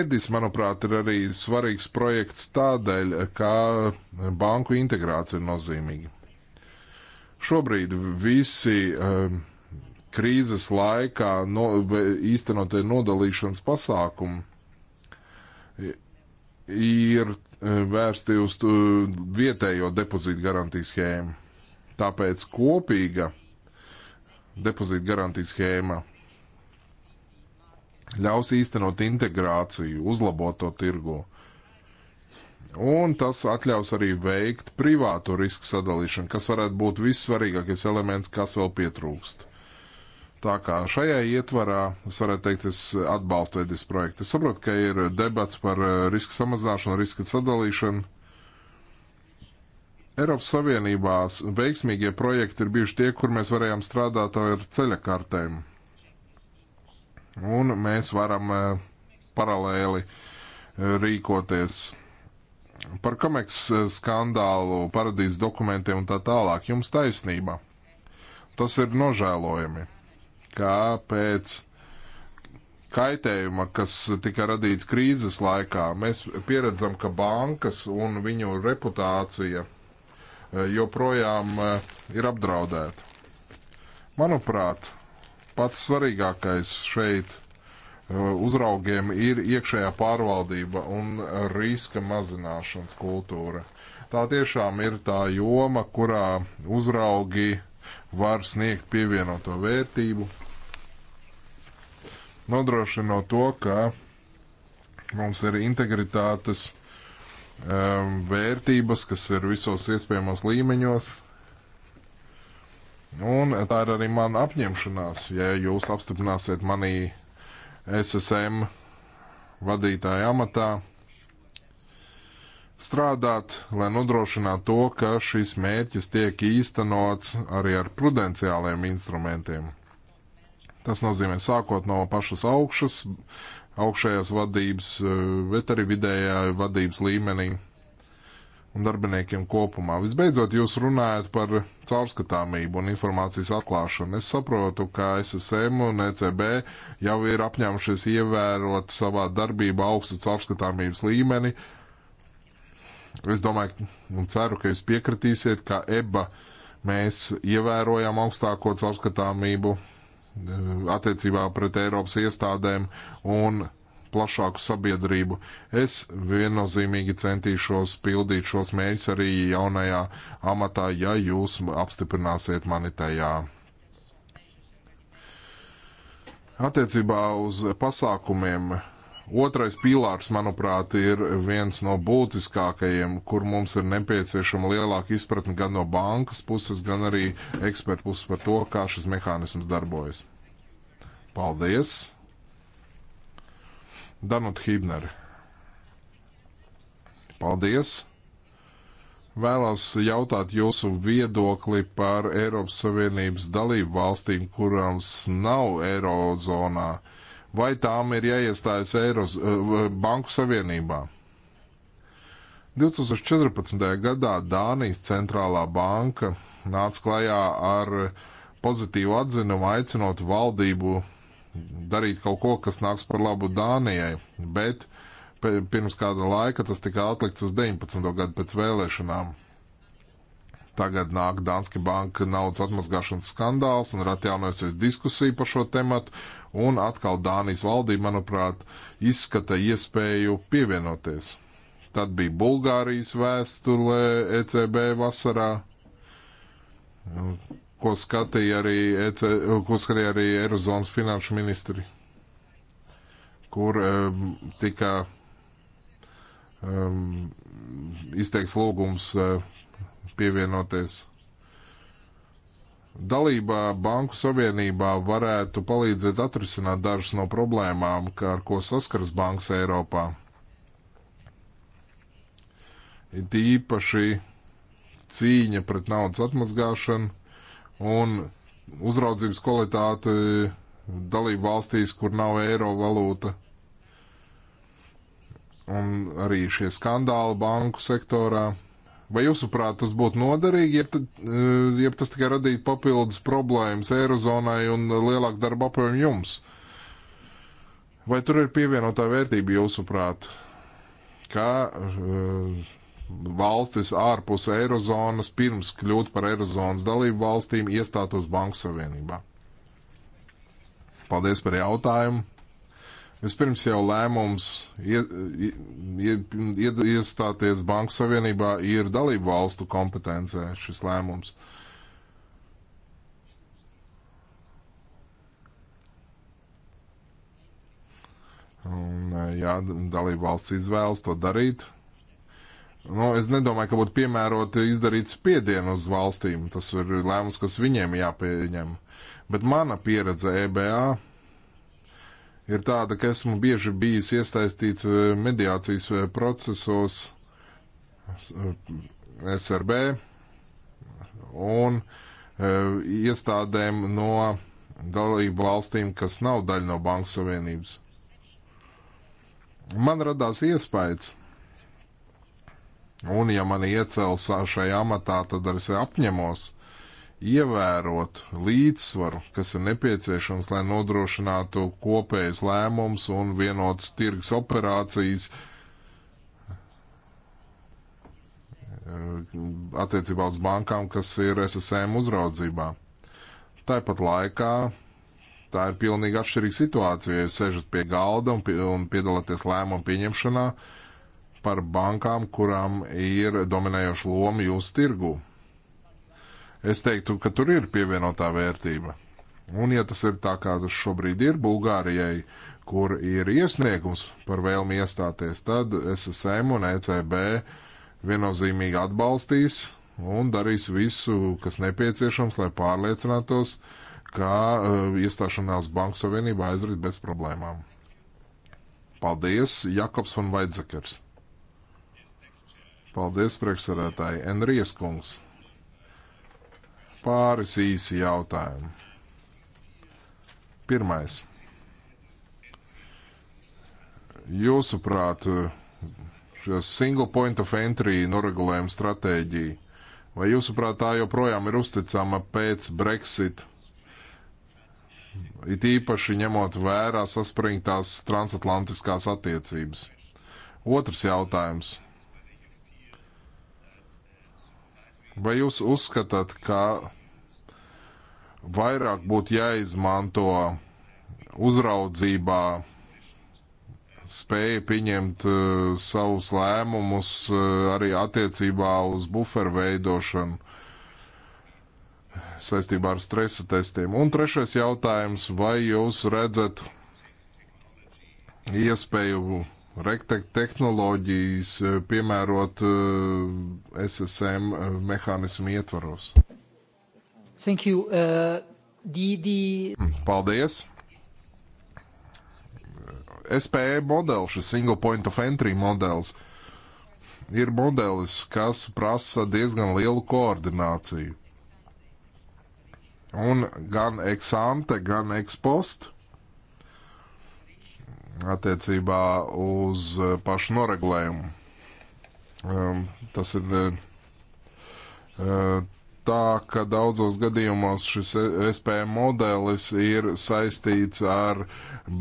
Edis, manuprāt, ir arī svarīgs projekts tādēļ, ka banku integrācija ir nozīmīga. Šobrīd visi uh, krīzes laikā no, īstenotie nodalīšanas pasākumi ir e, vērsti uz e, vietējo depozītu garantijas schēmu. Tāpēc kopīga depozītu garantijas schēma ļaus īstenot integrāciju, uzlabot to tirgu. Un tas atļaus arī veikt privātu risku sadalīšanu, kas varētu būt vissvarīgākais elements, kas vēl pietrūkst. Tā kā šajā ietvarā, es varētu teikt, es atbalstu Edis projektu. Es saprotu, ka ir debats par eh, riska samazināšanu, riska sadalīšanu. Eiropas Savienībās veiksmīgie projekti ir bijuši tie, kur mēs varējām strādāt ar ceļa kartēm. Un mēs varam eh, paralēli eh, rīkoties par komeks skandālu, paradīzes dokumentiem un tā tālāk. Jums taisnība. Tas ir nožēlojami kā pēc kaitējuma, kas tika radīts krīzes laikā, mēs pieredzam, ka bankas un viņu reputācija e, joprojām e, ir apdraudēta. Manuprāt, pats svarīgākais šeit e, uzraugiem ir iekšējā pārvaldība un riska mazināšanas kultūra. Tā tiešām ir tā joma, kurā uzraugi var sniegt pievienoto vērtību nodrošinot to, ka mums ir integritātes um, vērtības, kas ir visos iespējamos līmeņos. Un tā ir arī mana apņemšanās, ja jūs apstiprināsiet manī SSM vadītāja amatā strādāt, lai nodrošinātu to, ka šis mērķis tiek īstenots arī ar prudenciāliem instrumentiem. Tas nozīmē sākot no pašas augšas, augšējās vadības, eh, bet arī vidējā vadības līmenī un darbiniekiem kopumā. Visbeidzot, jūs runājat par caurskatāmību un informācijas atklāšanu. Es saprotu, ka SSM un ECB jau ir apņēmušies ievērot savā darbībā augstu caurskatāmības līmeni. Es domāju un ceru, ka jūs piekritīsiet, ka EBA mēs ievērojam augstāko caurskatāmību Eh, attiecībā pret Eiropas iestādēm un plašāku sabiedrību. Es viennozīmīgi centīšos pildīt šos mērķus arī jaunajā amatā, ja jūs apstiprināsiet mani tajā. Attiecībā uz pasākumiem Otrais pīlārs, manuprāt, ir viens no būtiskākajiem, kur mums ir nepieciešama lielāka izpratne gan no bankas puses, gan arī ekspertu puses par to, kā šis mehānisms darbojas. Paldies! Danut Hībneri. Paldies! vēlos jautāt jūsu viedokli par Eiropas Savienības dalību valstīm, kurām nav Eirozonā vai tām ir jāiestājas Eiros eh, Banku Savienībā. 2014. gadā Dānijas centrālā banka nāca klajā ar pozitīvu atzinumu, aicinot valdību darīt kaut ko, kas nāks par labu Dānijai, bet pirms kāda laika tas tika atlikts uz 19. gadu pēc vēlēšanām. Tagad nāk Danske Banka naudas atmazgāšanas skandāls un ir atjaunosies diskusija par šo tematu. Un atkal Dānijas valdība, manuprāt, izskata iespēju pievienoties. Tad bija Bulgārijas vēstule ECB vasarā, ko skatīja arī, EC, ko skatīja arī Eirozonas finanšu ministri, kur um, tika um, izteikts lūgums uh, pievienoties. Dalībā Banku Savienībā varētu palīdzēt atrisināt dažas no problēmām, kā ar ko saskaras bankas Eiropā. It īpaši cīņa pret naudas atmazgāšanu un uzraudzības kvalitāti dalību valstīs, kur nav eiro valūta. Un arī šie skandāli banku sektorā. Vai jūsuprāt, tas būtu noderīgi, ja, eh, ja tas tikai radītu papildus problēmas Eirozonai un lielāku darba apjomu jums? Vai tur ir pievienotā vērtība jūsuprāt, kā uh, eh, valstis ārpus Eirozonas pirms kļūt par Eirozonas dalību valstīm iestātos Banku Savienībā? Paldies par jautājumu! Vispirms jau lēmums iestāties Banku Savienībā ir dalību valstu kompetencē šis lēmums. Un, jā, dalību valsts izvēlas to darīt. Nu, es nedomāju, ka būtu piemēroti izdarīt spiedienu uz valstīm. Tas ir lēmums, kas viņiem jāpieņem. Bet mana pieredze EBA ir tāda, ka esmu bieži bijis iesaistīts e, mediācijas e, procesos SRB e, un iestādēm no dalību valstīm, kas nav daļa no Banku Savienības. Man radās iespējas, un ja mani iecels šajā amatā, tad arī es apņemos ievērot līdzsvaru, kas ir nepieciešams, lai nodrošinātu kopējas lēmums un vienotas tirgus operācijas eh, attiecībā uz bankām, kas ir SSM uzraudzībā. Tāpat laikā tā ir pilnīgi atšķirīga situācija, ja sežat pie galda un, un piedalāties lēmumu pieņemšanā par bankām, kurām ir dominējoša loma jūsu tirgū Es teiktu, ka tur ir pievienotā vērtība. Un ja tas ir tā, kā tas šobrīd ir Bulgārijai, kur ir iesniegums par vēlmi iestāties, tad SSM un ECB viennozīmīgi atbalstīs un darīs visu, kas nepieciešams, lai pārliecinātos, ka uh, iestāšanās Banku Savienībā aizrit bez problēmām. Paldies, Jakobs un Vaidzekers. Paldies, priekšsarētāji, Enrijas kungs pāris īsi jautājumi. Pirmais. Jūsuprāt, šis single point of entry noregulējuma stratēģija, vai jūsuprāt tā joprojām ir uzticama pēc Brexit? It īpaši ņemot vērā saspringtās transatlantiskās attiecības. Otrs jautājums. Vai jūs uzskatāt, ka vairāk būtu jāizmanto uzraudzībā spēja pieņemt uh, savus lēmumus uh, arī attiecībā uz buferu veidošanu saistībā ar stresa testiem. Un trešais jautājums, vai jūs redzat iespēju rektek tehnoloģijas uh, piemērot uh, SSM uh, mehānismu ietvaros? Thank you. Uh, the, the... Paldies! SPE modelis, šis single point of entry modelis, ir modelis, kas prasa diezgan lielu koordināciju. Un gan eksante, gan ekspost attiecībā uz pašu noregulējumu. Um, tas ir uh, uh tā, ka daudzos gadījumos šis SPM modelis ir saistīts ar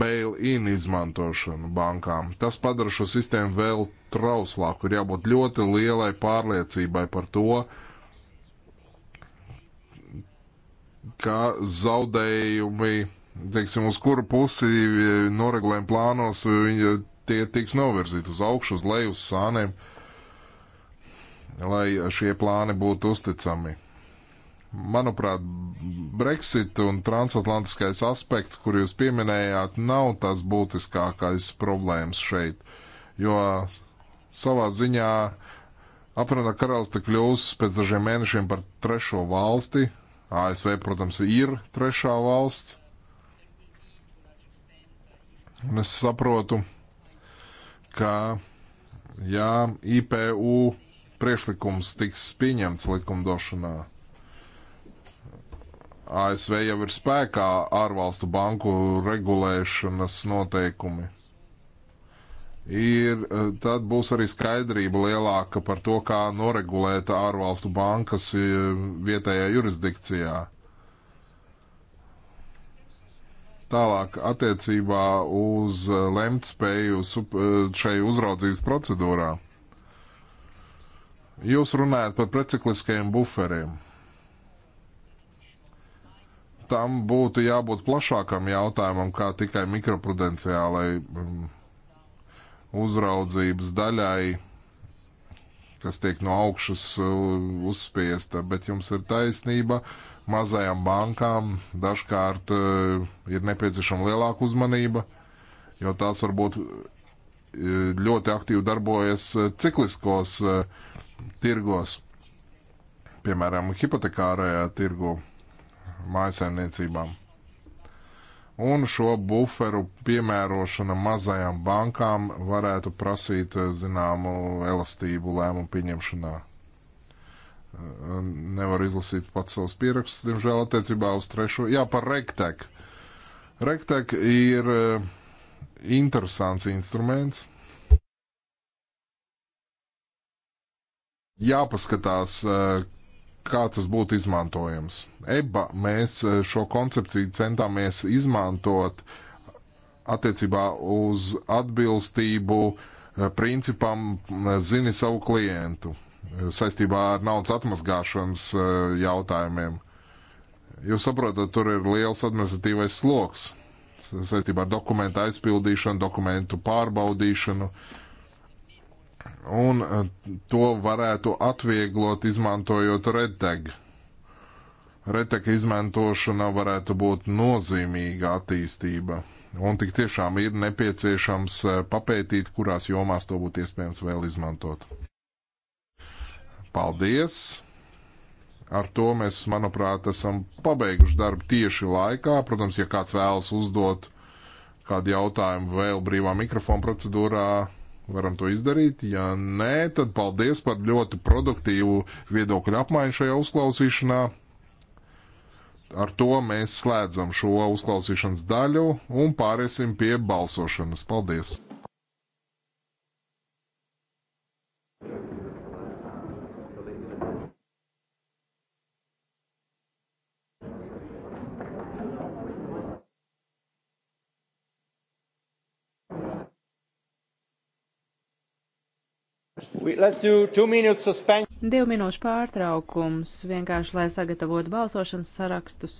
bail-in izmantošanu bankām. Tas padara šo sistēmu vēl trauslāku. Ir jābūt ļoti lielai pārliecībai par to, ka zaudējumi, teiksim, uz kuru pusi noregulējuma plānos tie tiks novirzīti uz augšu, uz leju, uz sāniem, lai šie plāni būtu uzticami. Manuprāt, Brexit un transatlantiskais aspekts, kur jūs pieminējāt, nav tas būtiskākais problēmas šeit, jo savā ziņā apvienotā karalista kļūs pēc dažiem mēnešiem par trešo valsti. ASV, protams, ir trešā valsts. Un es saprotu, ka, ja IPU priekšlikums tiks pieņemts likumdošanā, ASV jau ir spēkā ārvalstu banku regulēšanas noteikumi. Ir, eh, tad būs arī skaidrība lielāka par to, kā noregulēta ārvalstu bankas eh, vietējā jurisdikcijā. Tālāk attiecībā uz eh, lemtspēju šai uzraudzības procedūrā. Jūs runājat par precikliskajiem buferiem tam būtu jābūt plašākam jautājumam, kā tikai mikroprudenciālai mm, uzraudzības daļai, kas tiek no augšas uh, uzspiesta, bet jums ir taisnība. Mazajām bankām dažkārt uh, ir nepieciešama lielāka uzmanība, jo tās varbūt uh, ļoti aktīvi darbojas cikliskos tirgos, piemēram, hipotekārajā tirgū mājasēmniecībām. Un šo buferu piemērošana mazajām bankām varētu prasīt eh, zināmu elastību lēmumu pieņemšanā. Eh, nevar izlasīt pats savus pierakstus, diemžēl, attiecībā uz trešo. Jā, par rektek. Rektek ir eh, interesants instruments. jāpaskatās, kā tas būtu izmantojams. EBA mēs e, šo koncepciju centāmies izmantot attiecībā uz atbilstību e, principam zini savu klientu e, saistībā ar naudas atmazgāšanas jautājumiem. Jūs saprotat, tur ir liels administratīvais sloks saistībā ar dokumentu aizpildīšanu, dokumentu pārbaudīšanu. Uh, un eh, to varētu atvieglot izmantojot redteg. Redteg izmantošana varētu būt nozīmīga attīstība. Un tik tiešām ir nepieciešams eh, papētīt, kurās jomās to būtu iespējams vēl izmantot. Paldies! Ar to mēs, manuprāt, esam pabeiguši darbu tieši laikā. Protams, ja kāds vēlas uzdot kādu jautājumu vēl brīvā mikrofona procedūrā, Varam to izdarīt? Ja nē, tad paldies par ļoti produktīvu viedokļu apmaiņu šajā uzklausīšanā. Ar to mēs slēdzam šo uzklausīšanas daļu un pāriesim pie balsošanas. Paldies! Divu minūšu pārtraukums, vienkārši lai sagatavotu balsošanas sarakstus.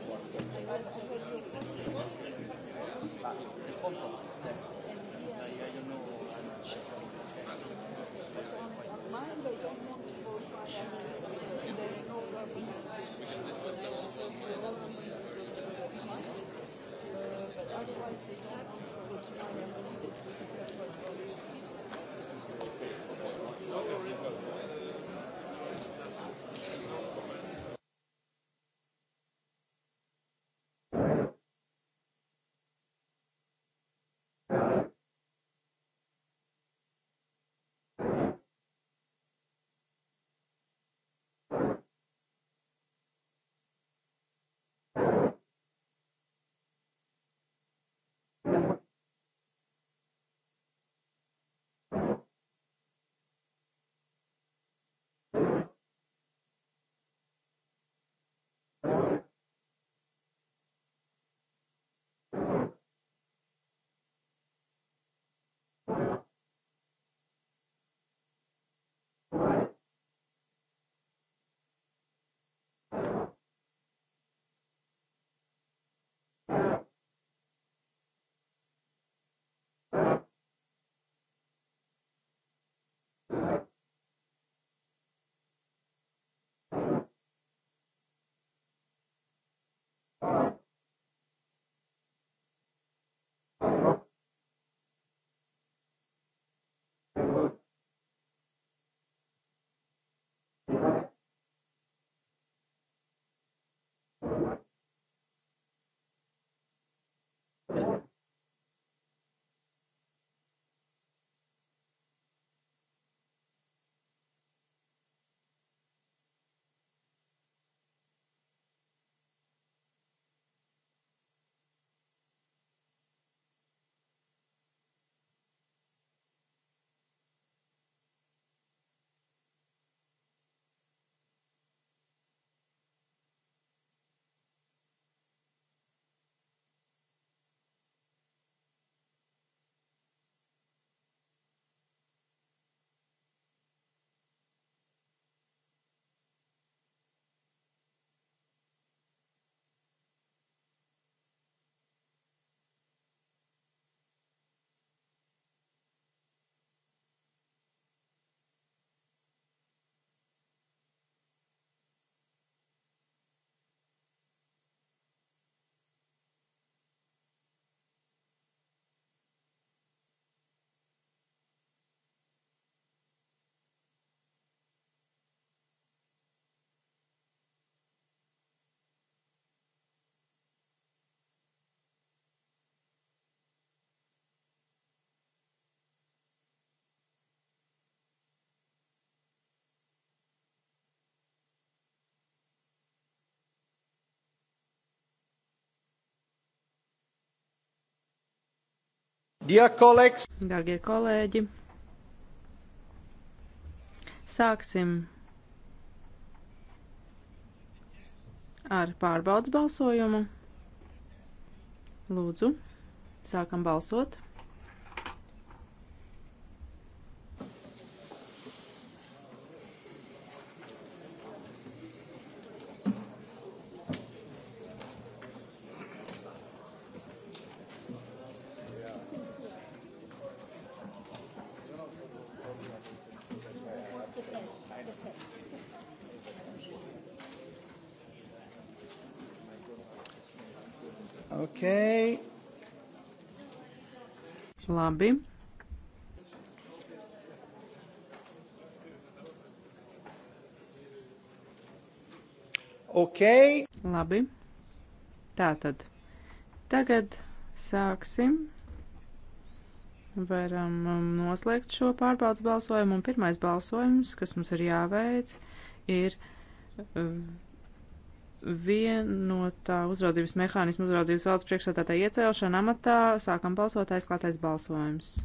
Mine, they don't want to go by, and there's no rubbish. Darbie kolēģi, sāksim ar pārbaudas balsojumu. Lūdzu, sākam balsot. Labi. Ok. Labi. Tātad. Tagad sāksim. Varam um, noslēgt šo pārbaudas balsojumu. Un pirmais balsojums, kas mums ir jāveic, ir um, vienotā uzraudzības mehānismu uzraudzības valsts priekšsādātāja iecelšana amatā. Sākam balsot aizklātais balsojums.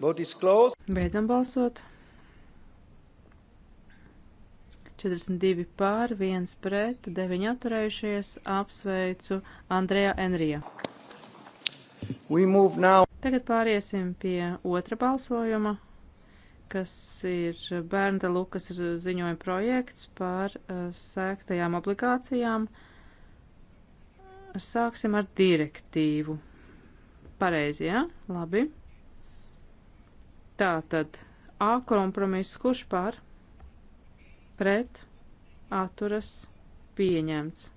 Beidzam balsot. 42 pār, 1 pret, 9 atturējušies. Apsveicu Andrejā Enrija. Tagad pāriesim pie otra balsojuma, kas ir Bernda Lukas ziņojuma projekts par uh, sēktajām obligācijām. Sāksim ar direktīvu. Pareizi, jā? Ja? Labi. Tātad A kompromiss, kurš par? Pret? Atturas? Pieņemts.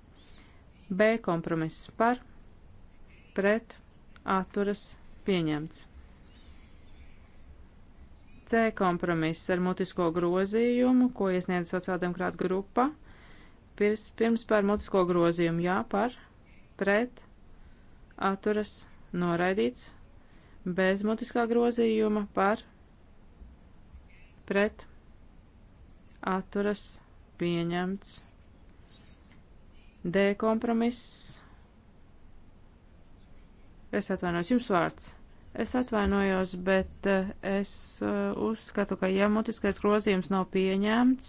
B kompromiss par? Pret? Atturas? Pieņemts Pieņemts. C kompromiss ar mutisko grozījumu, ko iesniedz sociāldemokrāta grupa. Pirms, pirms par mutisko grozījumu jā, par, pret, atturas, noraidīts. Bez mutiskā grozījuma par, pret, atturas, pieņemts. D kompromiss Es atvainojos, jums vārds. Es atvainojos, bet eh, es eh, uzskatu, ka ja mutiskais grozījums nav pieņemts,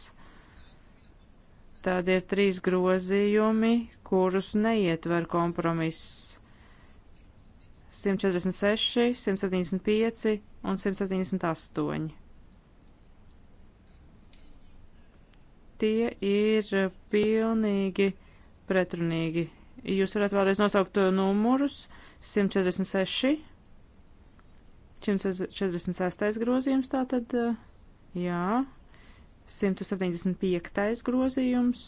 tad ir trīs grozījumi, kurus neietver kompromiss. 146, 175 un 178. Tie ir pilnīgi pretrunīgi. Jūs varat vēlreiz nosaukt eh, numurus. Uh, 146, 146. grozījums tātad, eh, jā, 175. grozījums.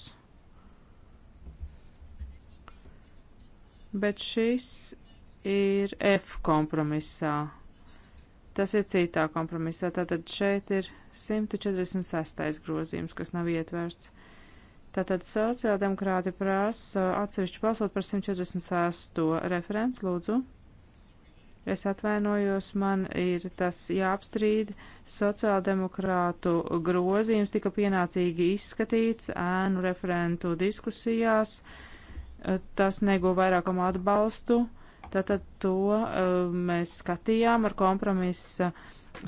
Bet šis ir F kompromisā. Tas ir citā kompromisā. Tātad šeit ir 146. grozījums, kas nav ietverts. Tātad sociāldemokrāti prasa atsevišķu balsot par 146. referents, lūdzu. Es atvainojos, man ir tas jāapstrīd. Sociāldemokrātu grozījums tika pienācīgi izskatīts ēnu referentu diskusijās. Tas neguva vairākumu atbalstu. Tātad to eh, mēs skatījām ar kompromisa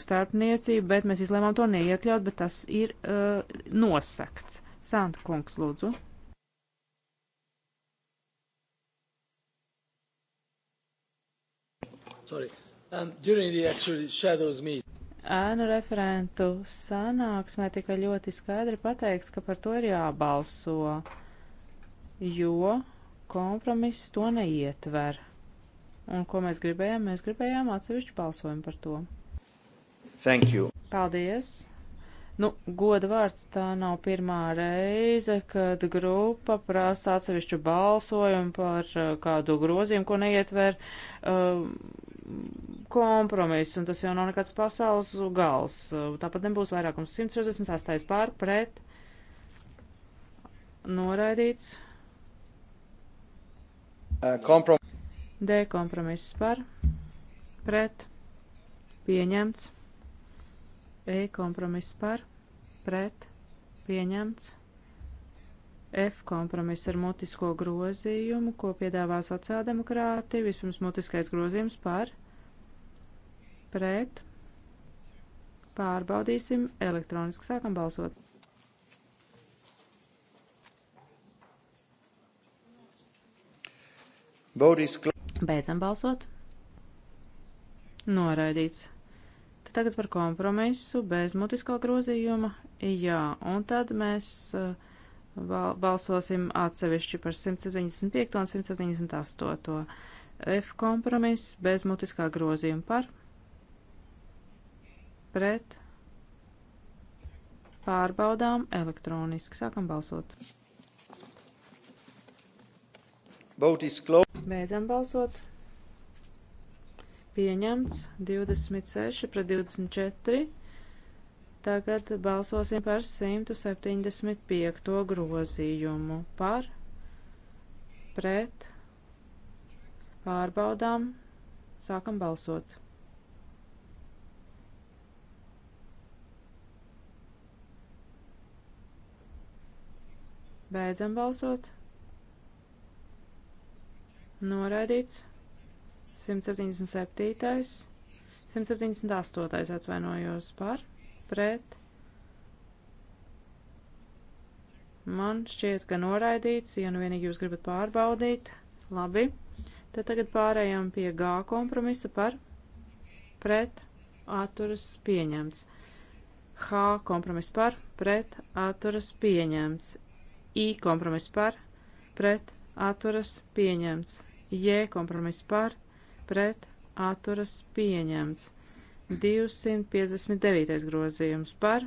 starpniecību, bet mēs izlēmām to neiekļaut, bet tas ir uh, nosakts. Santa kungs, lūdzu. Sorry. Um, during the actual shadows meet. Ēnu referentu sanāksmē tika ļoti skaidri pateikts, ka par to ir jābalso, jo kompromiss to neietver. Un ko mēs gribējām? Mēs gribējām atsevišķu balsojumu par to. Thank you. Paldies. Nu, goda vārds tā nav pirmā reize, kad grupa prasa atsevišķu balsojumu par uh, kādu grozījumu, ko neietver uh, kompromiss, un tas jau nav nekāds pasaules gals. Uh, tāpat nebūs vairākums 168 pār pret noraidīts. Uh, komprom D kompromiss par pret pieņemts. E kompromiss par pret pieņemts. F kompromiss ar mutisko grozījumu, ko piedāvā sociāldemokrāti. Vispirms mutiskais grozījums par pret. Pārbaudīsim elektroniski. Sākam balsot. Beidzam balsot. Noraidīts. Tagad par kompromisu bez mutiskā grozījuma. Jā, un tad mēs uh, balsosim atsevišķi par 175 un 178. F kompromiss bez mutiskā grozījuma par pret pārbaudām elektroniski. Sākam balsot. Beidzam balsot pieņemts 26 pret 24. Tagad balsosim par 175. grozījumu par pret pārbaudām. Sākam balsot. Beidzam balsot. Noraidīts. 177. 178. atvainojos par, pret. Man šķiet, ka noraidīts, ja nu vienīgi jūs gribat pārbaudīt. Labi. Tad tagad pārējām pie G kompromisa par, pret, atturas pieņemts. H kompromiss par, pret, atturas pieņemts. I kompromiss par, pret, atturas pieņemts. J kompromiss par, pret atturas pieņemts. 259. grozījums par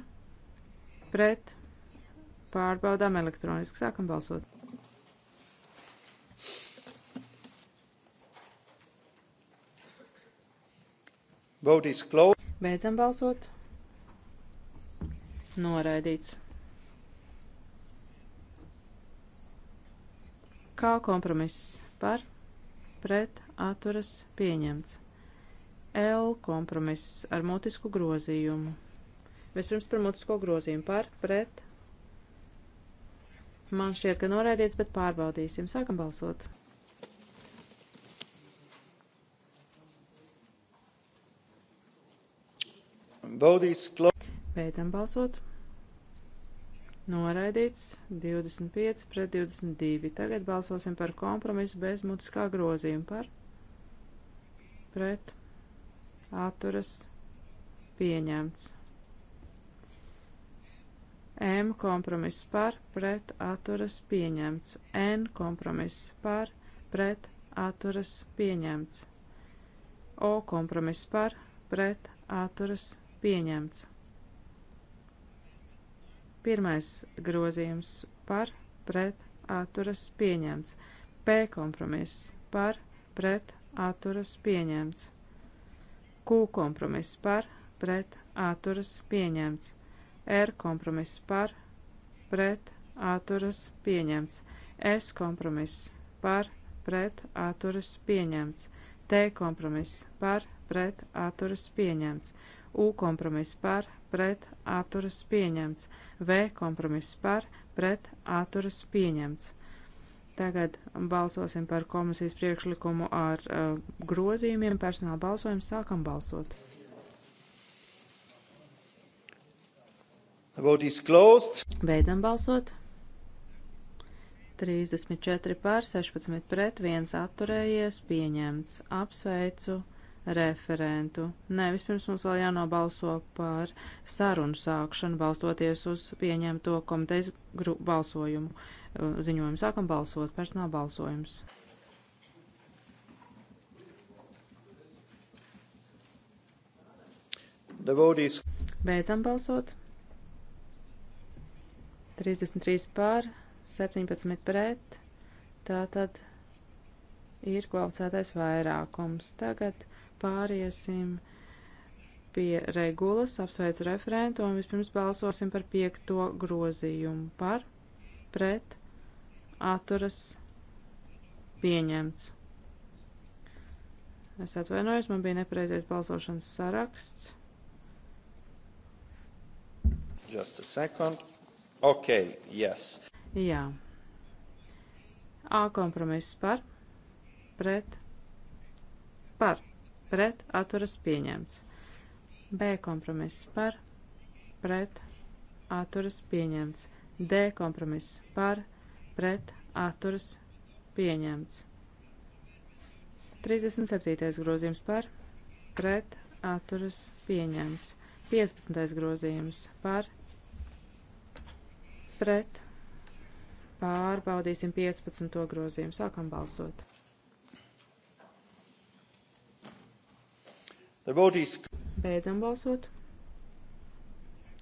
pret pārbaudām elektroniski. Sākam balsot. Vote is closed. Beidzam balsot. Noraidīts. Kā kompromiss par pret atturas pieņemts. L kompromiss ar mutisku grozījumu. Vispirms par mutisko grozījumu par pret. Man šķiet, ka noraidīts, bet pārbaudīsim. Sākam balsot. Beidzam balsot. Noraidīts 25 pret 22. Tagad balsosim par kompromisu bez mutiskā grozījuma par pret atturas pieņemts. M kompromiss par pret atturas pieņemts. N kompromiss par pret atturas pieņemts. O kompromiss par pret atturas pieņemts. Pirmais grozījums par pret atturas pieņemts. P kompromiss par pret atturas pieņemts. Q kompromiss par pret atturas pieņemts. R kompromiss par pret atturas pieņemts. S kompromiss par pret atturas pieņemts. T kompromiss par pret atturas pieņemts. U kompromiss par pret atturas pieņemts. V kompromiss par pret atturas pieņemts. Tagad balsosim par komisijas priekšlikumu ar uh, grozījumiem. Personāla balsojumu sākam balsot. Beidzam balsot. 34 pār 16 pret 1 atturējies pieņemts. Apsveicu referentu. Nē, vispirms mums vēl jānobalso par sarunu sākšanu, balstoties uz pieņemto komitejas balsojumu. Uh, ziņojumu sākam balsot, personāla balsojums. Devotees. Beidzam balsot. 33 pār, 17 pret. Tātad ir kvalificētais vairākums. Tagad pāriesim pie regulas, apsveicu referentu un vispirms balsosim par piekto grozījumu par, pret, atturas, pieņemts. Es atvainojos, man bija nepareizais balsošanas saraksts. Just a second. Ok, yes. Jā. A kompromiss par, pret, par pret atturas pieņemts. B kompromiss par pret atturas pieņemts. D kompromiss par pret atturas pieņemts. 37. grozījums par pret atturas pieņemts. 15. grozījums par pret pārbaudīsim 15. grozījumu. Sākam balsot. Is... Beidzam balsot.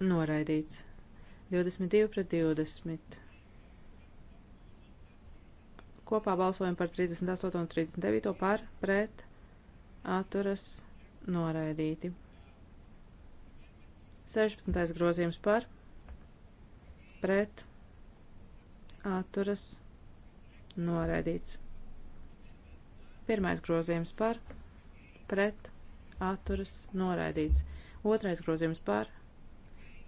Noraidīts. 22 pret 20. Kopā balsojam par 38 un 39 par pret atturas noraidīti. 16. grozījums par pret atturas noraidīts. Pirmais grozījums par pret atturas atturas noraidīts. Otrais grozījums par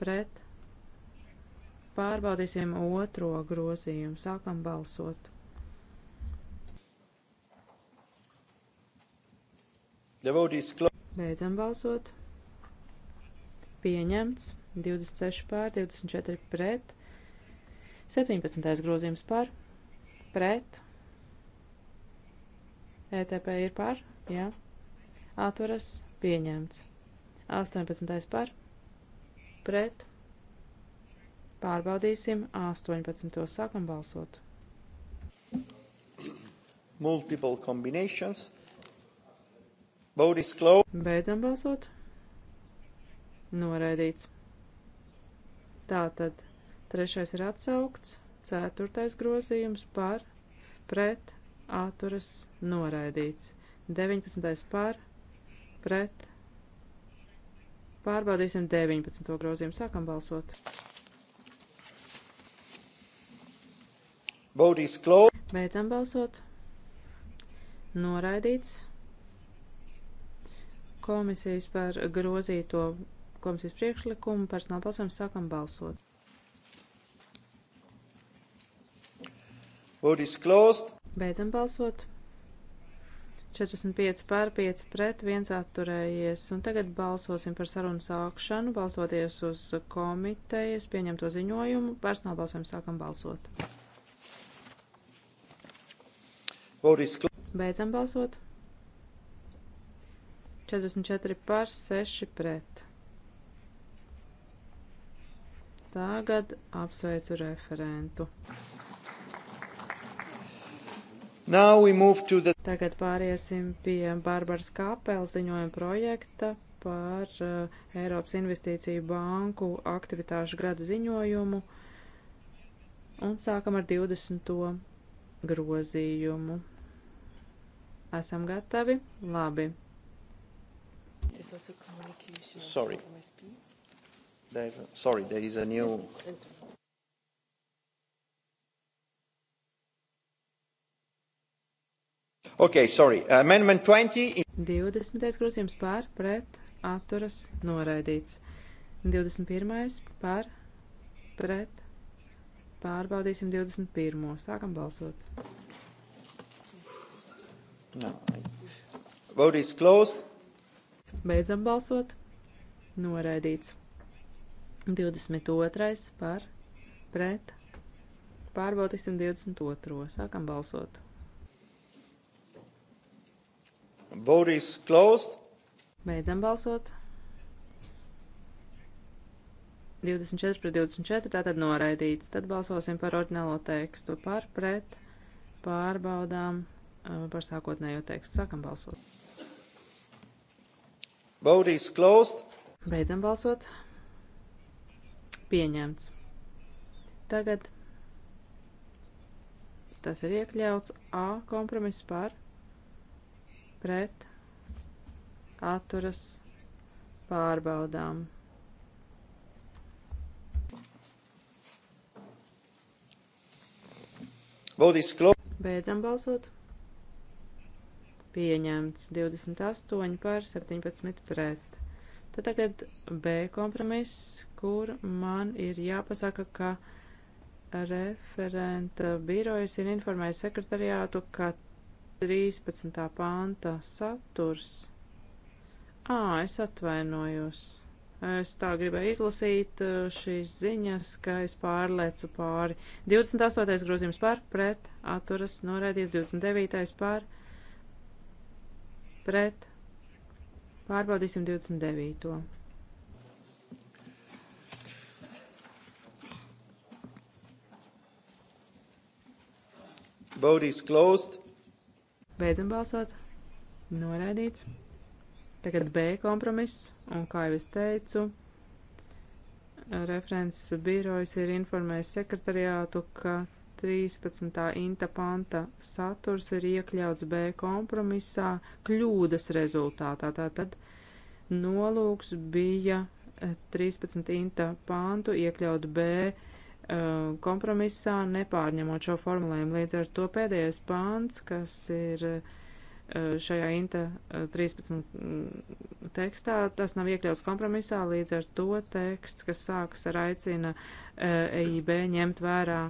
pret. Pārbaudīsim otro grozījumu. Sākam balsot. Beidzam balsot. Pieņemts 26 pār 24 pret. 17. grozījums par pret. ETP ir par, jā. Ja atturas pieņemts. 18. par pret pārbaudīsim 18. sākam balsot. Multiple combinations. Vote is closed. Beidzam balsot. Noraidīts. Tātad trešais ir atsaukts, ceturtais grozījums par pret atturas noraidīts. 19. par pret pret. Pārbaudīsim 19. grozījumu. Sākam balsot. Beidzam balsot. Noraidīts. Komisijas par grozīto komisijas priekšlikumu personāla balsojumu sākam balsot. Beidzam balsot. 45 pār 5 pret 1 atturējies. Un tagad balsosim par sarunu sākšanu, balsoties uz komitejas pieņemto ziņojumu. Personāla balsojumu sākam balsot. Beidzam balsot. 44 pār 6 pret. Tagad apsveicu referentu. The... Tagad pāriesim pie Barbaras Kāpela ziņojuma projekta par uh, Eiropas Investīciju banku aktivitāšu gada ziņojumu un sākam ar 20. grozījumu. Esam gatavi? Labi. Sorry. They've, sorry, there is a new Ok, sorry. Amendment 20. 20. grozījums pār, pret, atturas, noraidīts. 21. pār, pret, pārbaudīsim 21. Sākam balsot. No. Vote is closed. Beidzam balsot. Noraidīts. 22. par, pret, pārbaudīsim 22. Sākam balsot. Vote is closed. Beidzam balsot. 24 pret 24, tātad noraidīts. Tad balsosim par orģinālo tekstu. Par, pret, pārbaudām uh, par sākotnējo tekstu. Sākam balsot. Vote is closed. Beidzam balsot. Pieņemts. Tagad tas ir iekļauts A kompromiss par pret atturas pārbaudām. Beidzam balsot. Pieņemts 28 par 17 pret. Tad tagad B kompromiss, kur man ir jāpasaka, ka referenta birojas ir informējis sekretariātu, ka 13. pānta saturs. Ā, es atvainojos. Es tā gribēju izlasīt uh, šīs ziņas, ka es pārlecu pāri. 28. grozījums par, pret, atturas, norēdies, 29. par, pret, pārbaudīsim 29. Vote is closed. Beidzam balsot. Noraidīts. Tagad B kompromiss, un kā jau es teicu, referents birojas ir informējis sekretariātu, ka 13. inta panta saturs ir iekļauts B kompromisā kļūdas rezultātā. Tātad nolūks bija 13. inta pantu iekļaut B kompromisā Um, kompromisā, nepārņemot šo formulējumu. Līdz ar to pēdējais pāns, kas ir uh, šajā INTA 13 uh, mm, tekstā, tas nav iekļauts kompromisā, līdz ar to teksts, kas sākas ar aicina uh, EIB ņemt vērā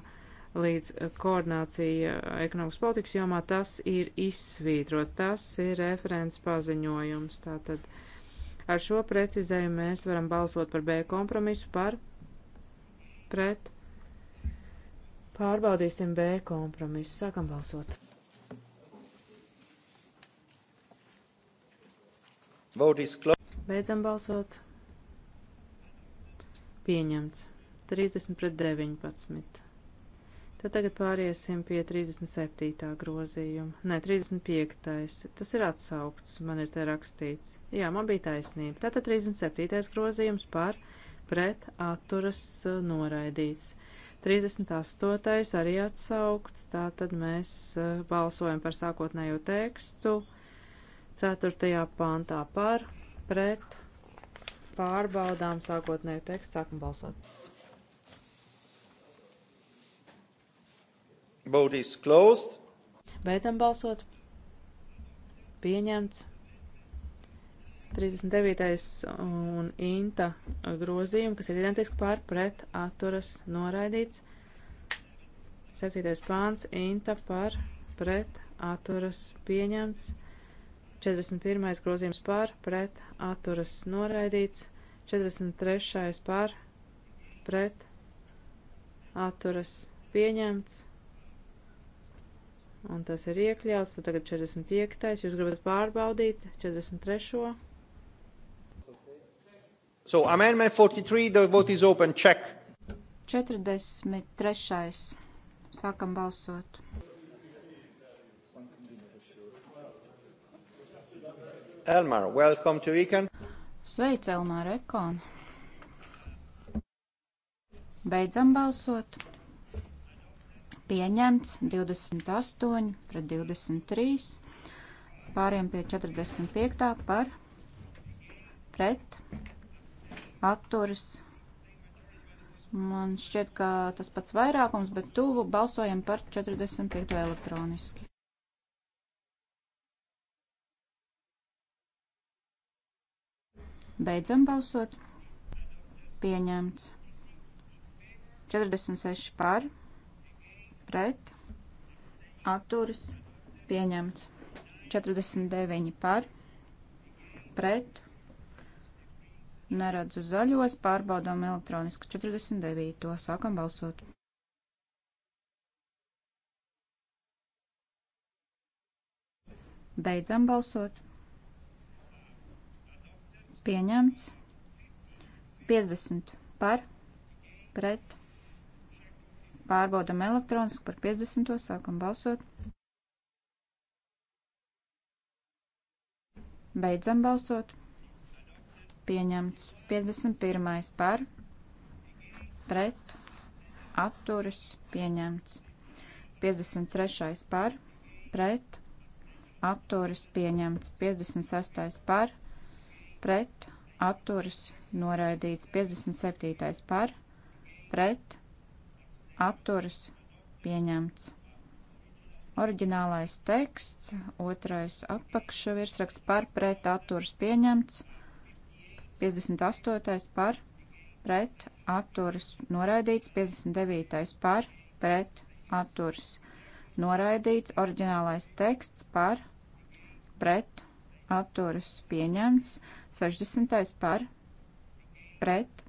līdz koordinācija ekonomikas politikas jomā, tas ir izsvītrots, tas ir referents paziņojums. Tātad ar šo precizējumu mēs varam balsot par B kompromisu par pret Pārbaudīsim B kompromisu. Sākam balsot. Beidzam balsot. Pieņemts. 30 pret 19. Tad tagad pāriesim pie 37. grozījuma. Nē, 35. Tas ir atsaukts, man ir te rakstīts. Jā, man bija taisnība. Tātad 37. grozījums par pret atturas uh, noraidīts. 38. arī atsaukts, tātad mēs eh, balsojam par sākotnējo tekstu. 4. pāntā par, pret, pārbaudām sākotnējo tekstu, sākam balsot. Vote is closed. Beidzam balsot. Pieņemts. 39. un Inta grozījumi, kas ir identiski pār pret atturas noraidīts. 7. pāns Inta par pret atturas pieņemts. 41. grozījums pār pret atturas noraidīts. 43. pār pret atturas pieņemts. Un tas ir iekļauts. Tad tagad 45. Jūs gribat pārbaudīt 43. So, amendment 43, the vote is open. Check. 43. Sākam balsot. Elmar, welcome to Econ. Sveic, Elmar Ekon. Beidzam balsot. Pieņemts 28 pret 23. Pāriem pie 45. par pret atturas. Man šķiet, ka tas pats vairākums, bet tuvu balsojam par 45. elektroniski. Beidzam balsot. Pieņemts. 46 par, pret, atturas, pieņemts. 49 par, pret, Neredzu zaļos, pārbaudām elektroniski 49. Sākam balsot. Beidzam balsot. Pieņemts. 50 par, pret. Pārbaudam elektroniski par 50. Sākam balsot. Beidzam balsot pieņemts. 51. par, pret, atturas, pieņemts. 53. par, pret, atturas, pieņemts. 56. par, pret, atturas, noraidīts. 57. par, pret, atturas, pieņemts. Oriģinālais teksts, otrais apakšvirsraksts par pret atturas pieņemts, 58. par pret atturas noraidīts, 59. par pret atturas noraidīts, oriģinālais teksts par pret atturas pieņemts, 60. par pret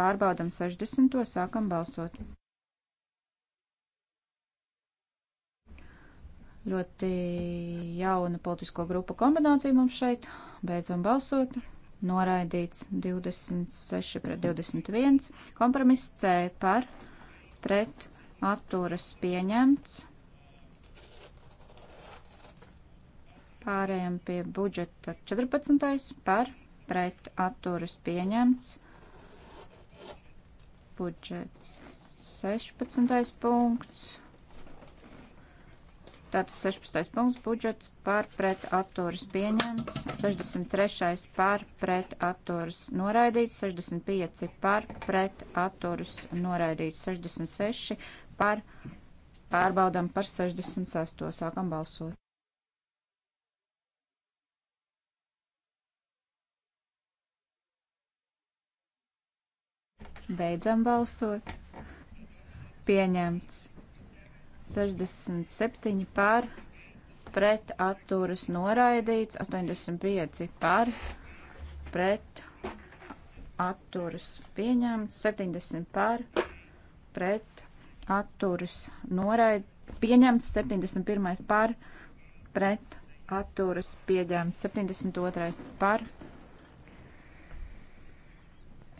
pārbaudam 60. sākam balsot. Ļoti jauna politisko grupu kombinācija mums šeit. Beidzam balsot noraidīts 26 pret 21. Kompromiss C par pret atturas pieņemts. Pārējām pie budžeta 14. par pret atturas pieņemts. Budžets 16. punkts Tātad 16. punkts budžets par pret atturas pieņemts, 63. par pret atturas noraidīts, 65. par pret atturas noraidīts, 66. par pārbaudam par 68. sākam balsot. Beidzam balsot. Pieņemts. 67 par, pret atturas noraidīts, 85 par, pret atturas pieņemts, 70 par, pret atturas noraid, pieņemts, 71 par, pret atturas pieņemts, 72 par,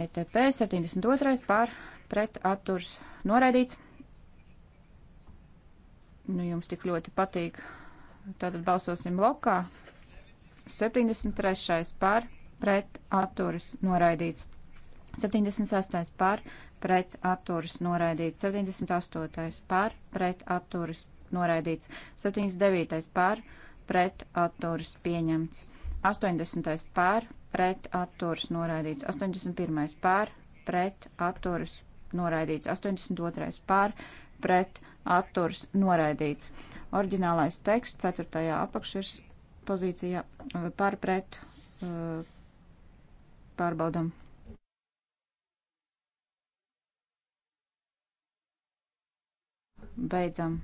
ETP 72 par, pret atturas noraidīts nu, jums tik ļoti patīk. Tātad balsosim blokā. 73. par, pret, atturas, noraidīts. 76. par, pret, atturas, noraidīts. 78. par, pret, atturas, noraidīts. 79. par, pret, atturas, pieņemts. 80. par, pret, atturas, noraidīts. 81. par, pret, atturas, noraidīts. 82. par, pret, atturas, noraidīts pret atturs noraidīts. Orģinālais teksts 4. apakšvirs pozīcijā eh, par pret eh, pārbaudam. Beidzam.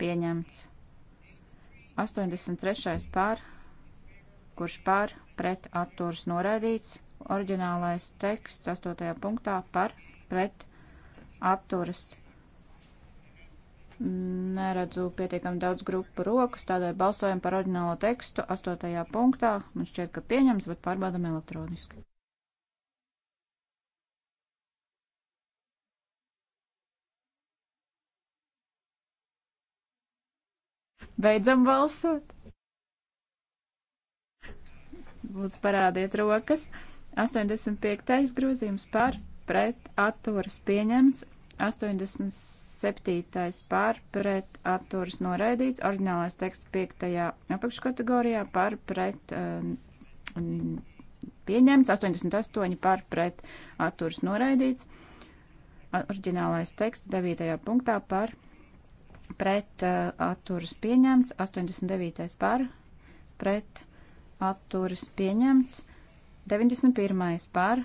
Pieņemts. 83. pār, kurš pār pret atturs noraidīts. Orģinālais teksts 8. punktā par pret atturs noraidīts neredzu pietiekami daudz grupu rokas, tādēļ balsojam par oriģinālo tekstu 8. punktā. Man šķiet, ka pieņems, bet pārbaudam elektroniski. Beidzam balsot! Lūdzu, parādiet rokas. 85. grozījums par pret atturas pieņemts. 86. 7. par pret atturas noraidīts, oriģinālais teksts 5. apakškategorijā par pret um, um pieņemts, 88 par pret atturas noraidīts, oriģinālais teksts 9. punktā par pret uh, atturas pieņemts, 89. par pret atturas pieņemts, 91. par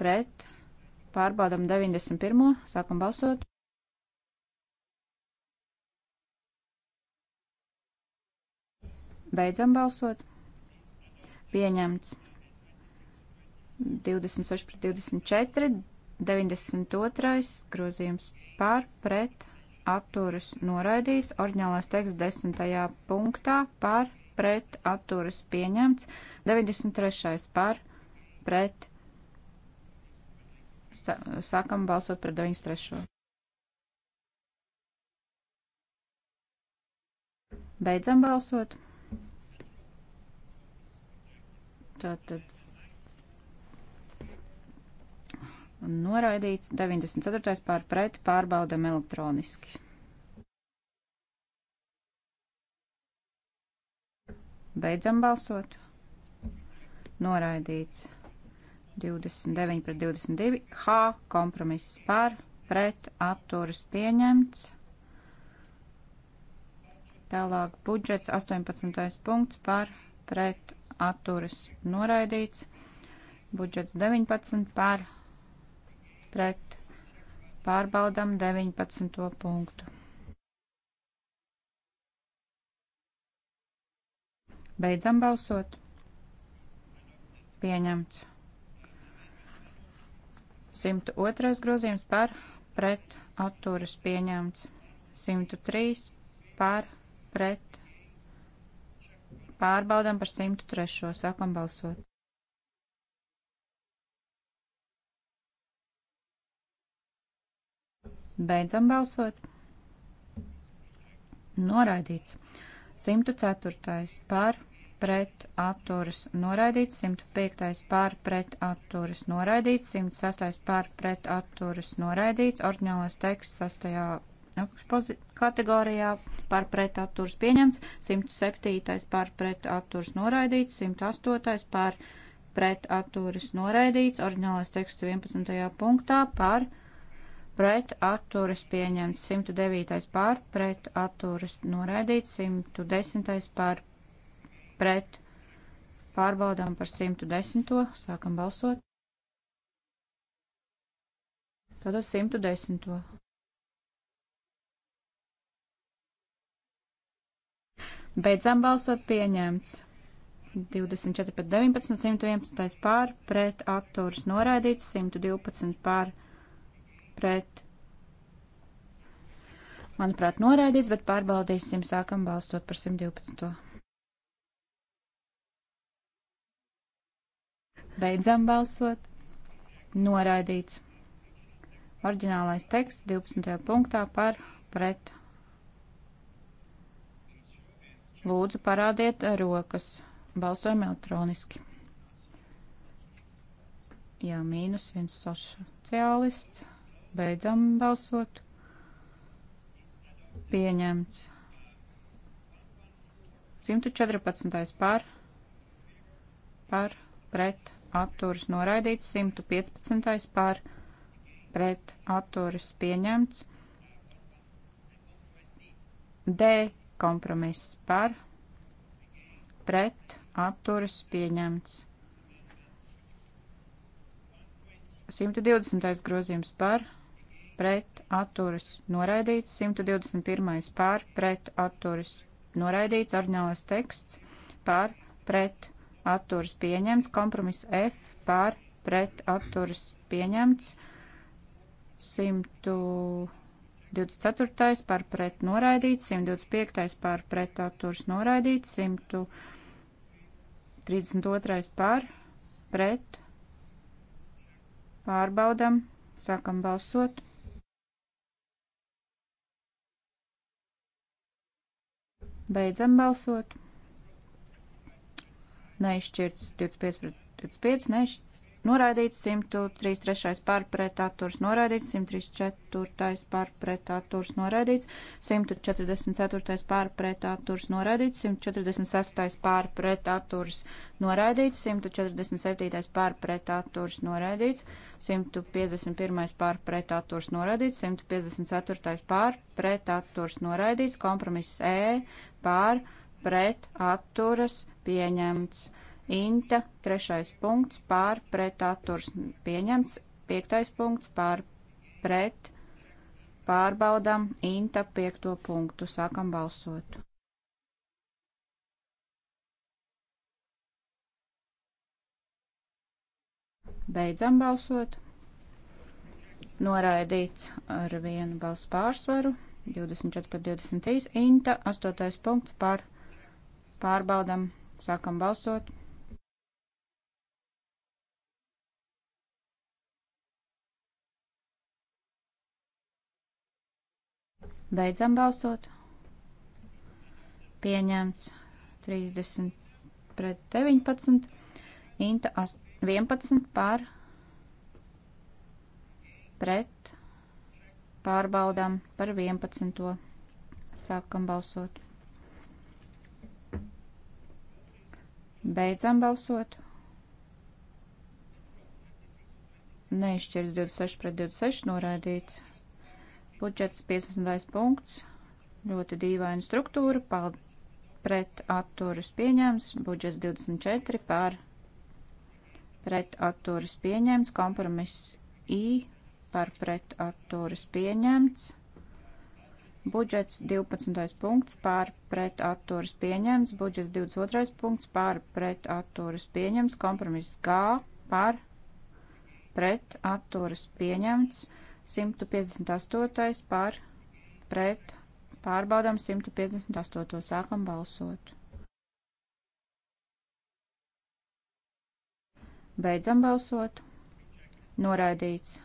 pret Pārbaudam 91. Sākam balsot. Beidzam balsot. Pieņemts. 26 pret 24, 92. grozījums par, pret, atturas noraidīts, oriģinālais teksts 10. punktā par, pret, atturas pieņemts, 93. par, pret, Sākam balsot par 93. Beidzam balsot. Tātad noraidīts 94. pār pret pārbaudam elektroniski. Beidzam balsot. Noraidīts 29 pret 22. H kompromiss par pret atturas pieņemts. Tālāk budžets 18. punkts par pret atturas noraidīts. Budžets 19 par pret pārbaudam 19. punktu. Beidzam balsot. Pieņemts. 102. grozījums par pret atturas pieņemts. 103 par pret. Pārbaudām par 103. Sākam balsot. Beidzam balsot. Noraidīts. 104. par pret pret atturas noraidīts, 105. pār pret atturas noraidīts, 106. pār pret atturas noraidīts, oriģinālais teksts 6. Nu, kategorijā pār pret atturas pieņemts, 107. pār pret atturas noraidīts, 108. pār pret atturas noraidīts, oriģinālais teksts 11. punktā pār pret atturas pieņemts, 109. pār pret atturas noraidīts, 110. pār pret. Pārbaudām par 110. Sākam balsot. Tātad 110. Beidzām balsot pieņemts. 24 pret 19, 111 pār, pret aktorus noraidīts, 112 pār, pret. Manuprāt, noraidīts, bet pārbaudīsim, sākam balsot par 112. Beidzam balsot. Noraidīts. Orģinālais teksts 12. punktā par pret. Lūdzu, parādiet rokas. Balsojam elektroniski. Jā, mīnus viens sociālists. Beidzam balsot. Pieņemts. 114. par. Par. Pret atturas noraidīts, 115. par pret atturas pieņemts, D kompromiss par pret atturas pieņemts. 120. grozījums par pret atturas noraidīts, 121. par pret atturas noraidīts, orģinālais teksts par pret atturas pieņemts, kompromiss F pār pret atturas pieņemts, 124. par pret noraidīts, 125. par pret atturas noraidīts, 132. par pret pārbaudam, sākam balsot. Beidzam balsot neizšķirts 25 pret 25, neiz, noraidīts 103 trešais pārpret atturs, noraidīts 134 tais pārpret atturs, noraidīts 144 pārpret atturs, noraidīts 146 pārpret atturs, noraidīts 147 pārpret atturs, noraidīts 151 pārpret atturs, noraidīts 154 pārpret atturs, noraidīts kompromiss E pārpret pret atturas pieņemts. Inta trešais punkts pār pret atturs pieņemts. Piektais punkts pār pret pārbaudām Inta piekto punktu. Sākam balsot. Beidzam balsot. Noraidīts ar vienu balsu pārsvaru. 24 par 23. Inta 8. punkts par pret Pārbaudam, sākam balsot. Beidzam balsot. Pieņemts 30 pret 19, Inta 11 pār pret pārbaudām par 11. Sākam balsot. Beidzam balsot. Neizšķirs 26 pret 26 noraidīts. Budžets 15. punkts. Ļoti dīvaina struktūra. Pal pret atturas pieņēms. Budžets 24 par pret atturas pieņēms. Kompromiss I par pret atturas pieņēms. Budžets 12. punkts pār pret atturas pieņems. Budžets 22. punkts pār pret atturas pieņems. Kompromiss G pār pret atturas pieņemts. 158. pār pret pārbaudām 158. sākam balsot. Beidzam balsot. Noraidīts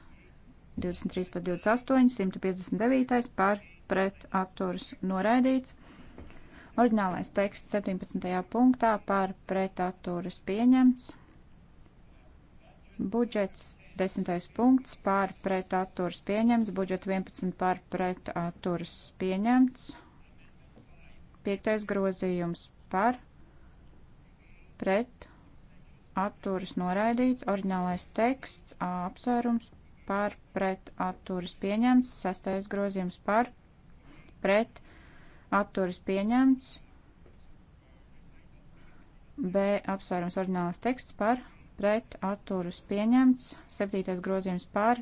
23 par 28, 159 par pret atturs noraidīts. Oriģinālais teksts 17. punktā par pret atturs pieņemts. Budžets 10. punkts par pret atturs pieņemts. Budžets 11 par pret atturs pieņemts. 5. grozījums par pret atturas noraidīts. Oriģinālais teksts apsvērums par pret atturas pieņemts, sastais grozījums par pret apturas pieņemts. B apsvērums ordinālais teksts par pret atturus pieņemts. Septītais grozījums par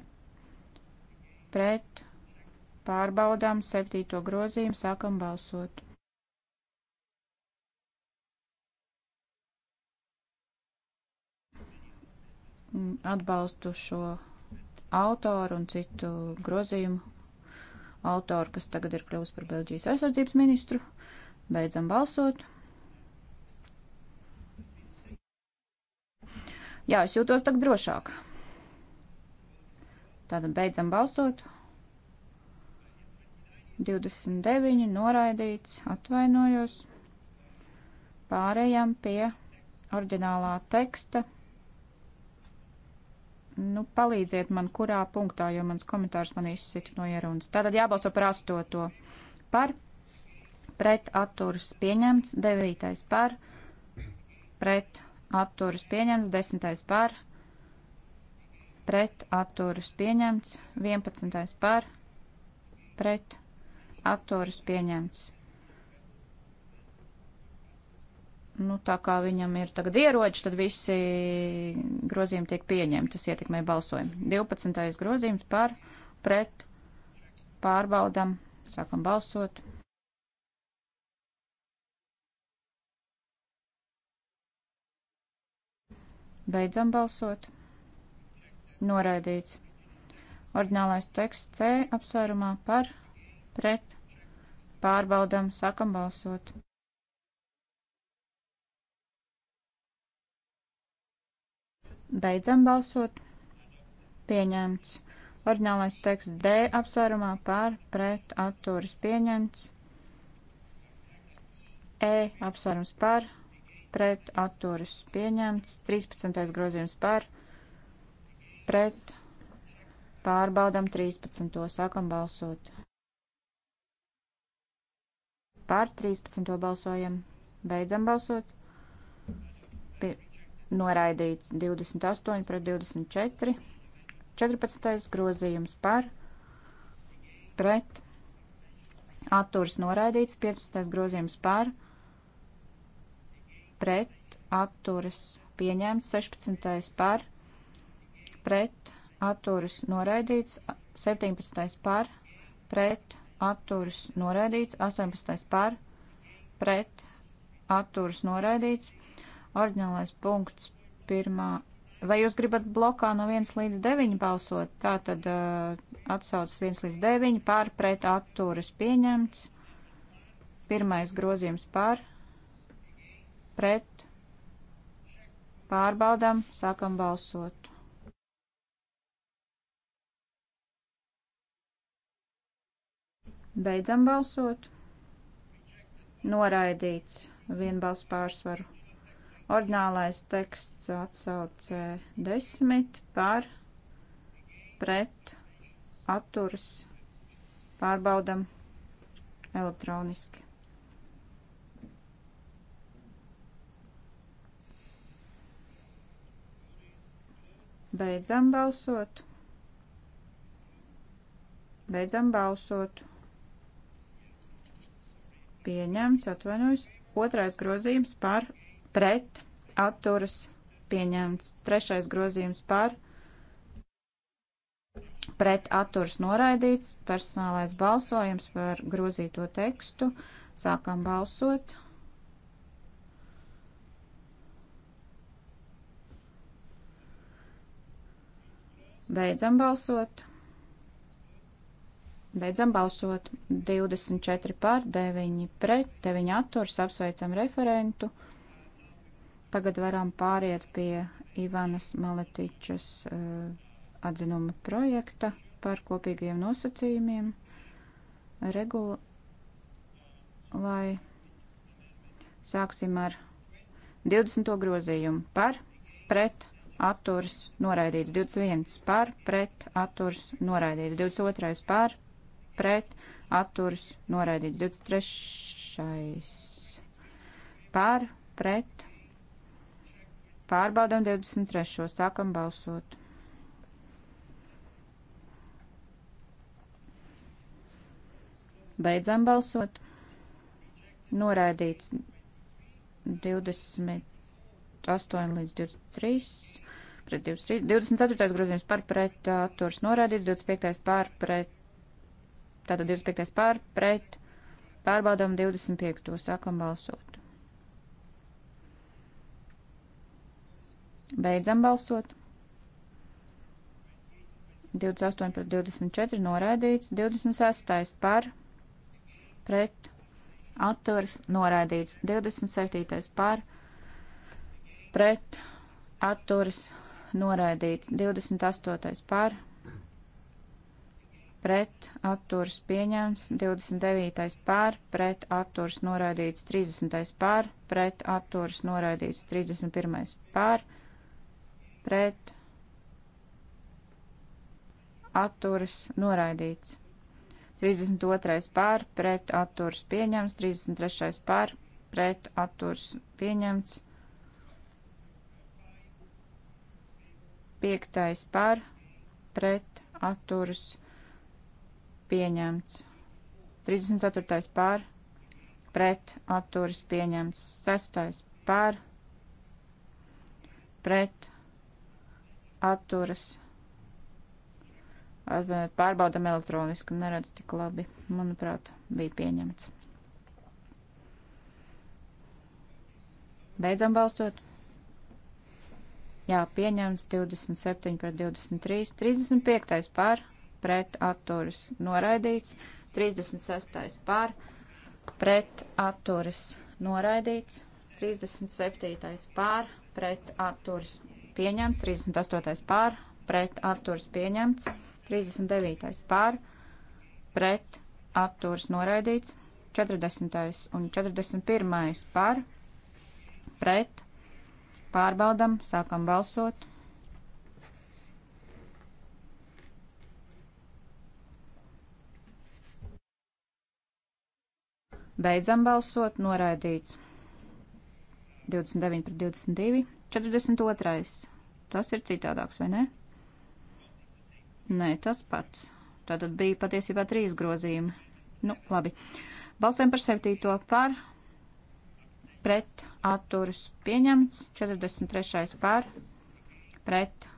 pret pārbaudām septīto grozījumu sākam balsot. atbalstu šo autoru un citu grozījumu autoru, kas tagad ir kļuvis par Beļģijas aizsardzības ministru. Beidzam balsot. Jā, es jūtos tagad drošāk. Tātad beidzam balsot. 29 noraidīts, atvainojos. Pārējām pie oriģinālā teksta Nu, palīdziet man, kurā punktā, jo mans komentārs man izsita no ierunas. Tātad jābalso par astoto. Par, pret, atturas pieņemts, devītais par, pret, atturas pieņemts, desmitais par, pret, atturas pieņemts, vienpadsmitais par, pret, atturas pieņemts. nu, tā kā viņam ir tagad ieroči, tad visi grozījumi tiek pieņemti. Tas ietekmē balsojumu. 12. grozījums par, pret, pārbaudam, sākam balsot. Beidzam balsot. Noraidīts. Ordinālais teksts C apsvērumā par, pret, pārbaudam, sākam balsot. Beidzam balsot. Pieņemts. Orģinālais teksts D apsvērumā par pret atturas pieņemts. E apsvērums par pret atturas pieņemts. 13. grozījums par pret pārbaudam 13. sākam balsot. Par 13. balsojam. Beidzam balsot. Pie noraidīts 28 pret 24, 14. grozījums par, pret, atturs noraidīts, 15. grozījums par, pret, atturs pieņemts, 16. par, pret, atturs noraidīts, 17. par, pret, atturs noraidīts, 18. par, pret, atturs noraidīts, Orģinālais punkts pirmā. Vai jūs gribat blokā no 1 līdz 9 balsot? Tā tad uh, atsaucas 1 līdz 9 pār pret atturas pieņemts. Pirmais grozījums pār pret pārbaudam, sākam balsot. Beidzam balsot. Noraidīts vienbalsu pārsvaru. Ordinālais teksts atsaucē 10 par pret atturas pārbaudam elektroniski. Beidzam balsot. Beidzam balsot. Pieņemts, atvainojos. Otrais grozījums par pret, atturas, pieņemts. Trešais grozījums par, pret, atturas, noraidīts. Personālais balsojums par grozīto tekstu. Sākam balsot. Beidzam balsot. Beidzam balsot. 24 pār, 9 pret, 9 atturs, apsveicam referentu. Tagad varam pāriet pie Ivanas Maletičas eh, atzinuma projekta par kopīgiem nosacījumiem, regula, lai sāksim ar 20. grozījumu par, pret, atturs, noraidīts 21, par, pret, atturs, noraidīts 22, par, pret, atturs, noraidīts 23, par, pret, Pārbaudam 23. Sākam balsot. Beidzam balsot. Noraidīts 28 līdz 23. Pret 23. 24. grozījums par pret atturs noraidīts, 25. par pret. Tātad 25. par pret. Pārbaudam 25. Sākam balsot. Beidzam balsot. 28 pret 24 noraidīts, 26 par, pret, atturas noraidīts, 27 par, pret, atturas noraidīts, 28 par, pret, atturas pieņems, 29 par, pret, atturas noraidīts, 30 par, pret, atturas noraidīts, 31 par, pret, pret atturas noraidīts. 32. pār pret atturas pieņemts, 33. pār pret atturas pieņemts, 5. pār pret atturas pieņemts, 34. pār pret atturas pieņemts, 6. pār pret atturas pieņemts atturas. Atbildēt, pārbaudam elektroniski un neredz tik labi. Manuprāt, bija pieņemts. Beidzam balstot. Jā, pieņemts 27 pret 23, 35 pār, pret atturis noraidīts, 36 pār, pret atturis noraidīts, 37 pār, pret atturis pieņemts, 38. pār, pret atturs pieņemts, 39. pār, pret atturs noraidīts, 40. un 41. pār, pret, pārbaudam, sākam balsot. Beidzam balsot, noraidīts 29 pret 22. 42. Tas ir citādāks, vai ne? Nē, tas pats. Tātad bija patiesībā trīs grozījumi. Nu, labi. Balsojam par 7. par, pret, atturas pieņemts, 43. par, pret.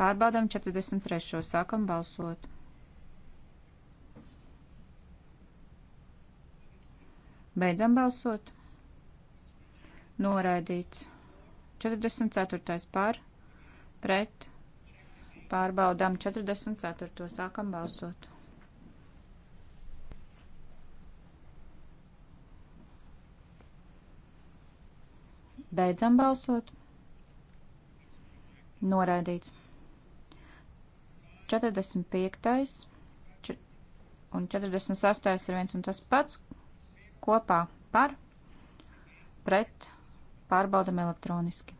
Pārbaudam 43. sākam balsot. Beidzam balsot noraidīts. 44. par, pret, pārbaudām 44. sākam balsot. Beidzam balsot. Noraidīts. 45. un 46. ir viens un tas pats kopā par, pret, Pārbaudam elektroniski.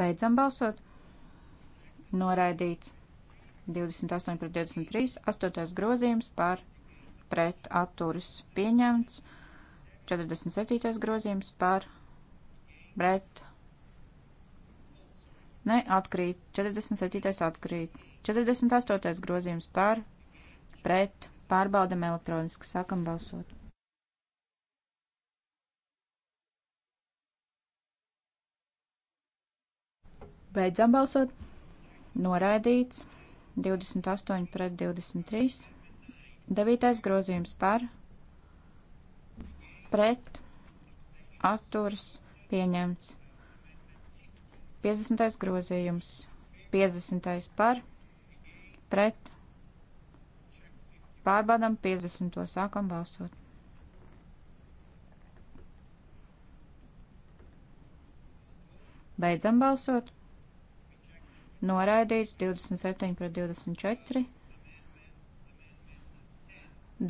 Beidzam balsot. Noraidīts 28 pret 23, 8. grozījums par pret atturis pieņemts, 47. grozījums par pret ne atkrīt, 47. atkrīt, 48. grozījums par pret pret, pārbaudam elektroniski, sākam balsot. Beidzam balsot. Noraidīts 28 pret 23. Devītais grozījums par, pret, atturas, pieņemts. 50. grozījums, 50. par, pret, Pārbaudam 50. sākam balsot. Beidzam balsot. Noraidīts 27 pret 24.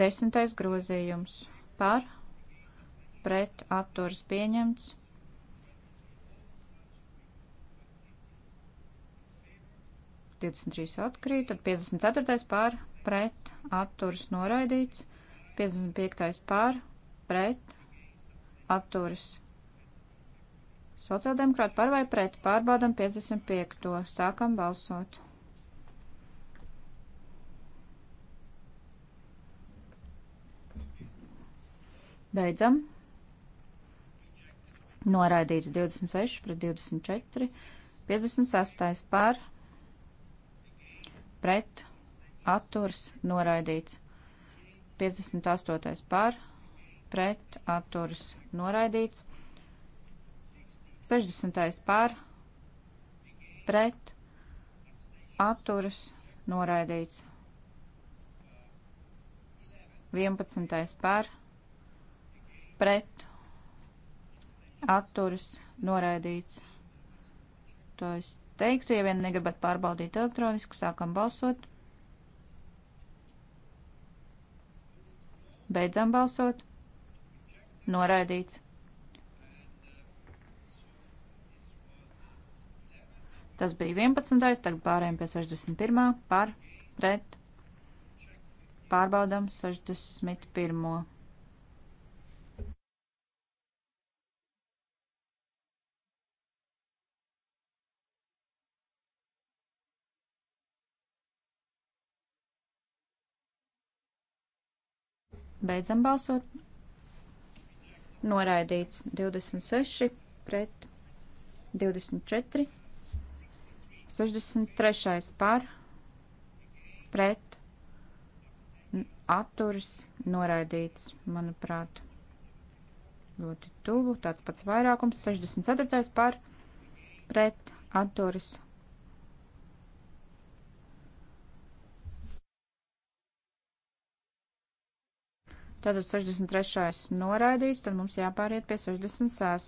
Desmitais grozījums par pret atturas pieņemts. Divdesmit trīs atkrīt, tad piecdesmit ceturtais pār pret, atturas noraidīts, 55. pār, pret, atturas. Sociāldemokrāti par vai pret, pārbaudam 55. To. sākam balsot. Beidzam. Noraidīts 26 pret 24, 56. pār, pret, atturas atturs noraidīts. 58. par pret atturs noraidīts. 60. par pret atturs noraidīts. 11. par pret atturs noraidīts. To es teiktu, ja vien negribat pārbaudīt elektroniski, sākam balsot. Beidzam balsot. Noraidīts. Tas bija 11. Tagad pārējām pie 61. par pret. Pārbaudam 61. Beidzam balsot. Noraidīts 26 pret 24. 63. par pret atturis noraidīts, manuprāt, ļoti tuvu. Tāds pats vairākums 64. par pret atturis Tātad 63. noraidīts, tad mums jāpāriet pie 66.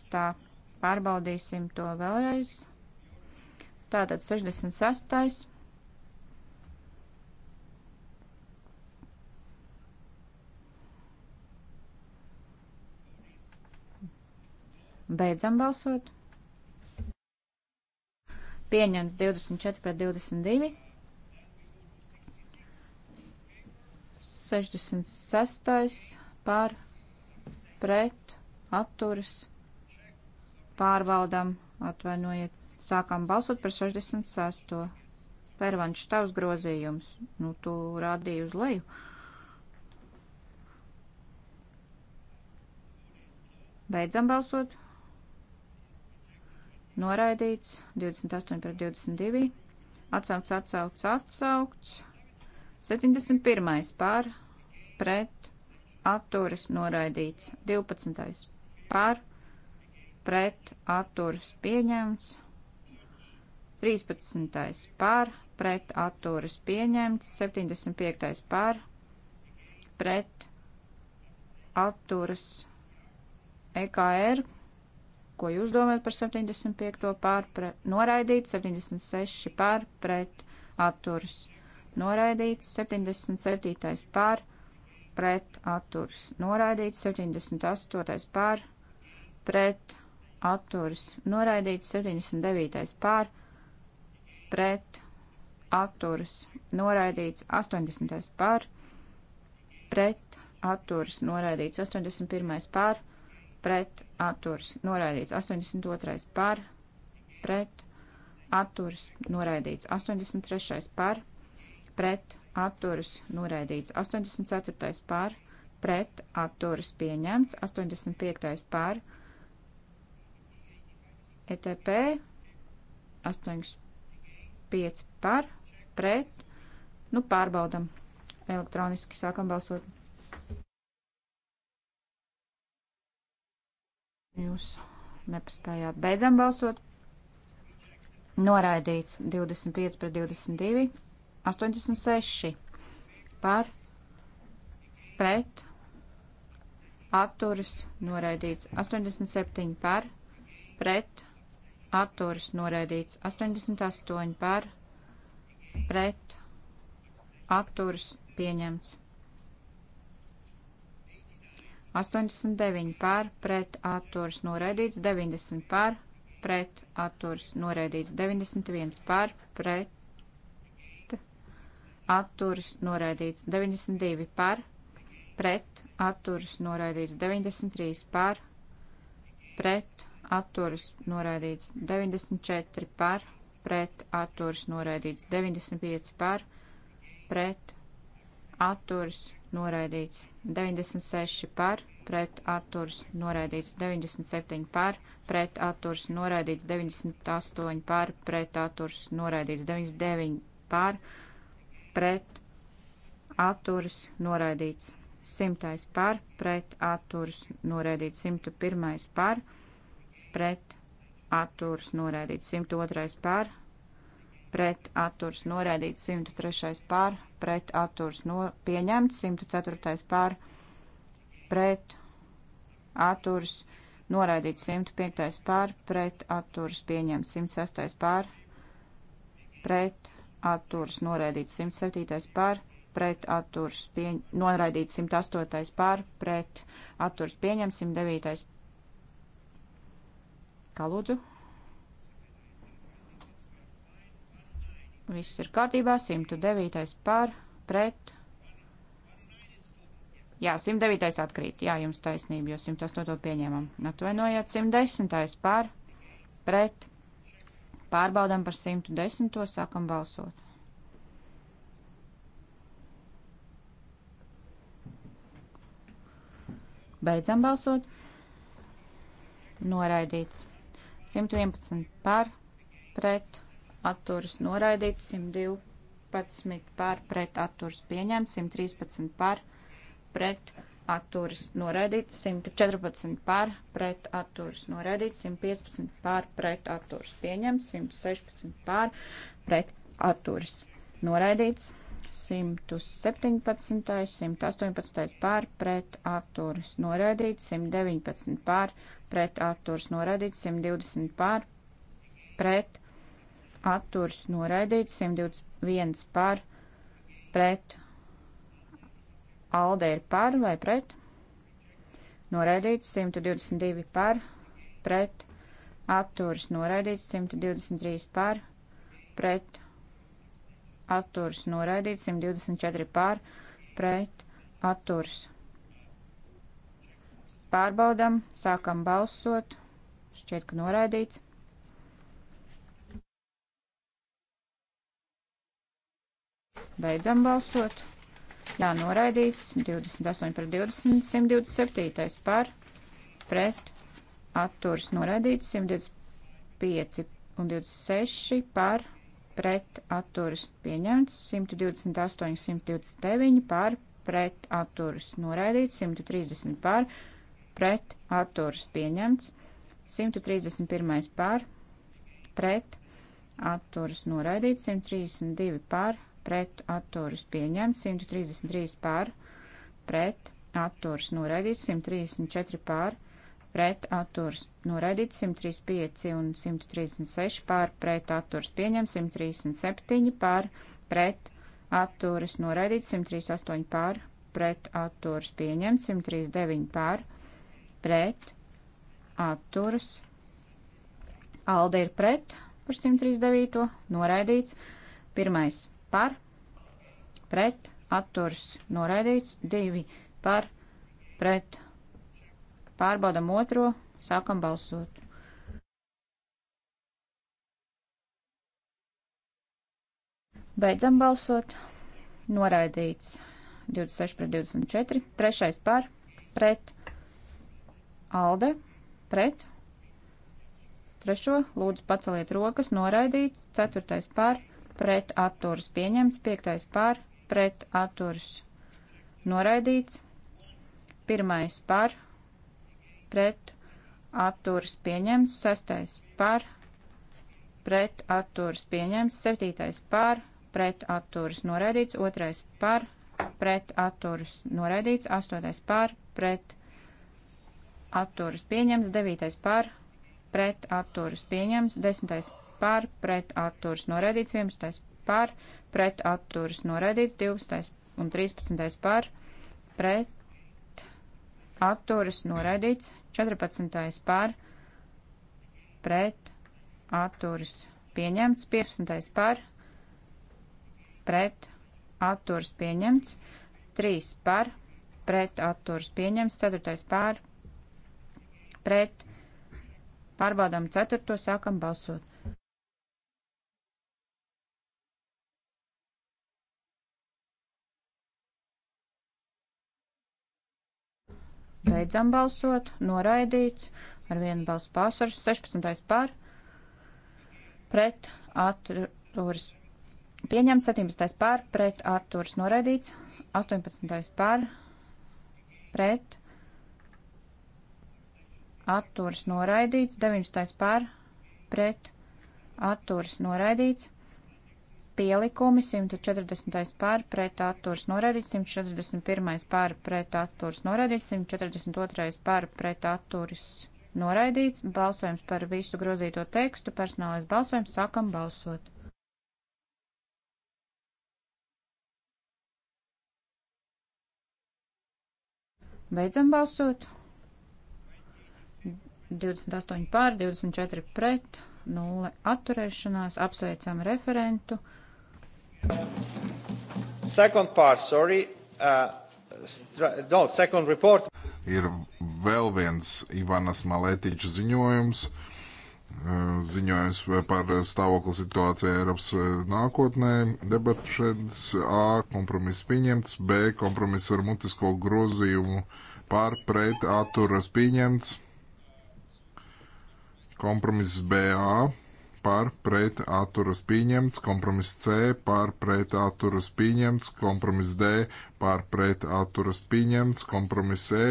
Pārbaudīsim to vēlreiz. Tātad 66. Beidzam balsot. Pieņems 24 pret 22. 66. par pret atturas pārvaldam, atvainojiet, sākam balsot par 66. Pērvanš tavs grozījums, nu tu rādīji uz leju. Beidzam balsot. Noraidīts 28 par 22. Atsaukts, atsaukts, atsaukts. 71. par, pret, atturas noraidīts. 12. par, pret, atturas pieņemts. 13. par, pret, atturas pieņemts. 75. par, pret, atturas EKR. Ko jūs domājat par 75. par, pret, noraidīt. 76. par, pret, atturas noraidīts, 77. par, pret atturs noraidīts, 78. par, pret atturs noraidīts, 79. par, pret atturs noraidīts, 80. par, pret atturs noraidīts, 81. par, pret atturs noraidīts, 82. par, pret atturs noraidīts, 83. par, pret atturas noraidīts, 84. pār pret atturas pieņemts, 85. pār ETP, 85 par pret, nu pārbaudam, elektroniski sākam balsot. Jūs nepaspējāt. Beidzam balsot. Noraidīts 25 pret 22. 86 par pret atturas noraidīts 87 par pret atturas noraidīts 88 par pret atturas pieņemts 89 par pret atturas noraidīts 90 par pret atturas noraidīts 91 par pret atturas noraidīts 92 par, pret atturas noraidīts 93 par, pret atturas noraidīts 94 par, pret atturas noraidīts 95 par, pret atturas noraidīts 96 par, pret atturas noraidīts 97 par, pret atturas noraidīts 98 par, pret atturas noraidīts 99 par, pret atturas noraidīts. 100. par pret atturas noraidīts. 101. par pret atturas noraidīts. 102. par pret atturs noraidīts 103. pār, pret atturs no, pieņemts 104. pār, pret atturs noraidīts 105. pār, pret atturs pieņemts 106. pār, pret atturas noraidīts 107. par pret atturas pieņ... noraidīts 108. par pret atturas pieņems 109. Kā lūdzu? Viss ir kārtībā 109. par pret. Jā, 109. atkrīt. Jā, jums taisnība, jo 108. pieņemam. Atvainojiet, 110. par pret Pārbaudām par 110. sākam balsot. Beidzam balsot. Noraidīts. 111 par, pret, atturas noraidīts. 112 par, pret, atturas pieņemts. 113 par, pret, atturas atturas noraidīts, 114 par pret atturas noraidīts, 115 par pret atturas pieņemts, 116 par pret atturas noraidīts, 117, 118 par pret atturas noraidīts, 119 par pret atturas noraidīts, 120 par pret atturas noraidīts, 121 par pret atturas Alde ir par vai pret? Noraidīts 122 par, pret. Atturas noraidīts 123 par, pret. Atturas noraidīts 124 par, pret. Atturas. Pārbaudam, sākam balsot. Šķiet, ka noraidīts. Beidzam balsot. Jā, noraidīts. 28 par 20. 127. par pret atturs noraidīts. 125 un 26 par pret atturs pieņemts. 128 129 par pret atturs noraidīts. 130 par pret atturs pieņemts. 131 par pret atturs noraidīts. 132 par pret pret atturas pieņemts, 133 pār pret atturas noraidīts, 134 pār pret atturas noraidīts, 135 un 136 pār pret atturas pieņemts, 137 pār pret atturas noraidīts, 138 pār pret atturas pieņemts, 139 pār pret atturas. Alde ir pret par 139. noraidīts. Pirmais par, pret, atturs noraidīts, divi par, pret, pārbaudam otro, sākam balsot. Beidzam balsot, noraidīts 26 pret 24, trešais par, pret, alde, pret, trešo, lūdzu paceliet rokas, noraidīts, ceturtais par, pret atturas pieņemts, 5. par pret atturas noraidīts, 1. par pret atturas pieņemts, 6. par pret atturas pieņemts, 7. par pret atturas noraidīts, 2. par pret atturas noraidīts, 8. par pret atturas pieņemts, 9. par pret atturas pieņemts, 10 par pret atturas noraidīts, 11. par pret atturas noraidīts, 12. un 13. par pret atturas noraidīts, 14. par pret atturas pieņemts, 15. par pret atturas pieņemts, 3. par pret atturas pieņemts, 4. par pret atturas pieņemts pret. Pārbaudām ceturto, sākam balsot. Beidzam balsot. Noraidīts. Ar vienu balsu pārsvaru. 16. par. Pret atturas. Pieņemts. 17. par. Pret atturas. Noraidīts. 18. par. Pret atturas. Noraidīts. 19. par. Pret atturas. Noraidīts. Pielikumi 140. pār pret atturs norādīts, 141. pār pret atturs norādīts, 142. pār pret atturs noraidīts. Balsojums par visu grozīto tekstu, personālais balsojums, sākam balsot. Beidzam balsot. 28 pār, 24 pret, 0 atturēšanās, apsveicam referentu. Second part, sorry. Uh, no, second report. Ir vēl viens Ivanas Maletiča ziņojums. Uh, ziņojums par stāvokli situācijā Eiropas uh, nākotnē. Debatšēdis A kompromiss pieņemts, B kompromiss ar mutisko grozījumu pār pret atturas pieņemts. Kompromiss BA par pret atturas pieņemts, kompromiss C par pret atturas pieņemts, kompromiss D par pret atturas pieņemts, kompromiss E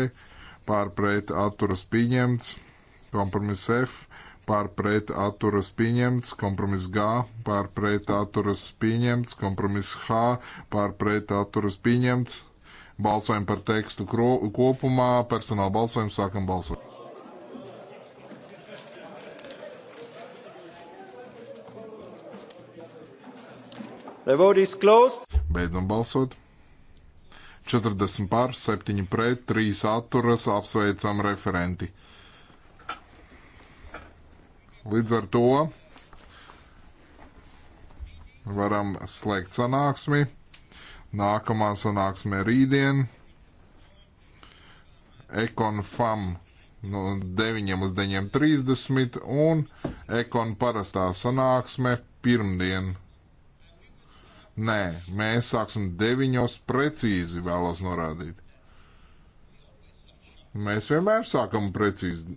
par pret atturas pieņemts, kompromiss F par pret atturas pieņemts, kompromiss G par pret atturas pieņemts, kompromiss H par pret atturas pieņemts. Balsojam par tekstu kopumā, personāla balsojumu sākam balsot. The vote is closed. Beidzam balsot. 40 pār, 7 pret, 3 atturas, apsveicam referenti. Līdz ar to varam slēgt sanāksmi. Nākamā sanāksme rītdien. Ekonfam no 9 līdz 9.30 un Ekon parastā sanāksme pirmdien Nē, mēs sāksim deviņos precīzi, vēlos norādīt. Mēs vienmēr sākam precīzi.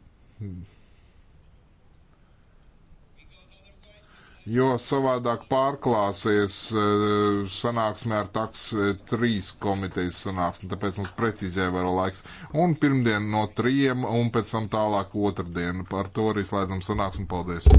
Jo savādāk pārklāsies eh, sanāksme ar taks eh, trīs komitejas sanāksmi, tāpēc mums precīzi jāievēro laiks. Un pirmdien no trījiem, un pēc tam tālāk otrdien. Par to arī slēdzam sanāksmi. Paldies!